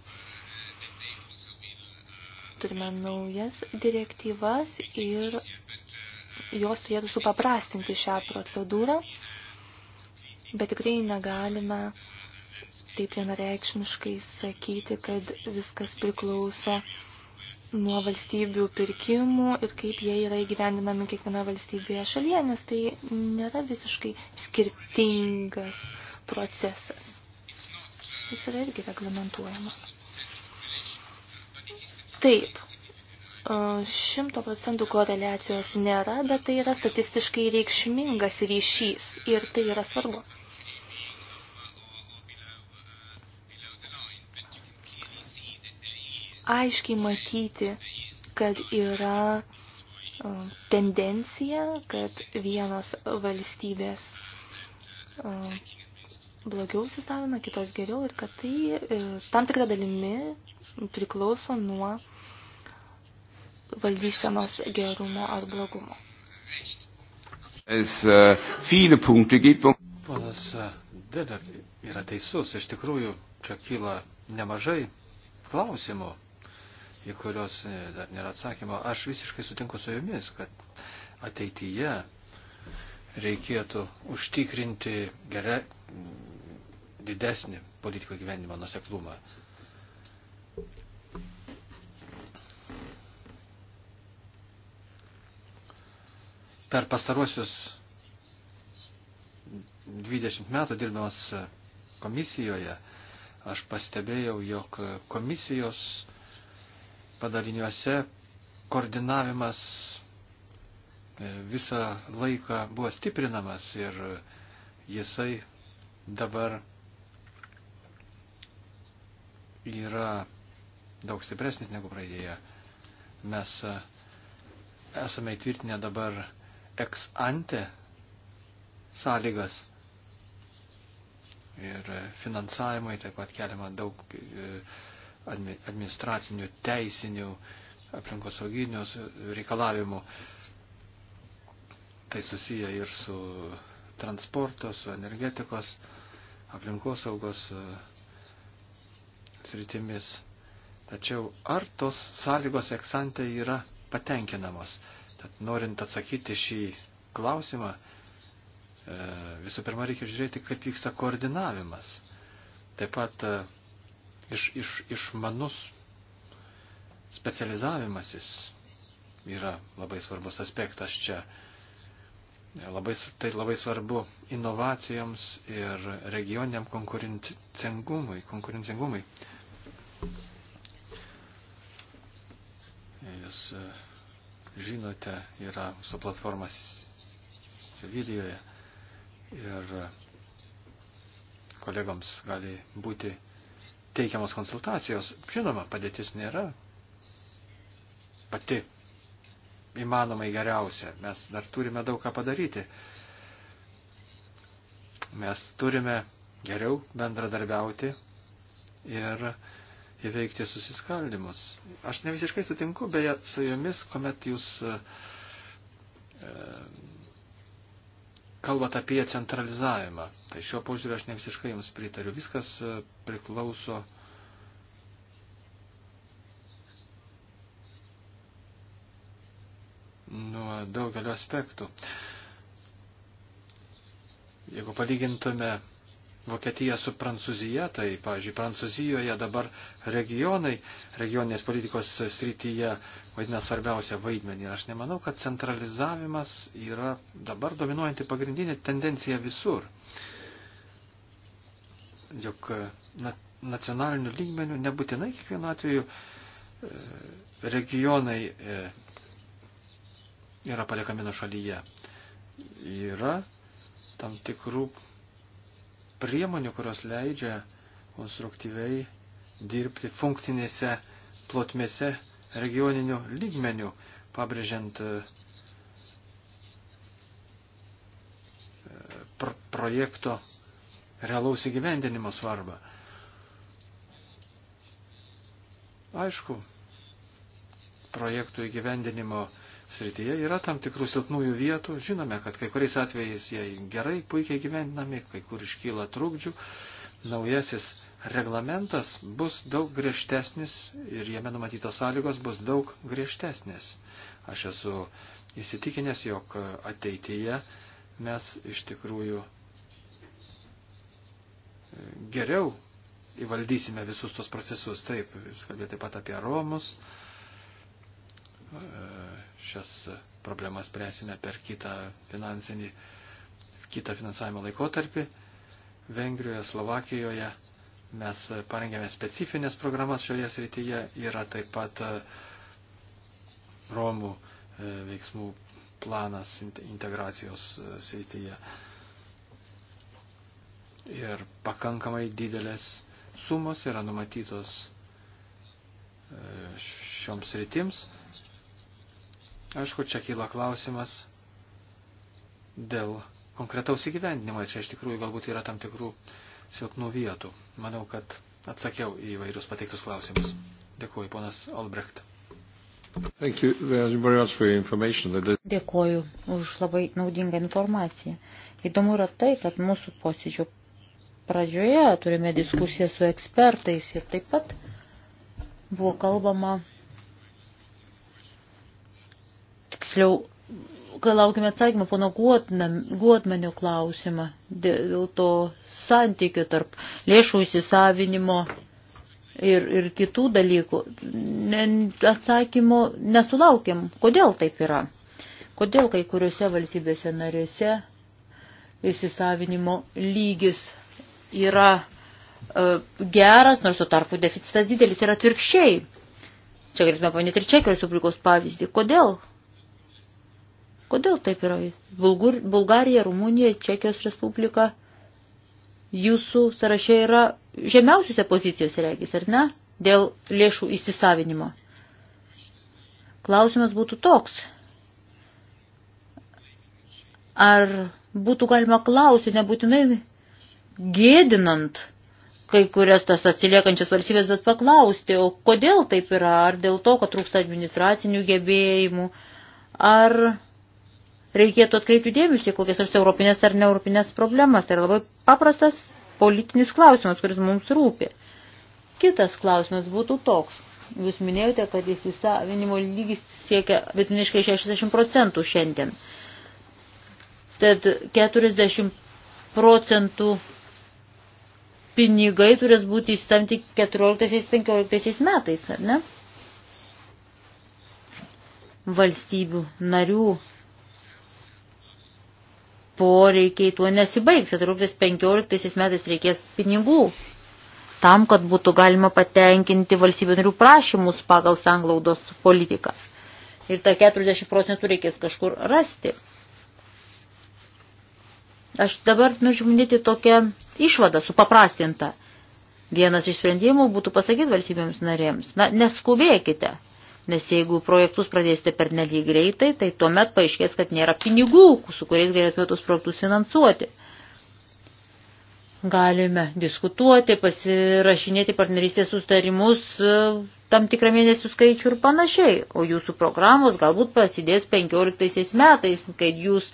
Turime naujas direktyvas ir jos turėtų supaprastinti šią procedūrą bet tikrai negalime taip vienareikšmiškai sakyti, kad viskas priklauso nuo valstybių pirkimų ir kaip jie yra įgyvendinami kiekvienoje valstybėje šalyje, nes tai nėra visiškai skirtingas procesas. Jis yra irgi reglamentuojamas. Taip, šimto procentų koreliacijos nėra, bet tai yra statistiškai reikšmingas ryšys ir tai yra svarbu. aiškiai matyti, kad yra e, tendencija, kad vienos valstybės e, blogiau įsisavina, kitos geriau ir kad tai e, tam tikrą dalimi priklauso nuo valdysenos gerumo ar blogumo. Es uh, viele Punkte gibt, wo Ponas Dedek yra teisus, iš tikrųjų čia kyla nemažai klausimų į kurios e, dar nėra atsakymo. Aš visiškai sutinku su jumis, kad ateityje reikėtų užtikrinti gerą, didesnį politiko gyvenimo nuseklumą. Per pastaruosius 20 metų dirbamas komisijoje, aš pastebėjau, jog komisijos padaliniuose koordinavimas e, visą laiką buvo stiprinamas ir jisai dabar yra daug stipresnis negu praeidėje. Mes e, esame įtvirtinę dabar ex ante sąlygas ir e, finansavimai taip pat keliama daug administracinių, teisinių, aplinkosauginių reikalavimų. Tai susiję ir su transporto, su energetikos, aplinkosaugos e, sritimis. Tačiau ar tos sąlygos eksantė yra patenkinamos? Tad norint atsakyti šį klausimą, e, visų pirma reikia žiūrėti, kaip vyksta koordinavimas. Taip pat e, iš, iš, išmanus specializavimasis yra labai svarbus aspektas čia. Labai, tai labai svarbu inovacijoms ir regioniniam konkurencingumui. konkurencingumui. Jūs e, žinote, yra su platformas Sevilijoje ir e, kolegams gali būti teikiamos konsultacijos. Žinoma, padėtis nėra pati įmanomai geriausia. Mes dar turime daug ką padaryti. Mes turime geriau bendradarbiauti ir įveikti susiskaldimus. Aš ne visiškai sutinku, beje, su jumis, kuomet jūs e, kalbat apie centralizavimą. Tai šiuo požiūriu aš ne visiškai jums pritariu. Viskas e, priklauso nuo daugelio aspektų. Jeigu palygintume Vokietija su Prancūzija, tai, pavyzdžiui, Prancūzijoje dabar regionai, regioninės politikos srityje vaidina svarbiausią vaidmenį. Ir aš nemanau, kad centralizavimas yra dabar dominuojanti pagrindinė tendencija visur. Juk na, nacionaliniu lygmeniu nebūtinai kiekvienu atveju e, regionai e, yra paliekami nuo šalyje. Yra tam tikrų priemonių, kurios leidžia konstruktyviai dirbti funkcinėse plotmėse regioninių lygmenių, pabrėžiant e, pr projekto realaus įgyvendinimo svarbą. Aišku, projektų įgyvendinimo svarbą srityje yra tam tikrų silpnųjų vietų. Žinome, kad kai kuriais atvejais jie gerai, puikiai gyvendinami, kai kur iškyla trukdžių. Naujasis reglamentas bus daug griežtesnis ir jame numatytos sąlygos bus daug griežtesnės. Aš esu įsitikinęs, jog ateityje mes iš tikrųjų e, geriau įvaldysime visus tos procesus. Taip, jūs kalbėjote taip pat apie Romus, šias problemas spręsime per kitą finansinį, kitą finansavimo laikotarpį. Vengrijoje, Slovakijoje mes parengėme specifines programas šioje srityje, yra taip pat e, Romų e, veiksmų planas integracijos e, srityje. Ir pakankamai didelės sumos yra numatytos šioms sritims. Aišku, čia kyla klausimas dėl konkretaus įgyvendinimo ir čia iš tikrųjų galbūt yra tam tikrų silpnų vietų. Manau, kad atsakiau į vairius pateiktus klausimus. Dėkuoju, ponas Albrecht. Dėkuoju už labai naudingą informaciją. Įdomu yra tai, kad mūsų posėdžio pradžioje turime diskusiją su ekspertais ir taip pat buvo kalbama tiksliau, kai laukime atsakymą, pono Guotmanio klausimą dėl to santykių tarp lėšų įsisavinimo ir, ir kitų dalykų. Ne, atsakymo nesulaukėm. Kodėl taip yra? Kodėl kai kuriuose valstybėse narėse įsisavinimo lygis yra e, geras, nors tuo tarpu deficitas didelis yra atvirkščiai. Čia galėtume paminėti ir Čekijos Republikos pavyzdį. Kodėl? Kodėl taip yra? Bulgur, Bulgarija, Rumunija, Čekijos Respublika jūsų sąraše yra žemiausiuose pozicijose regis, ar ne? Dėl lėšų įsisavinimo. Klausimas būtų toks. Ar būtų galima klausyti, nebūtinai gėdinant kai kurias tas atsiliekančias valstybės, bet paklausti, o kodėl taip yra, ar dėl to, kad trūksta administracinių gebėjimų, ar reikėtų atkreipti dėmesį kokias nors europinės ar neeuropinės problemas. Tai yra labai paprastas politinis klausimas, kuris mums rūpi. Kitas klausimas būtų toks. Jūs minėjote, kad įsisavinimo lygis siekia vidutiniškai 60 procentų šiandien. Tad 40 procentų pinigai turės būti įsisavinti 14-15 metais, ar ne? Valstybių narių poreikiai tuo nesibaigs. 2015 metais reikės pinigų tam, kad būtų galima patenkinti valstybių narių prašymus pagal sanglaudos politiką. Ir tą 40 procentų reikės kažkur rasti. Aš dabar nužminyti tokią išvadą supaprastintą. Vienas iš sprendimų būtų pasakyti valstybėms narėms, na, neskubėkite Nes jeigu projektus pradėsite per nelį greitai, tai tuomet paaiškės, kad nėra pinigų, su kuriais galėtume tos projektus finansuoti. Galime diskutuoti, pasirašinėti partnerystės sustarimus e, tam tikrą mėnesių skaičių ir panašiai. O jūsų programos galbūt prasidės 15 metais, kai jūs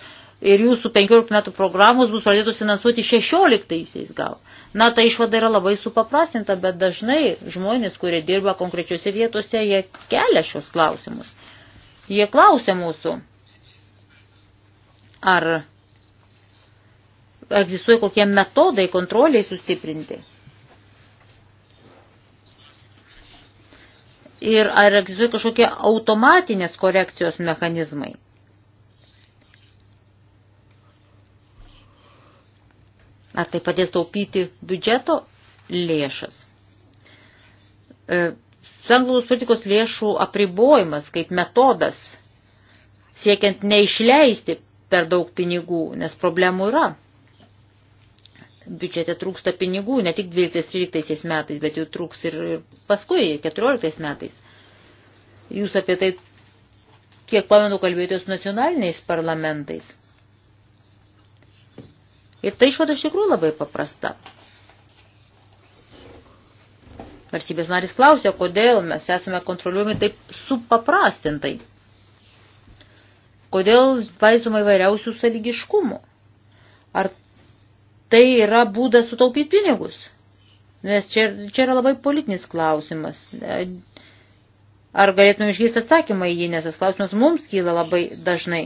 ir jūsų 15 metų programos bus pradėtos finansuoti 16 gal. Na, ta išvada yra labai supaprastinta, bet dažnai žmonės, kurie dirba konkrečiose vietose, jie kelia šios klausimus. Jie klausia mūsų, ar egzistuoja kokie metodai kontroliai sustiprinti. Ir ar egzistuoja kažkokie automatinės korekcijos mechanizmai. Ar tai padės taupyti biudžeto lėšas? E, Sanglaudos politikos lėšų apribojimas kaip metodas, siekiant neišleisti per daug pinigų, nes problemų yra. Biudžete trūksta pinigų ne tik 12-13 metais, bet jų trūks ir paskui 14 metais. Jūs apie tai, kiek pamenu, kalbėjote su nacionaliniais parlamentais. Ir tai išvada iš tikrųjų labai paprasta. Valstybės narys klausė, kodėl mes esame kontroliuojami taip supaprastintai. Kodėl paisoma įvairiausių sąlygiškumų. Ar tai yra būdas sutaupyti pinigus? Nes čia, čia yra labai politinis klausimas. Ar galėtume išgirsti atsakymą į jį, nes tas klausimas mums kyla labai dažnai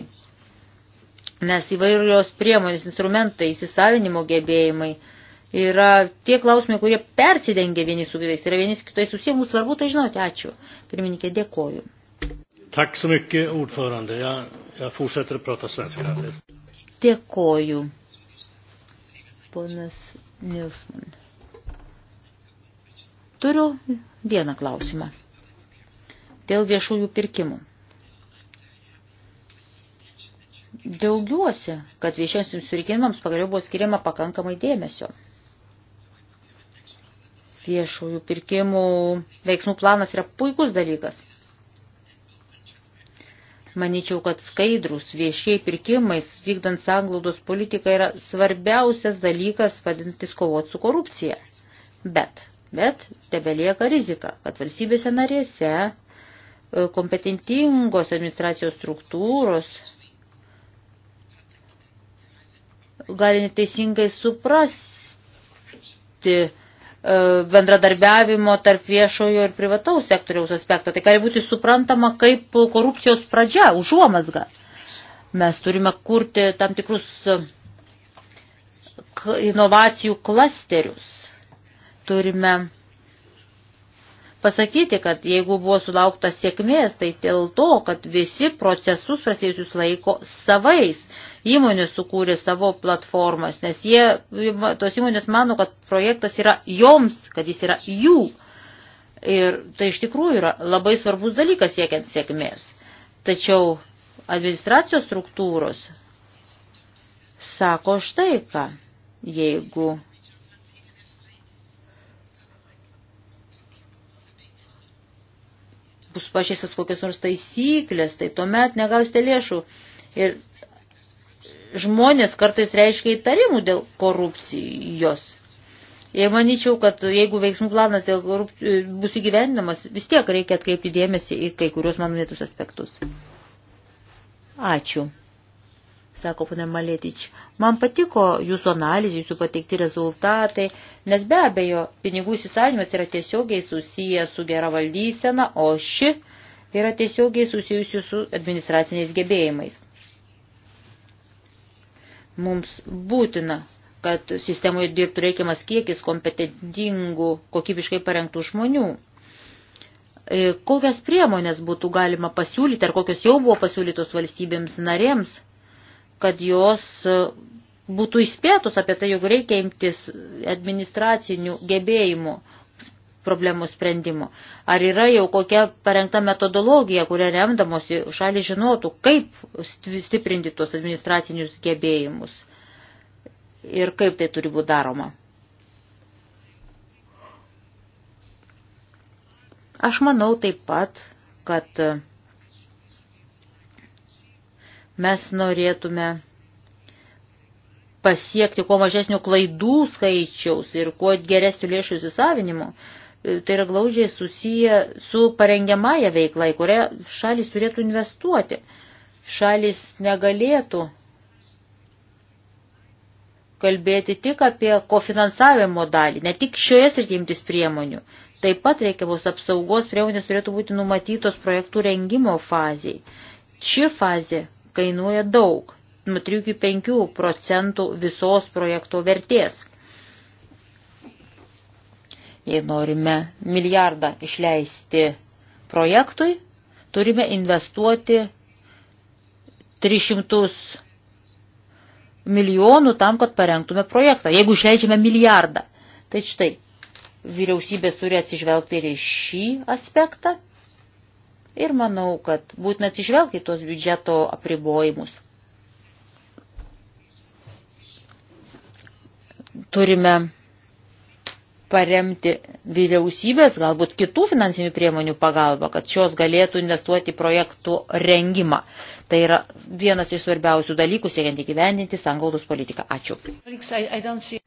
nes įvairios priemonės, instrumentai, įsisavinimo gebėjimai yra tie klausimai, kurie persidengia vieni su kitais, yra vieni su kitais susiję, mums svarbu tai žinoti, ačiū. Pirmininkė, dėkoju. Tack så mycket, ordförande. Jag, jag fortsätter att prata svenska. Dėkoju. Ponas Nilsman. Turiu vieną klausimą. Dėl viešųjų pirkimų. Daugiuosi, kad viešiosiams pirkimams pagaliau buvo skiriama pakankamai dėmesio. Viešųjų pirkimų veiksmų planas yra puikus dalykas. Maničiau, kad skaidrus viešiai pirkimais vykdant sanglaudos politiką yra svarbiausias dalykas padintis kovoti su korupcija. Bet, bet tebelieka rizika, kad valstybėse narėse e, kompetentingos administracijos struktūros gali neteisingai suprasti e, bendradarbiavimo tarp viešojo ir privataus sektoriaus aspektą. Tai gali būti suprantama kaip korupcijos pradžia, užuomasga. Mes turime kurti tam tikrus e, inovacijų klasterius. Turime pasakyti, kad jeigu buvo sulaukta sėkmės, tai dėl to, kad visi procesus prasidėjusius laiko savais. Įmonės sukūrė savo platformas, nes jie, tos įmonės mano, kad projektas yra joms, kad jis yra jų. Ir tai iš tikrųjų yra labai svarbus dalykas siekiant sėkmės. Tačiau administracijos struktūros sako štai ką, jeigu bus pažeistas kokios nors taisyklės, tai tuomet negausite lėšų. Ir žmonės kartais reiškia įtarimų dėl korupcijos. Ir manyčiau, kad jeigu veiksmų planas dėl korupcijos bus įgyvendinamas, vis tiek reikia atkreipti dėmesį į kai kurios man minėtus aspektus. Ačiū sako ponė Malėtič. Man patiko jūsų analizė, jūsų pateikti rezultatai, nes be abejo, pinigų įsisavinimas yra tiesiogiai susijęs su gera valdysena, o ši yra tiesiogiai susijusi su administraciniais gebėjimais. Mums būtina, kad sistemoje dirbtų reikiamas kiekis kompetentingų, kokybiškai parengtų žmonių. E, kokias priemonės būtų galima pasiūlyti, ar kokios jau buvo pasiūlytos valstybėms narėms – kad jos e, būtų įspėtos apie tai, jog reikia imtis administracinių gebėjimų problemų sprendimo. Ar yra jau kokia parengta metodologija, kuria remdamosi šalis žinotų, kaip stiprinti tuos administracinius gebėjimus ir kaip tai turi būti daroma. Aš manau taip pat, kad Mes norėtume pasiekti kuo mažesnio klaidų skaičiaus ir kuo geresnių lėšų įsisavinimo. E, tai yra glaudžiai susiję su parengiamąją veiklą, į kurią šalis turėtų investuoti. Šalis negalėtų kalbėti tik apie kofinansavimo dalį, ne tik šioje srityje priemonių. Taip pat reikiamos apsaugos priemonės turėtų būti numatytos projektų rengimo faziai. Ši fazė kainuoja daug, nuo 3 iki 5 procentų visos projekto vertės. Jei norime milijardą išleisti projektui, turime investuoti 300 milijonų tam, kad parengtume projektą, jeigu išleidžiame milijardą. Tai štai, vyriausybės turi atsižvelgti ir į šį aspektą ir manau, kad būtina atsižvelgti tuos biudžeto apribojimus. Turime paremti vyriausybės, galbūt kitų finansinių priemonių pagalba, kad šios galėtų investuoti projektų rengimą. Tai yra vienas iš svarbiausių dalykų, siekiant įgyvendinti sangaudus politiką. Ačiū.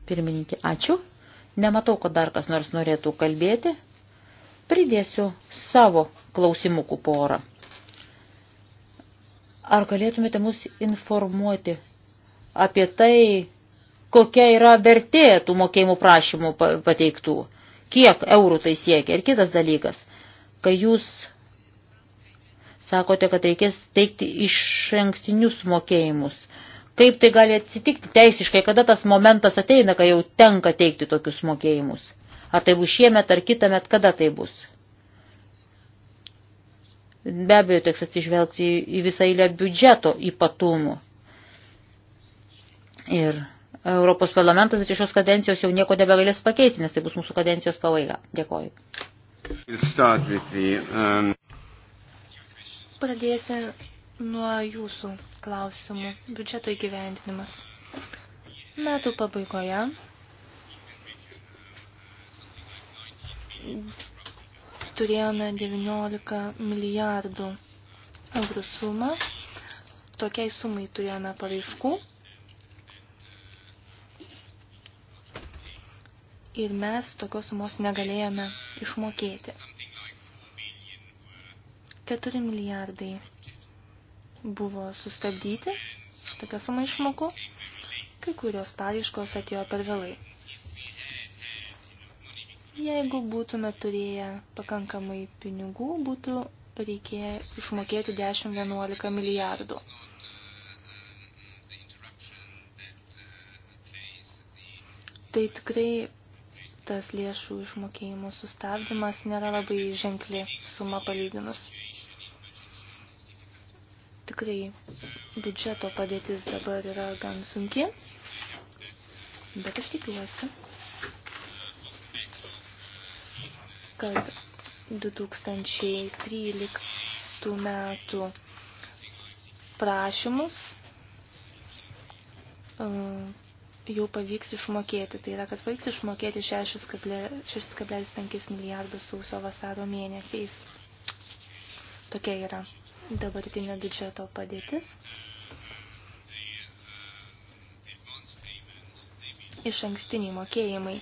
Pirmininkė, ačiū. Nematau, kad dar kas nors norėtų kalbėti. Pridėsiu savo klausimukų porą. Ar galėtumėte mus informuoti apie tai, kokia yra vertė tų mokėjimų prašymų pateiktų, kiek eurų tai siekia. Ir kitas dalykas, kai jūs sakote, kad reikės teikti iš ankstinius mokėjimus, kaip tai gali atsitikti teisiškai, kada tas momentas ateina, kai jau tenka teikti tokius mokėjimus. Ar tai bus šiemet, ar kitą met, kada tai bus. Be abejo, teks atsižvelgti į visą eilę biudžeto ypatumų. Ir Europos parlamentas iš šios kadencijos jau nieko nebegalės pakeisti, nes tai bus mūsų kadencijos pabaiga. Dėkoju. Um, Pradėsiu nuo jūsų klausimų. Biudžeto įgyvendinimas. Metų pabaigoje turėjome 19 milijardų eurų sumą. Tokiai sumai turėjome paraiškų. Ir mes tokios sumos negalėjome išmokėti. 4 milijardai buvo sustabdyti, tokia suma išmokų, kai kurios paraiškos atėjo per vėlai. Jeigu būtume turėję pakankamai pinigų, būtų reikėję išmokėti 10-11 milijardų. Tai tikrai tas lėšų išmokėjimo sustabdymas nėra labai ženkli suma palyginus. Tikrai biudžeto padėtis dabar yra gan sunki, bet aš tikiuosi, kad 2013 metų prašymus e, jau pavyks išmokėti. Tai yra, kad pavyks išmokėti 6,5 milijardų sausio vasaro mėnesiais. Tokia yra dabartinio biudžeto padėtis. Iš ankstiniai mokėjimai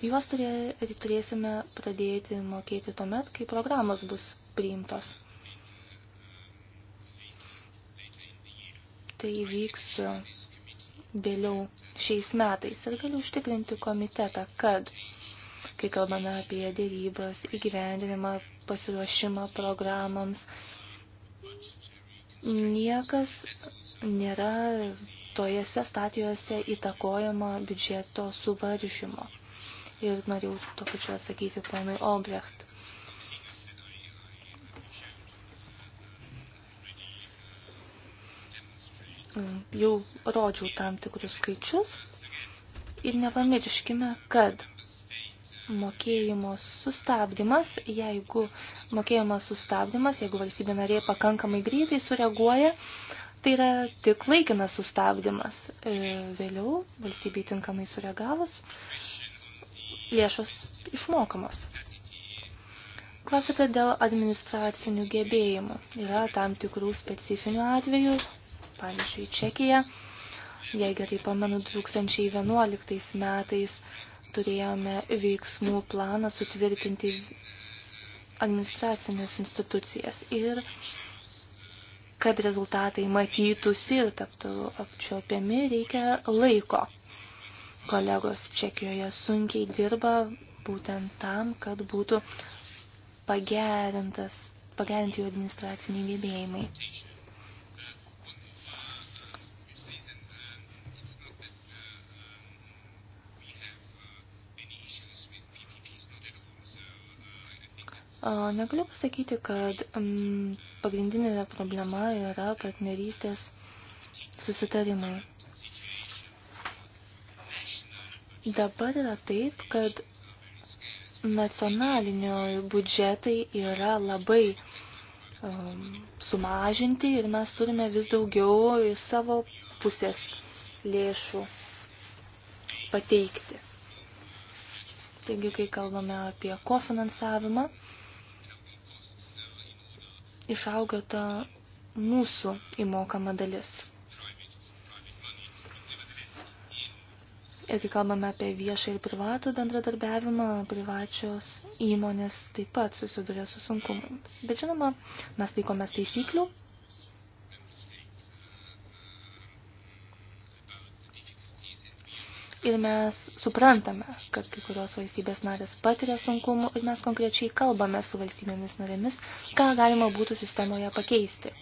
Juos turė, turėsime pradėti mokėti tuomet, kai programos bus priimtos. Tai vyks vėliau šiais metais ir galiu užtikrinti komitetą, kad, kai kalbame apie dėrybas, įgyvendinimą, pasiruošimą programams, niekas nėra tojose statijose įtakojama biudžeto suvaržymo ir norėjau to pačiu atsakyti ponui Obrecht. Jau rodžiau tam tikrus skaičius ir nepamirškime, kad mokėjimo sustabdymas, jeigu mokėjimas sustabdymas, jeigu valstybė narė pakankamai greitai sureaguoja, tai yra tik laikinas sustabdymas. E, vėliau valstybė tinkamai sureagavus, lėšos išmokamos. Klausite dėl administracinių gebėjimų. Yra tam tikrų specifinių atvejų, pavyzdžiui, Čekija. Jei gerai pamenu, 2011 metais turėjome veiksmų planą sutvirtinti administracinės institucijas ir kad rezultatai matytųsi ir taptų apčiopiami, reikia laiko. Kolegos Čekijoje sunkiai dirba būtent tam, kad būtų pagerintas, pagerinti jų administraciniai gebėjimai. Negaliu pasakyti, kad mm, pagrindinė problema yra partnerystės susitarimai. Dabar yra taip, kad nacionaliniai biudžetai yra labai um, sumažinti ir mes turime vis daugiau į savo pusės lėšų pateikti. Taigi, kai kalbame apie kofinansavimą, išauga ta mūsų įmokama dalis. Ir kai kalbame apie viešą ir privatų bendradarbiavimą, privačios įmonės taip pat susiduria su sunkumais. Bet žinoma, mes laikomės taisyklių. Ir mes suprantame, kad kai kurios valstybės narės patiria sunkumų ir mes konkrečiai kalbame su valstybėmis narėmis, ką galima būtų sistemoje pakeisti.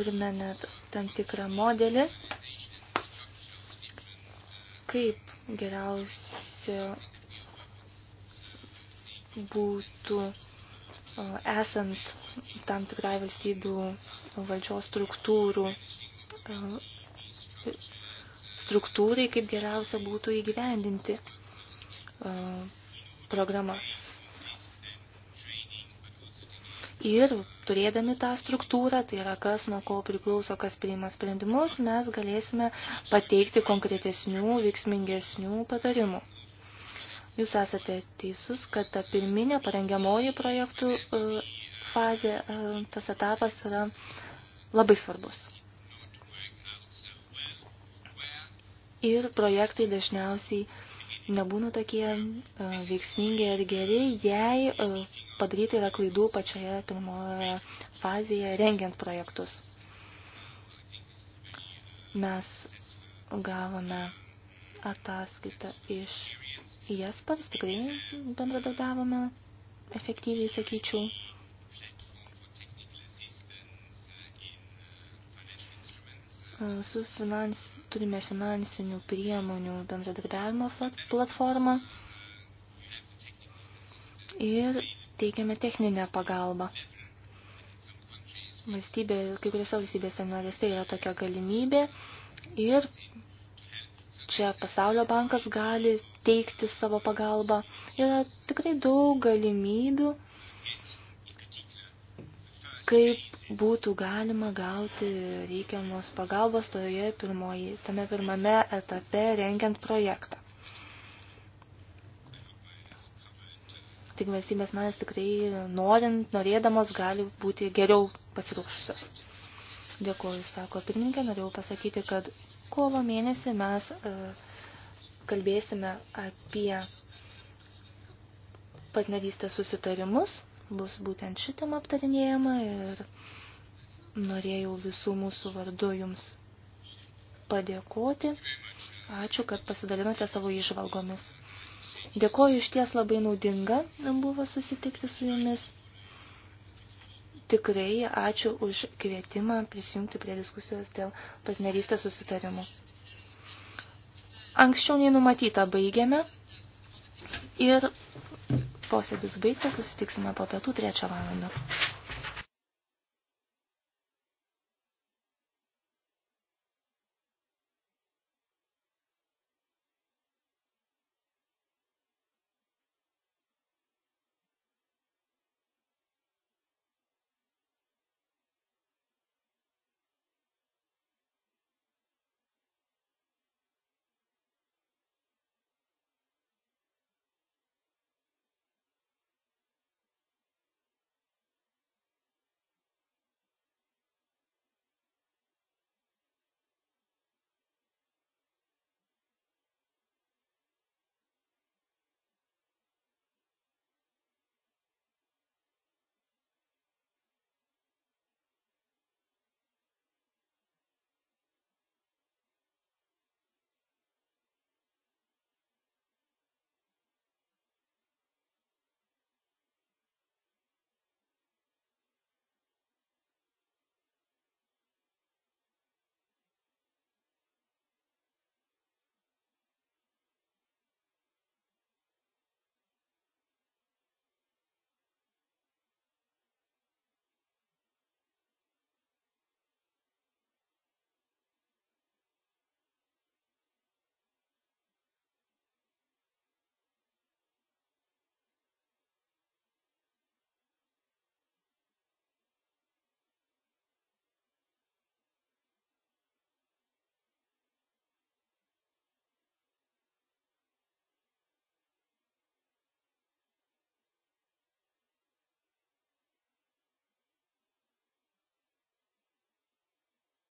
Turime net tam tikrą modelį, kaip geriausia būtų esant tam tikrai valstybių valdžios struktūrų struktūrai, kaip geriausia būtų įgyvendinti programas. Ir turėdami tą struktūrą, tai yra kas nuo ko priklauso, kas priima sprendimus, mes galėsime pateikti konkretesnių, veiksmingesnių patarimų. Jūs esate teisus, kad ta pirminė parengiamoji projektų e, fazė, e, tas etapas yra labai svarbus. Ir projektai dažniausiai nebūna tokie uh, veiksmingi ir geri, jei uh, padaryti yra klaidų pačioje pirmoje fazėje rengiant projektus. Mes gavome ataskaitą iš Jaspers, tikrai bendradarbiavome efektyviai, sakyčiau. E, su finans, turime finansinių priemonių bendradarbiavimo platformą ir teikiame techninę pagalbą. Valstybė, kai kuriuose valstybėse narėse yra tokia galimybė ir čia pasaulio bankas gali teikti savo pagalbą. Yra tikrai daug galimybių, kaip būtų galima gauti reikiamos pagalbos toje pirmoji, tame pirmame etape rengiant projektą. Tik valstybės narės tikrai norint, norėdamos gali būti geriau pasiruošusios. Dėkuoju, sako pirmininkė, norėjau pasakyti, kad kovo mėnesį mes e, kalbėsime apie partnerystės susitarimus bus būtent šitam aptarinėjama ir norėjau visų mūsų vardu Jums padėkoti. Ačiū, kad pasidalinote savo išvalgomis. Dėkoju iš ties labai naudinga buvo susitikti su Jumis. Tikrai ačiū už kvietimą prisijungti prie diskusijos dėl partnerystės susitarimų. Anksčiau nei numatyta baigėme ir posėdis baigtas, susitiksime po pietų trečią valandą.